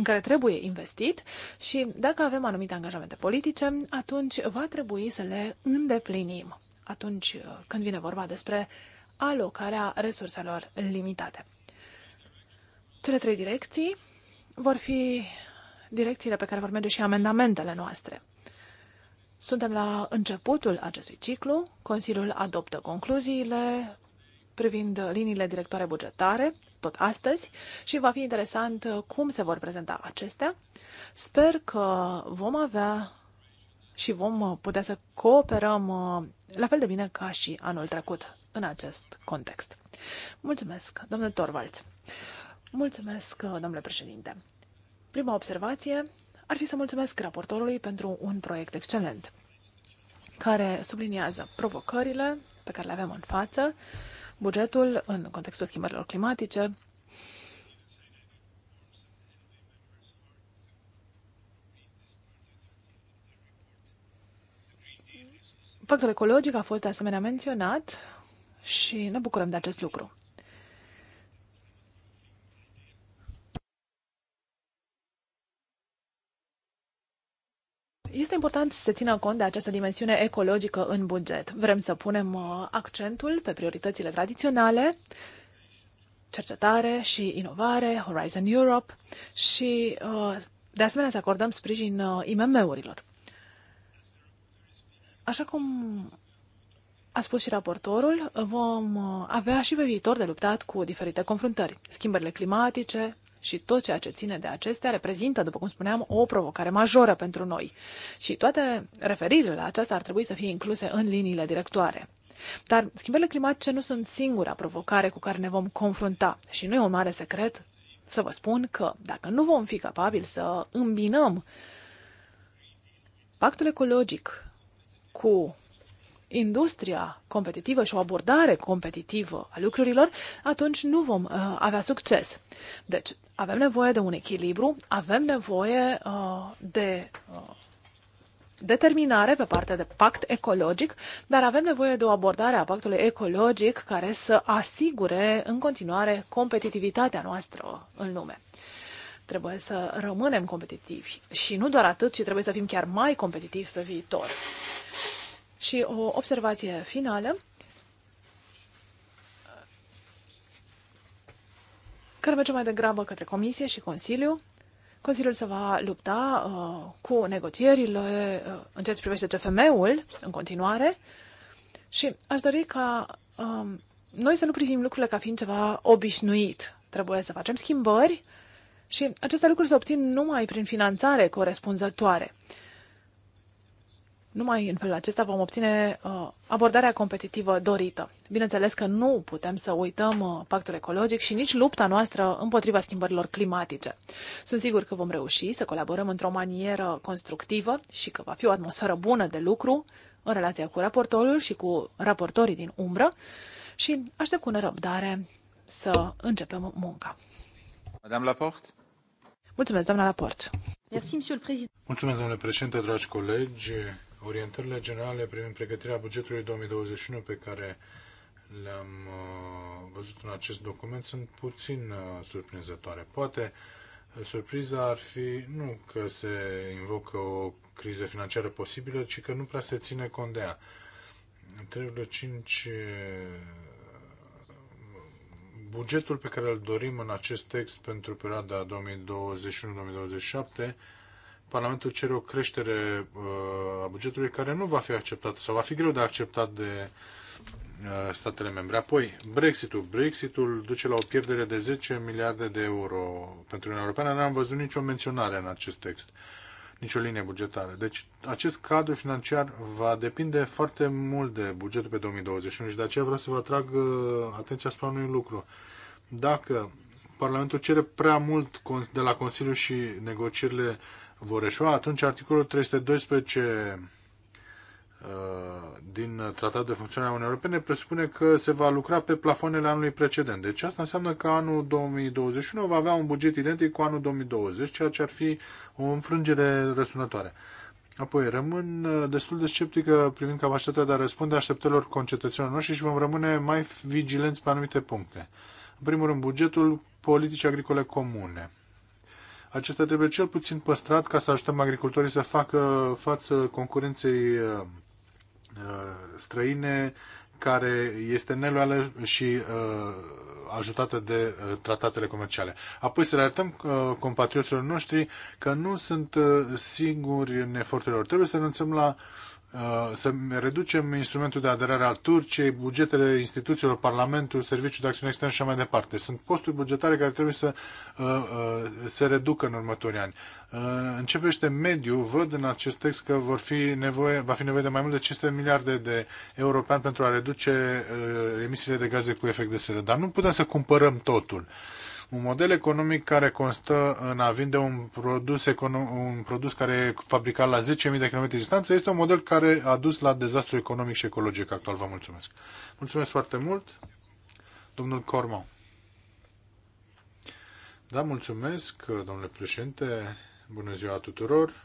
în care trebuie investit și dacă avem anumite angajamente politice, atunci va trebui să le îndeplinim atunci uh, când vine vorba despre alocarea resurselor limitate. Cele trei direcții vor fi direcțiile pe care vor merge și amendamentele noastre. Suntem la începutul acestui ciclu, Consiliul adoptă concluziile privind liniile directoare bugetare, tot astăzi, și va fi interesant uh, cum se vor prezenta acestea. Sper că vom avea și vom uh, putea să cooperăm uh, la fel de bine ca și anul trecut în acest context. Mulțumesc, domnule Torvalds. Mulțumesc, domnule președinte. Prima observație ar fi să mulțumesc raportorului pentru un proiect excelent care subliniază provocările pe care le avem în față bugetul în contextul schimbărilor climatice. Factorul ecologic a fost de asemenea menționat și ne bucurăm de acest lucru. Este important să se țină cont de această dimensiune ecologică în buget. Vrem să punem uh, accentul pe prioritățile tradiționale, cercetare și inovare, Horizon Europe și, uh, de asemenea, să acordăm sprijin uh, IMM-urilor. Așa cum a spus și raportorul, vom avea și pe viitor de luptat cu diferite confruntări. Schimbările climatice, și tot ceea ce ține de acestea reprezintă, după cum spuneam, o provocare majoră pentru noi. Și toate referirile la aceasta ar trebui să fie incluse în liniile directoare. Dar schimbările climatice nu sunt singura provocare cu care ne vom confrunta și nu e un mare secret să vă spun că dacă nu vom fi capabili să îmbinăm pactul ecologic cu industria competitivă și o abordare competitivă a lucrurilor, atunci nu vom uh, avea succes. Deci, avem nevoie de un echilibru, avem nevoie uh, de uh, determinare pe partea de pact ecologic, dar avem nevoie de o abordare a pactului ecologic care să asigure în continuare competitivitatea noastră în lume. Trebuie să rămânem competitivi și nu doar atât, ci trebuie să fim chiar mai competitivi pe viitor. Și o observație finală, care merge mai degrabă către Comisie și Consiliu. Consiliul se va lupta uh, cu negocierile uh, în ceea ce privește CFM-ul în continuare și aș dori ca uh, noi să nu privim lucrurile ca fiind ceva obișnuit. Trebuie să facem schimbări și aceste lucruri se obțin numai prin finanțare corespunzătoare. Uh, numai în felul acesta vom obține uh, abordarea competitivă dorită. Bineînțeles că nu putem să uităm uh, pactul ecologic și nici lupta noastră împotriva schimbărilor climatice. Sunt sigur că vom reuși să colaborăm într-o manieră constructivă și că va fi o atmosferă bună de lucru în relația cu raportorul și cu raportorii din umbră și aștept cu nerăbdare să începem munca. Madame Laporte? Mulțumesc, doamna Laporte. Mulțumesc, domnule președinte, dragi colegi orientările generale privind pregătirea bugetului 2021 pe care le-am uh, văzut în acest document sunt puțin uh, surprinzătoare. Poate uh, surpriza ar fi nu că se invocă o criză financiară posibilă, ci că nu prea se ține cont de ea. 3,5 bugetul pe care îl dorim în acest text pentru perioada 2021-2027 Parlamentul cere o creștere uh, a bugetului care nu va fi acceptată sau va fi greu de acceptat de uh, statele membre. Apoi, Brexitul. Brexitul duce la o pierdere de 10 miliarde de euro pentru Uniunea Europeană. N-am văzut nicio menționare în acest text, nicio linie bugetară. Deci, acest cadru financiar va depinde foarte mult de bugetul pe 2021 și de aceea vreau să vă atrag uh, atenția asupra unui lucru. Dacă Parlamentul cere prea mult de la Consiliu și negocierile vor eșua, atunci articolul 312 uh, din Tratatul de Funcționare a Uniunii Europene presupune că se va lucra pe plafonele anului precedent. Deci asta înseamnă că anul 2021 va avea un buget identic cu anul 2020, ceea ce ar fi o înfrângere răsunătoare. Apoi, rămân uh, destul de sceptică uh, privind capacitatea de a răspunde așteptărilor concetățenilor noștri și vom rămâne mai vigilenți pe anumite puncte. În primul rând, bugetul politicii agricole comune. Acesta trebuie cel puțin păstrat ca să ajutăm agricultorii să facă față concurenței uh, uh, străine care este neloială și uh, ajutată de tratatele comerciale. Apoi să le arătăm compatrioților noștri că nu sunt singuri în eforturile lor. Trebuie să renunțăm la uh, Uh, să reducem instrumentul de aderare al Turciei, bugetele instituțiilor, Parlamentul, Serviciul de Acțiune Externă și mai departe. Sunt posturi bugetare care trebuie să uh, uh, se reducă în următorii ani. Începește mediu, văd în acest text că vor fi nevoie, va fi nevoie de mai mult de 500 miliarde de euro pentru a reduce emisiile de gaze cu efect de seră. Dar nu putem să cumpărăm totul. Un model economic care constă în a vinde un produs, un produs care e fabricat la 10.000 de km distanță este un model care a dus la dezastru economic și ecologic actual. Vă mulțumesc. Mulțumesc foarte mult, domnul Cormau. Da, mulțumesc, domnule președinte. Bună ziua tuturor.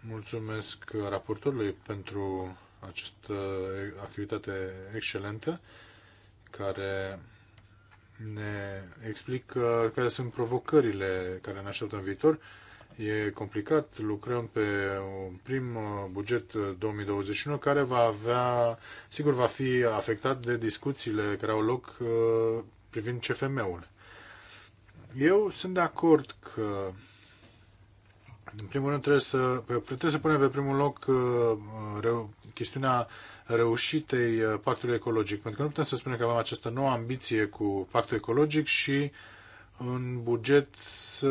Mulțumesc raportorului pentru această activitate excelentă care ne explică care sunt provocările care ne așteaptă în viitor. E complicat, lucrăm pe un prim uh, buget 2021 uh, care va avea, sigur va fi afectat de discuțiile care au loc uh, privind CFM-ul. Eu sunt de acord că în primul rând trebuie să, trebuie să punem pe primul loc chestiunea reușitei uh, pactului ecologic. Pentru că nu putem să spunem că avem această nouă ambiție cu pactul ecologic și în buget să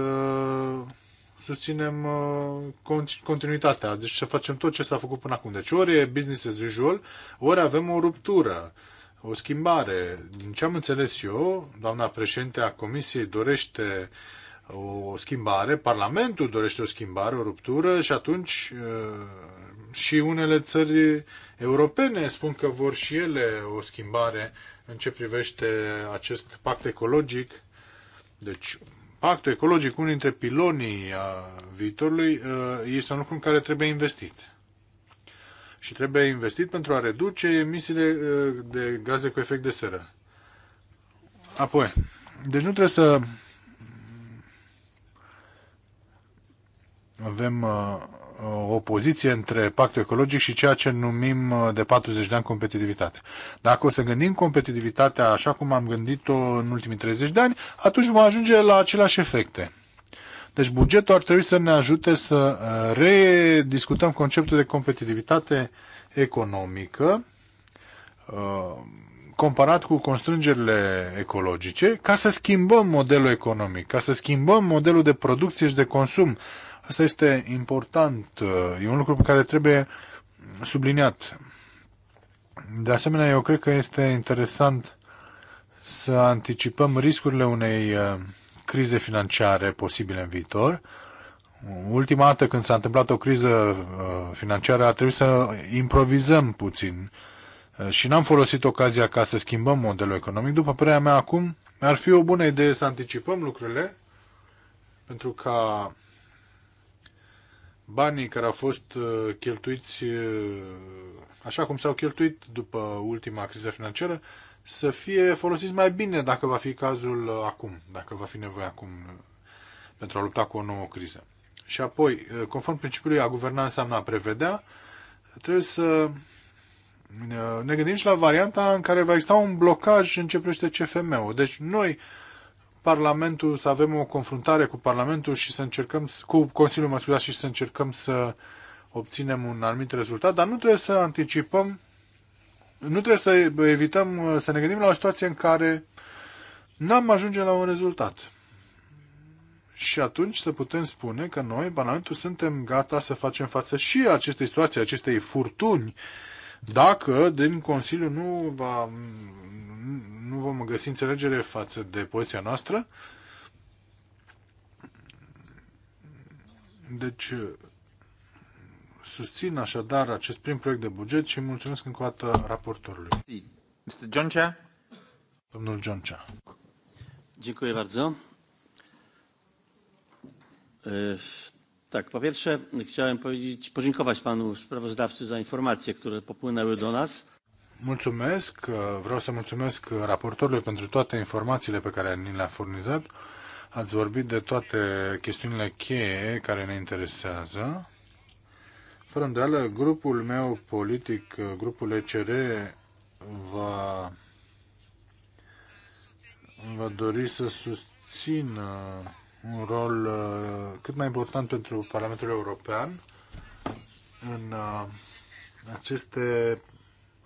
susținem uh, continuitatea, deci să facem tot ce s-a făcut până acum. Deci ori e business as usual, ori avem o ruptură, o schimbare. Din ce am înțeles eu, doamna președinte a Comisiei dorește o schimbare, Parlamentul dorește o schimbare, o ruptură și atunci uh, și unele țări europene spun că vor și ele o schimbare în ce privește acest pact ecologic. Deci, pactul ecologic, unul dintre pilonii a viitorului, eh, este un lucru în care trebuie investit. Și trebuie investit pentru a reduce emisiile eh, de gaze cu efect de seră. Apoi, deci nu trebuie să avem eh, o poziție între pactul ecologic și ceea ce numim uh, de 40 de ani competitivitate. Dacă o să gândim competitivitatea așa cum am gândit-o în ultimii 30 de ani, atunci vom ajunge la aceleași efecte. Deci bugetul ar trebui să ne ajute să uh, rediscutăm conceptul de competitivitate economică uh, comparat cu constrângerile ecologice ca să schimbăm modelul economic, ca să schimbăm modelul de producție și de consum Asta este important, e un lucru pe care trebuie subliniat. De asemenea, eu cred că este interesant să anticipăm riscurile unei uh, crize financiare posibile în viitor. Ultima dată când s-a întâmplat o criză uh, financiară a trebuit să improvizăm puțin uh, și n-am folosit ocazia ca să schimbăm modelul economic. După părerea mea acum, ar fi o bună idee să anticipăm lucrurile pentru ca banii care au fost uh, cheltuiți uh, așa cum s-au cheltuit după ultima criză financiară să fie folosiți mai bine dacă va fi cazul uh, acum, dacă va fi nevoie acum pentru a lupta cu o nouă criză. Și apoi, conform principiului a guverna înseamnă a prevedea, trebuie să ne gândim și la varianta în care va exista un blocaj în ce privește CFM-ul. Deci noi Parlamentul, să avem o confruntare cu Parlamentul și să încercăm, cu Consiliul, mă scuzați, și să încercăm să obținem un anumit rezultat, dar nu trebuie să anticipăm, nu trebuie să evităm, să ne gândim la o situație în care n-am ajunge la un rezultat. Și atunci să putem spune că noi, Parlamentul, suntem gata să facem față și acestei situații, acestei furtuni, dacă din Consiliu nu va nu vom găsi înțelegere față de poziția noastră. Deci, susțin așadar acest prim proiect de buget și mulțumesc încă o dată raportorului. Mr. John Joncea? Domnul John Joncea. Dziękuję bardzo. Tak, po pierwsze chciałem powiedzieć, podziękować panu sprawozdawcy za informacje, które popłynęły do nas. Mulțumesc, uh, vreau să mulțumesc raportorului pentru toate informațiile pe care ni le-a furnizat. Ați vorbit de toate chestiunile cheie care ne interesează. Fără îndoială, grupul meu politic, uh, grupul ECR, va, va dori să susțină un rol uh, cât mai important pentru Parlamentul European în aceste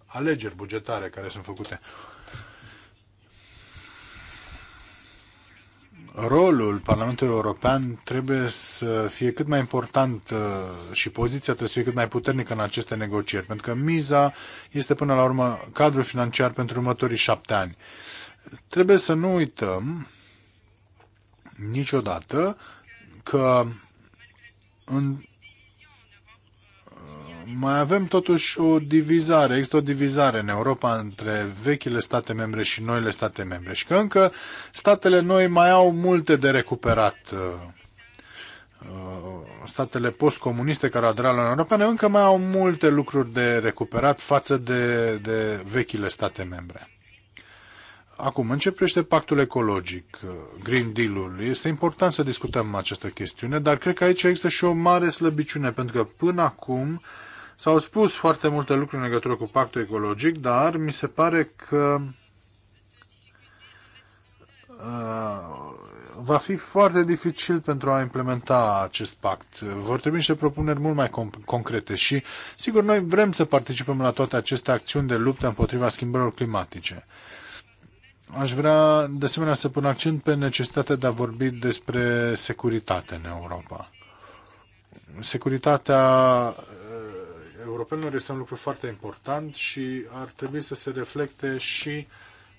alegeri bugetare care sunt făcute. rolul Parlamentului European trebuie să fie cât mai important uh, și poziția trebuie să fie cât mai puternică în aceste negocieri, pentru că miza este până la urmă cadrul financiar pentru următorii șapte ani. Trebuie să nu uităm niciodată că în mai avem totuși o divizare, există o divizare în Europa între vechile state membre și noile state membre și că încă statele noi mai au multe de recuperat. Uh, uh, statele postcomuniste care au aderat la Europeană încă mai au multe lucruri de recuperat față de, de vechile state membre. Acum, începește pactul ecologic, uh, Green Deal-ul. Este important să discutăm această chestiune, dar cred că aici există și o mare slăbiciune, pentru că până acum S-au spus foarte multe lucruri în legătură cu pactul ecologic, dar mi se pare că uh, va fi foarte dificil pentru a implementa acest pact. Vor trebui niște propuneri mult mai concrete și, sigur, noi vrem să participăm la toate aceste acțiuni de luptă împotriva schimbărilor climatice. Aș vrea, de asemenea, să pun accent pe necesitatea de a vorbi despre securitate în Europa. Securitatea europenilor este un lucru foarte important și ar trebui să se reflecte și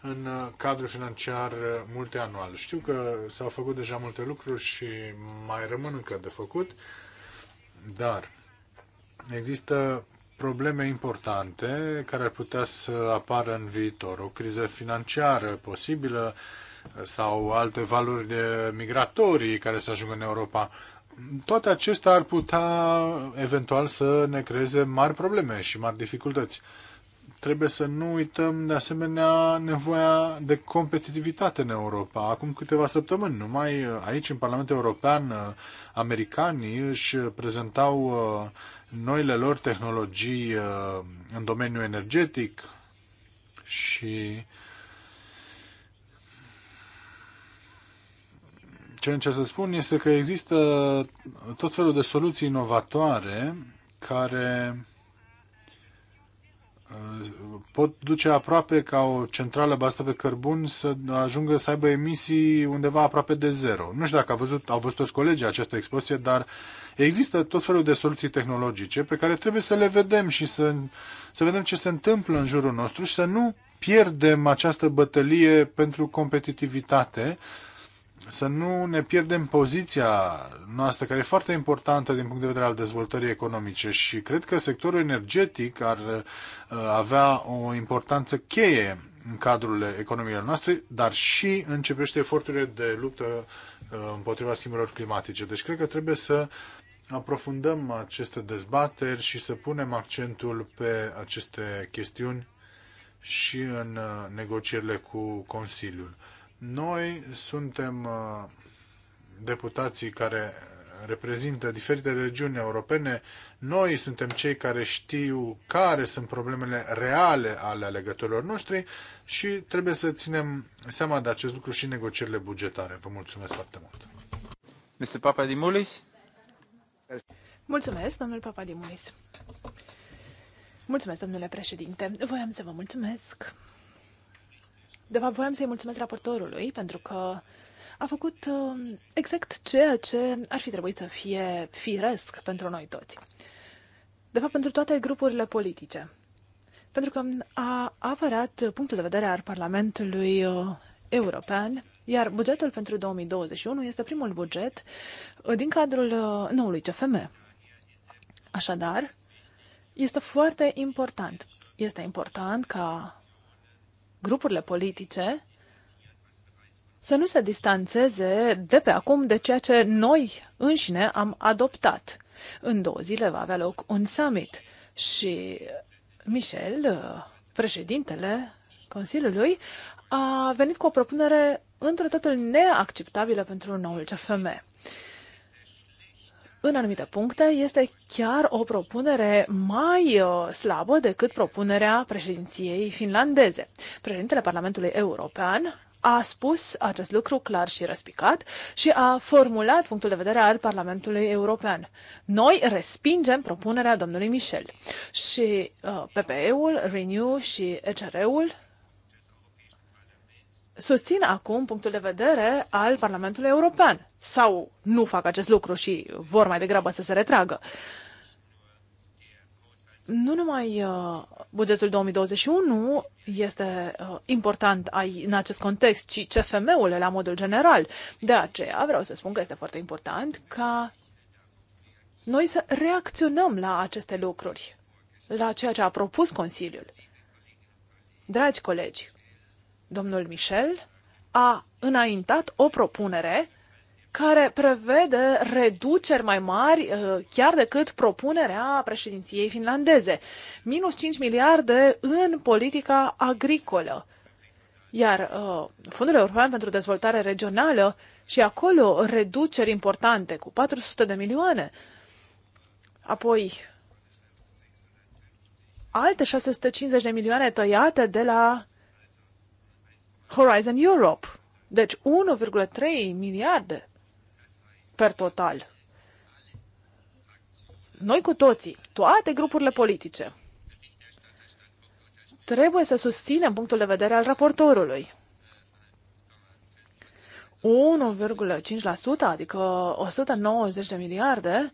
în cadrul financiar multianual. Știu că s-au făcut deja multe lucruri și mai rămân încă de făcut, dar există probleme importante care ar putea să apară în viitor. O criză financiară posibilă sau alte valuri de migratorii care să ajungă în Europa toate acestea ar putea eventual să ne creeze mari probleme și mari dificultăți. Trebuie să nu uităm de asemenea nevoia de competitivitate în Europa. Acum câteva săptămâni, numai aici în Parlamentul European, americanii își prezentau uh, noile lor tehnologii uh, în domeniul energetic și uh, ce încerc să spun este că există tot felul de soluții inovatoare care uh, pot duce aproape ca o centrală bazată pe cărbun să ajungă să aibă emisii undeva aproape de zero. Nu știu dacă au văzut, au văzut toți colegii această expoziție, dar există tot felul de soluții tehnologice pe care trebuie să le vedem și să, să vedem ce se întâmplă în jurul nostru și să nu pierdem această bătălie pentru competitivitate, să nu ne pierdem poziția noastră, care e foarte importantă din punct de vedere al dezvoltării economice și cred că sectorul energetic ar uh, avea o importanță cheie în cadrul economiei noastre, dar și începește eforturile de luptă uh, împotriva schimbărilor climatice. Deci cred că trebuie să aprofundăm aceste dezbateri și să punem accentul pe aceste chestiuni și în uh, negocierile cu Consiliul. Noi suntem uh, deputații care reprezintă diferite regiuni europene, noi suntem cei care știu care sunt problemele reale ale alegătorilor noștri și trebuie să ținem seama de acest lucru și negocierile bugetare. Vă mulțumesc foarte mult. Mr. Papa Dimulis. Mulțumesc, domnul Papa Dimulis. Mulțumesc, domnule președinte. Voiam să vă mulțumesc de fapt, voiam să-i mulțumesc raportorului pentru că a făcut um, exact ceea ce ar fi trebuit să fie firesc pentru noi toți. De fapt, pentru toate grupurile politice. Pentru că a apărat punctul de vedere al Parlamentului uh, European, iar bugetul pentru 2021 este primul buget uh, din cadrul uh, noului CFM. Așadar, este foarte important. Este important ca grupurile politice să nu se distanțeze de pe acum de ceea ce noi înșine am adoptat. În două zile va avea loc un summit și Michel, președintele Consiliului, a venit cu o propunere într-o totul neacceptabilă pentru noul CFM în anumite puncte este chiar o propunere mai uh, slabă decât propunerea președinției finlandeze. Președintele Parlamentului European a spus acest lucru clar și răspicat și a formulat punctul de vedere al Parlamentului European. Noi respingem propunerea domnului Michel și uh, PPE-ul, Renew și ECR-ul susțin acum punctul de vedere al Parlamentului European. Sau nu fac acest lucru și vor mai degrabă să se retragă. Nu numai uh, bugetul 2021 este uh, important ai, în acest context, ci CFM-ul la modul general. De aceea vreau să spun că este foarte important ca noi să reacționăm la aceste lucruri, la ceea ce a propus Consiliul. Dragi colegi, domnul Michel a înaintat o propunere care prevede reduceri mai mari uh, chiar decât propunerea președinției finlandeze. Minus 5 miliarde în politica agricolă. Iar uh, Fondul European pentru Dezvoltare Regională și acolo reduceri importante cu 400 de milioane. Apoi alte 650 de milioane tăiate de la Horizon Europe. Deci 1,3 miliarde per total. Noi cu toții, toate grupurile politice, trebuie să susținem punctul de vedere al raportorului. 1,5%, adică 190 de miliarde,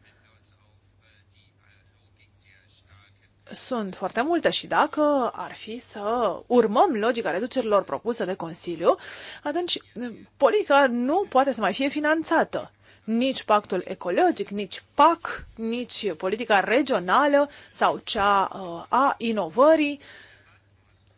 sunt foarte multe și dacă ar fi să urmăm logica reducerilor propuse de Consiliu, atunci eh, politica nu poate să mai fie finanțată. Nici pactul ecologic, nici PAC, nici politica regională sau cea eh, a inovării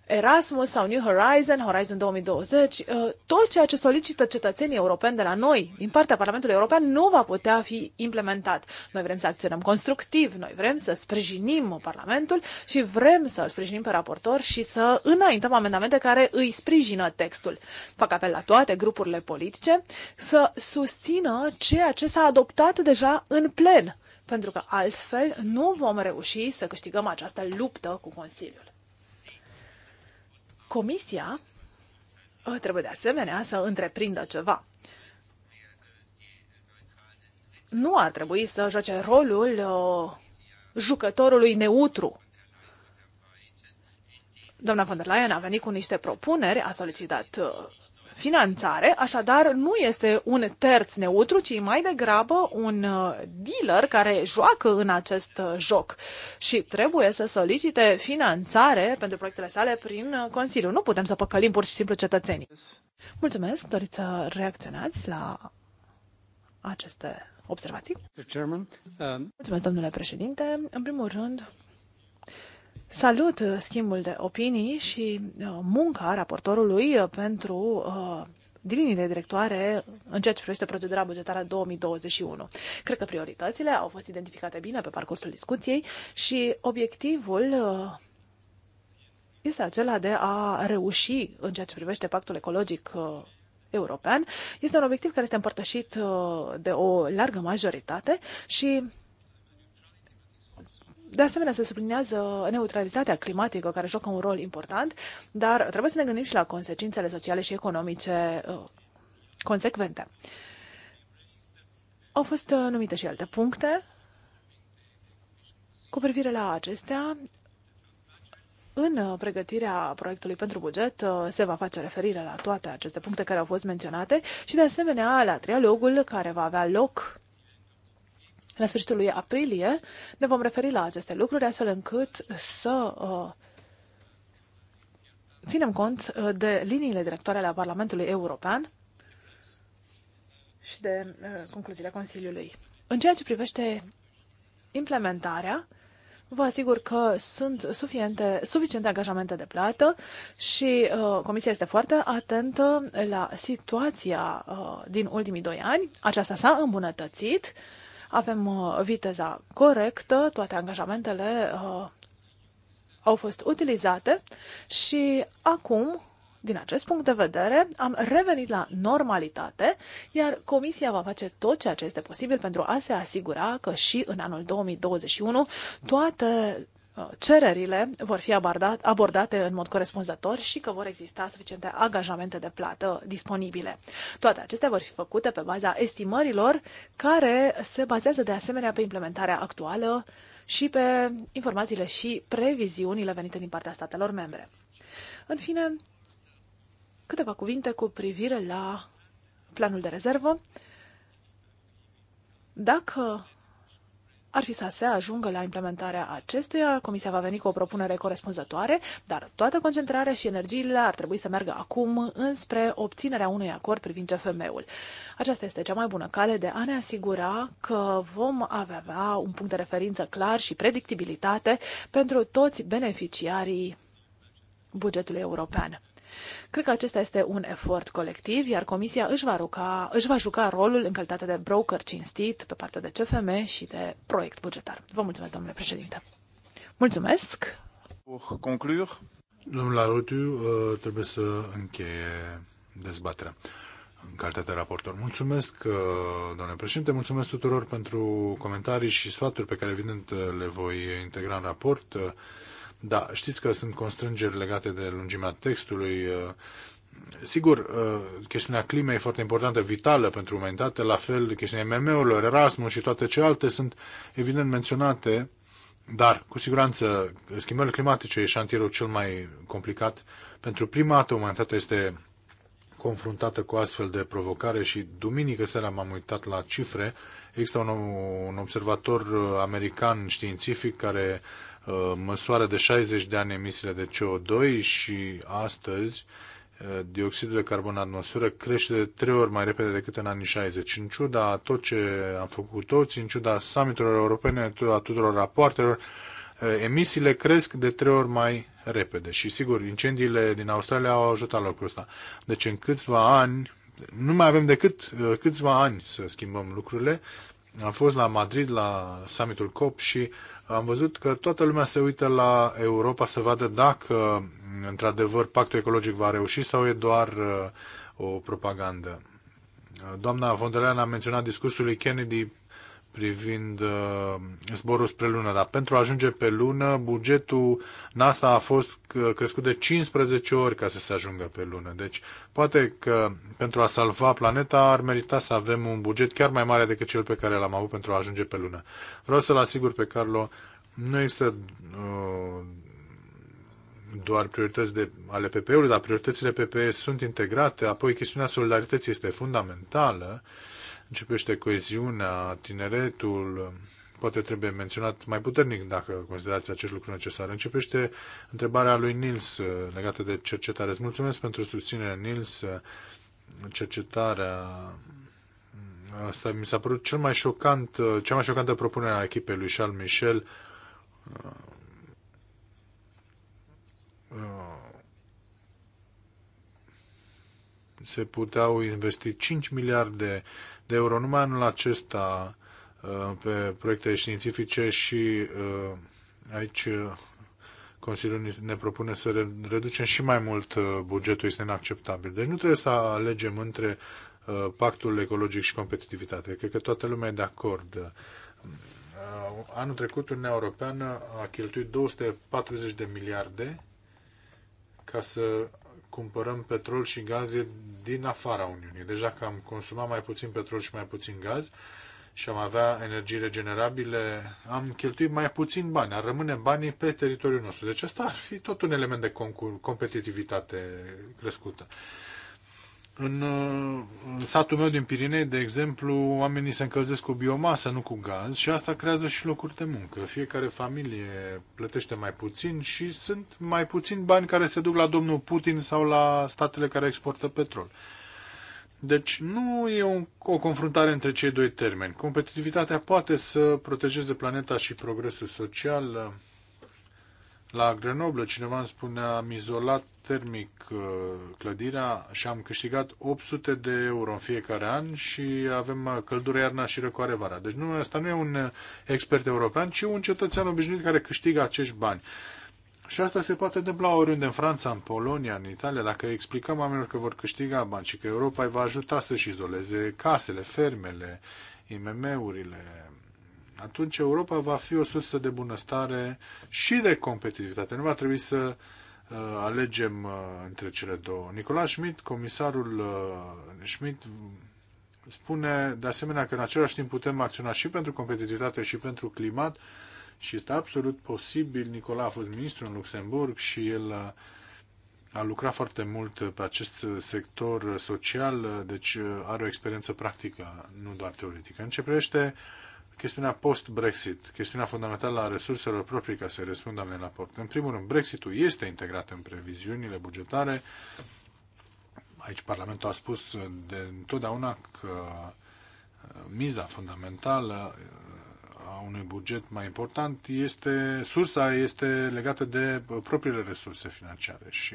Erasmus sau New Horizon, Horizon 2020, uh, tot ceea ce solicită cetățenii europeni de la noi, din partea Parlamentului European, nu va putea fi implementat. Noi vrem să acționăm constructiv, noi vrem să sprijinim Parlamentul și vrem să îl sprijinim pe raportor și să înaintăm amendamente care îi sprijină textul. Fac apel la toate grupurile politice să susțină ceea ce s-a adoptat deja în plen, pentru că altfel nu vom reuși să câștigăm această luptă cu Consiliul. Comisia uh, trebuie de asemenea să întreprindă ceva. Nu ar trebui să joace rolul uh, jucătorului neutru. Doamna von der Leyen a venit cu niște propuneri, a solicitat uh, finanțare, așadar nu este un terț neutru, ci mai degrabă un uh, dealer care joacă în acest uh, joc și trebuie să solicite finanțare pentru proiectele sale prin uh, Consiliu. Nu putem să păcălim pur și simplu cetățenii. Mulțumesc, doriți să reacționați la aceste observații? Um, Mulțumesc, domnule președinte. În primul rând, Salut uh, schimbul de opinii și uh, munca raportorului uh, pentru linii de directoare în ceea ce privește procedura bugetară 2021. Cred că prioritățile au fost identificate bine pe parcursul discuției și obiectivul este acela de a reuși în ceea ce privește pactul ecologic european. Este un obiectiv care este împărtășit de o largă majoritate și de asemenea, se sublinează neutralitatea climatică, care joacă un rol important, dar trebuie să ne gândim și la consecințele sociale și economice uh, consecvente. Au fost uh, numite și alte puncte. Cu privire la acestea, în uh, pregătirea proiectului pentru buget se va face referire la toate aceste puncte care au fost menționate și, de asemenea, la trialogul care va avea loc la sfârșitul lui aprilie ne vom referi la aceste lucruri, astfel încât să uh, ținem cont uh, de liniile directoare ale Parlamentului European și de uh, concluziile Consiliului. În ceea ce privește implementarea, vă asigur că sunt suficiente, suficiente angajamente de plată și uh, Comisia este foarte atentă la situația uh, din ultimii doi ani. Aceasta s-a îmbunătățit. Uh, avem uh, viteza corectă, toate angajamentele uh, au fost utilizate și acum, din acest punct de vedere, am revenit la normalitate, iar Comisia va face tot ceea ce este posibil pentru a se asigura că și în anul 2021 toate cererile vor fi abordate în mod corespunzător și că vor exista suficiente angajamente de plată disponibile. Toate acestea vor fi făcute pe baza estimărilor care se bazează de asemenea pe implementarea actuală și pe informațiile și previziunile venite din partea statelor membre. În fine, câteva cuvinte cu privire la planul de rezervă. Dacă ar fi să se ajungă la implementarea acestuia. Comisia va veni cu o propunere corespunzătoare, dar toată concentrarea și energiile ar trebui să meargă acum înspre obținerea unui acord privind CFM-ul. Aceasta este cea mai bună cale de a ne asigura că vom avea un punct de referință clar și predictibilitate pentru toți beneficiarii bugetului european. Cred că acesta este un efort colectiv, iar Comisia își va, ruca, își va juca rolul în calitate de broker cinstit pe partea de CFM și de proiect bugetar. Vă mulțumesc, domnule președinte. Mulțumesc! Pour conclure. Domnul Arutiu, uh, trebuie să încheie dezbaterea în calitate de raportor. Mulțumesc, uh, domnule președinte, mulțumesc tuturor pentru comentarii și sfaturi pe care, evident, uh, le voi integra în raport. Da, știți că sunt constrângeri legate de lungimea textului. Uh, sigur, uh, chestiunea climei e foarte importantă, vitală pentru umanitate, la fel chestiunea MM-urilor, Erasmus și toate celelalte sunt evident menționate, dar cu siguranță schimbările climatice e șantierul cel mai complicat. Pentru prima dată umanitatea este confruntată cu astfel de provocare și duminică seara m-am uitat la cifre. Există un, un observator uh, american științific care uh, Uh, măsoară de 60 de ani emisiile de CO2 și astăzi uh, dioxidul de carbon în atmosferă crește de trei ori mai repede decât în anii 60. În ciuda tot ce am făcut toți, în ciuda summiturilor europene, în ciuda tuturor rapoartelor, uh, emisiile cresc de trei ori mai repede. Și sigur, incendiile din Australia au ajutat la lucrul ăsta. Deci în câțiva ani, nu mai avem decât câțiva ani să schimbăm lucrurile. Am fost la Madrid la summitul COP și uh, am văzut că toată lumea se uită la Europa să vadă dacă, într-adevăr, pactul ecologic va reuși sau e doar uh, o propagandă. Doamna von der Leyen a menționat discursul lui Kennedy privind uh, zborul spre lună, dar pentru a ajunge pe lună, bugetul NASA a fost uh, crescut de 15 ori ca să se ajungă pe lună. Deci, poate că pentru a salva planeta ar merita să avem un buget chiar mai mare decât cel pe care l-am avut pentru a ajunge pe lună. Vreau să-l asigur pe Carlo, nu există uh, doar priorități de, ale PPE-ului, dar prioritățile PPE sunt integrate, apoi chestiunea solidarității este fundamentală. Uh, Începește coeziunea, tineretul, poate trebuie menționat mai puternic dacă considerați acest lucru necesar. Începește întrebarea lui Nils uh, legată de cercetare. Îți mulțumesc pentru susținere, Nils. Uh, cercetarea mm, Asta mi s-a părut cel mai șocant, uh, cea mai șocantă propunere a echipei lui Charles Michel. Se puteau investi 5 miliarde de euro numai anul acesta uh, pe proiecte științifice și uh, aici uh, Consiliul ne propune să reducem și mai mult bugetul, este inacceptabil. Deci nu trebuie să alegem între pactul ecologic și competitivitate. Cred că toată lumea e de acord. Anul trecut Uniunea Europeană a cheltuit 240 de miliarde ca să cumpărăm petrol și gaze din afara Uniunii. Deja că am consumat mai puțin petrol și mai puțin gaz și am avea energii regenerabile, am cheltuit mai puțin bani, ar rămâne banii pe teritoriul nostru. Deci asta ar fi tot un element de competitivitate crescută. În, uh, în satul meu din Pirinei, de exemplu, oamenii se încălzesc cu biomasă, nu cu gaz și asta creează și locuri de muncă. Fiecare familie plătește mai puțin și sunt mai puțini bani care se duc la domnul Putin sau la statele care exportă petrol. Deci nu e un, o confruntare între cei doi termeni. Competitivitatea poate să protejeze planeta și progresul social la Grenoble cineva îmi spunea, am izolat termic uh, clădirea și am câștigat 800 de euro în fiecare an și avem uh, căldură iarna și răcoare vara. Deci nu, asta nu e un uh, expert european, ci un cetățean obișnuit care câștigă acești bani. Și asta se poate întâmpla oriunde, în Franța, în Polonia, în Italia, dacă explicăm oamenilor că vor câștiga bani și că Europa îi va ajuta să-și izoleze casele, fermele, IMM-urile, atunci Europa va fi o sursă de bunăstare și de competitivitate. Nu va trebui să uh, alegem uh, între cele două. Nicola Schmidt, comisarul uh, Schmidt, spune de asemenea că în același timp putem acționa și pentru competitivitate și pentru climat și este absolut posibil. Nicola a fost ministru în Luxemburg și el a, a lucrat foarte mult pe acest sector social, deci are o experiență practică, nu doar teoretică. În ce privește uh, chestiunea post-Brexit, chestiunea fundamentală a resurselor proprii, ca să răspund, în raport. În primul rând, Brexitul este integrat în previziunile bugetare. Aici Parlamentul a spus de întotdeauna că uh, miza fundamentală uh, a unui buget mai important este, sursa este legată de uh, propriile resurse financiare și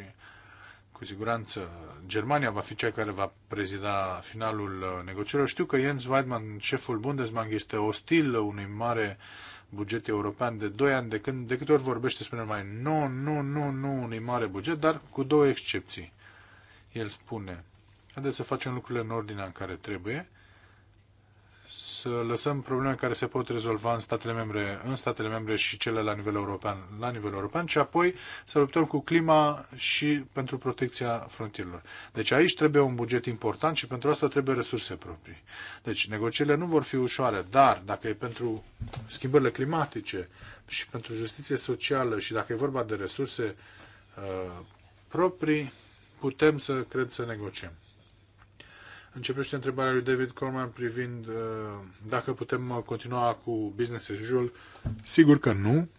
cu siguranță Germania va fi cea care va prezida finalul uh, negocierilor. Știu că Jens Weidmann, șeful Bundesbank, este ostil unui mare buget european de 2 ani de când de câte ori vorbește spune mai nu, nu, nu, nu unui mare buget, dar cu două excepții. El spune, haideți să facem lucrurile în ordinea în care trebuie să lăsăm probleme care se pot rezolva în statele membre, în statele membre și cele la nivel european, la nivel european și apoi să luptăm cu clima și pentru protecția frontierilor. Deci aici trebuie un buget important și pentru asta trebuie resurse proprii. Deci negocierile nu vor fi ușoare, dar dacă e pentru schimbările climatice și pentru justiție socială și dacă e vorba de resurse uh, proprii, putem să cred să negociem. Începește întrebarea lui David Corman privind uh, dacă putem uh, continua cu business as usual. Sigur că nu.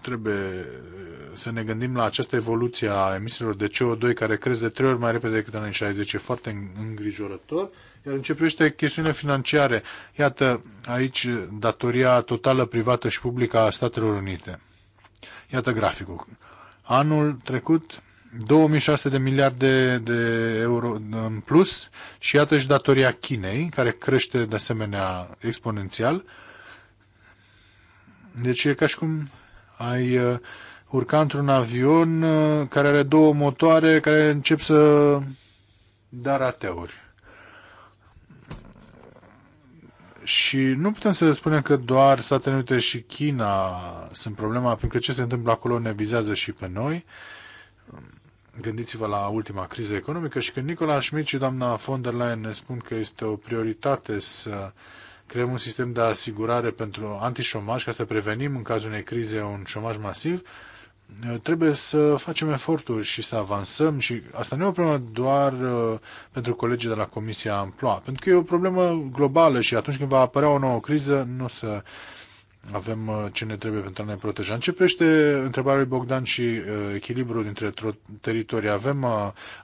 Trebuie uh, să ne gândim la această evoluție a emisiilor de CO2 care cresc de trei ori mai repede decât în 60. E foarte îngrijorător. Iar începește chestiunile financiare. Iată aici uh, datoria totală privată și publică a Statelor Unite. Iată graficul. Anul trecut 2600 de miliarde de euro în plus și iată și datoria Chinei, care crește de asemenea exponențial. Deci e ca și cum ai uh, urca într-un avion uh, care are două motoare care încep să dea rateuri. Și nu putem să spunem că doar Statele Unite și China sunt problema, pentru că ce se întâmplă acolo ne vizează și pe noi. Uh, Gândiți-vă la ultima criză economică și când Nicola Schmidt și doamna von der Leyen ne spun că este o prioritate să creăm un sistem de asigurare pentru antișomaj ca să prevenim în cazul unei crize un șomaj masiv, trebuie să facem eforturi și să avansăm și asta nu e o problemă doar uh, pentru colegii de la Comisia Amploa, pentru că e o problemă globală și atunci când va apărea o nouă criză nu o să avem uh, ce ne trebuie pentru a ne proteja. Începește întrebarea lui Bogdan și uh, echilibrul dintre teritorii. Avem uh,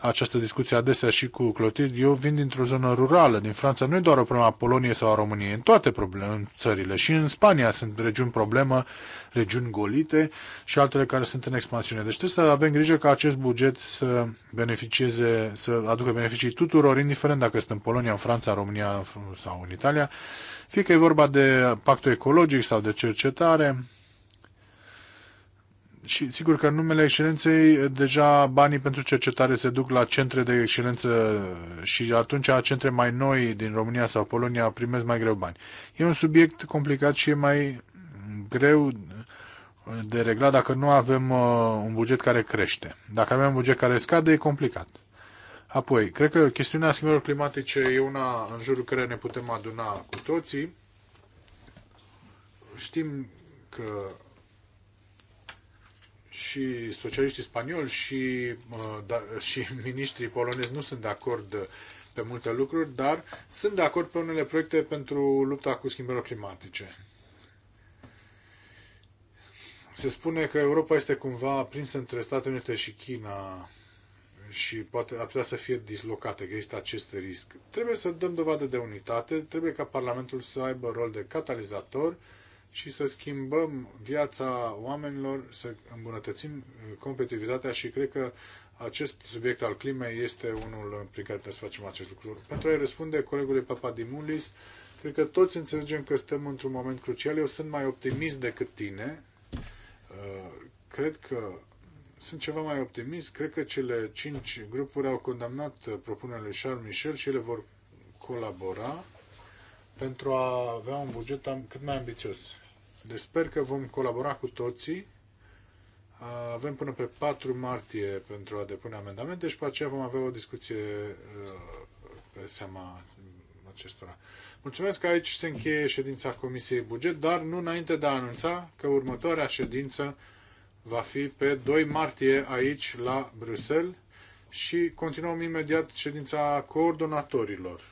această discuție adesea și cu Clotid. Eu vin dintr-o zonă rurală din Franța. Nu e doar o problemă a Poloniei sau a României. În toate probleme, în țările. Și în Spania sunt regiuni problemă, regiuni golite și altele care sunt în expansiune. Deci trebuie să avem grijă ca acest buget să beneficieze, să aducă beneficii tuturor, indiferent dacă sunt în Polonia, în Franța, în România sau în Italia fie că e vorba de pactul ecologic sau de cercetare. Și sigur că în numele excelenței, deja banii pentru cercetare se duc la centre de excelență și atunci centre mai noi din România sau Polonia primesc mai greu bani. E un subiect complicat și e mai greu de reglat dacă nu avem uh, un buget care crește. Dacă avem un buget care scade, e complicat. Apoi, cred că chestiunea schimbărilor climatice e una în jurul care ne putem aduna cu toții. Știm că și socialiștii spanioli și, uh, da, și miniștrii polonezi nu sunt de acord pe multe lucruri, dar sunt de acord pe unele proiecte pentru lupta cu schimbările climatice. Se spune că Europa este cumva prinsă între Statele Unite și China și poate ar putea să fie dislocate, că există acest risc. Trebuie să dăm dovadă de unitate, trebuie ca Parlamentul să aibă rol de catalizator și să schimbăm viața oamenilor, să îmbunătățim uh, competitivitatea și cred că acest subiect al climei este unul prin care trebuie să facem acest lucru. Pentru a-i răspunde colegului Papadimulis, cred că toți înțelegem că suntem într-un moment crucial. Eu sunt mai optimist decât tine. Uh, cred că sunt ceva mai optimist. Cred că cele cinci grupuri au condamnat propunerea lui Charles Michel și ele vor colabora pentru a avea un buget cât mai ambițios. Deci sper că vom colabora cu toții. Avem până pe 4 martie pentru a depune amendamente și pe aceea vom avea o discuție uh, pe seama acestora. Mulțumesc că aici se încheie ședința Comisiei Buget, dar nu înainte de a anunța că următoarea ședință va fi pe 2 martie aici la Bruxelles și continuăm imediat ședința coordonatorilor.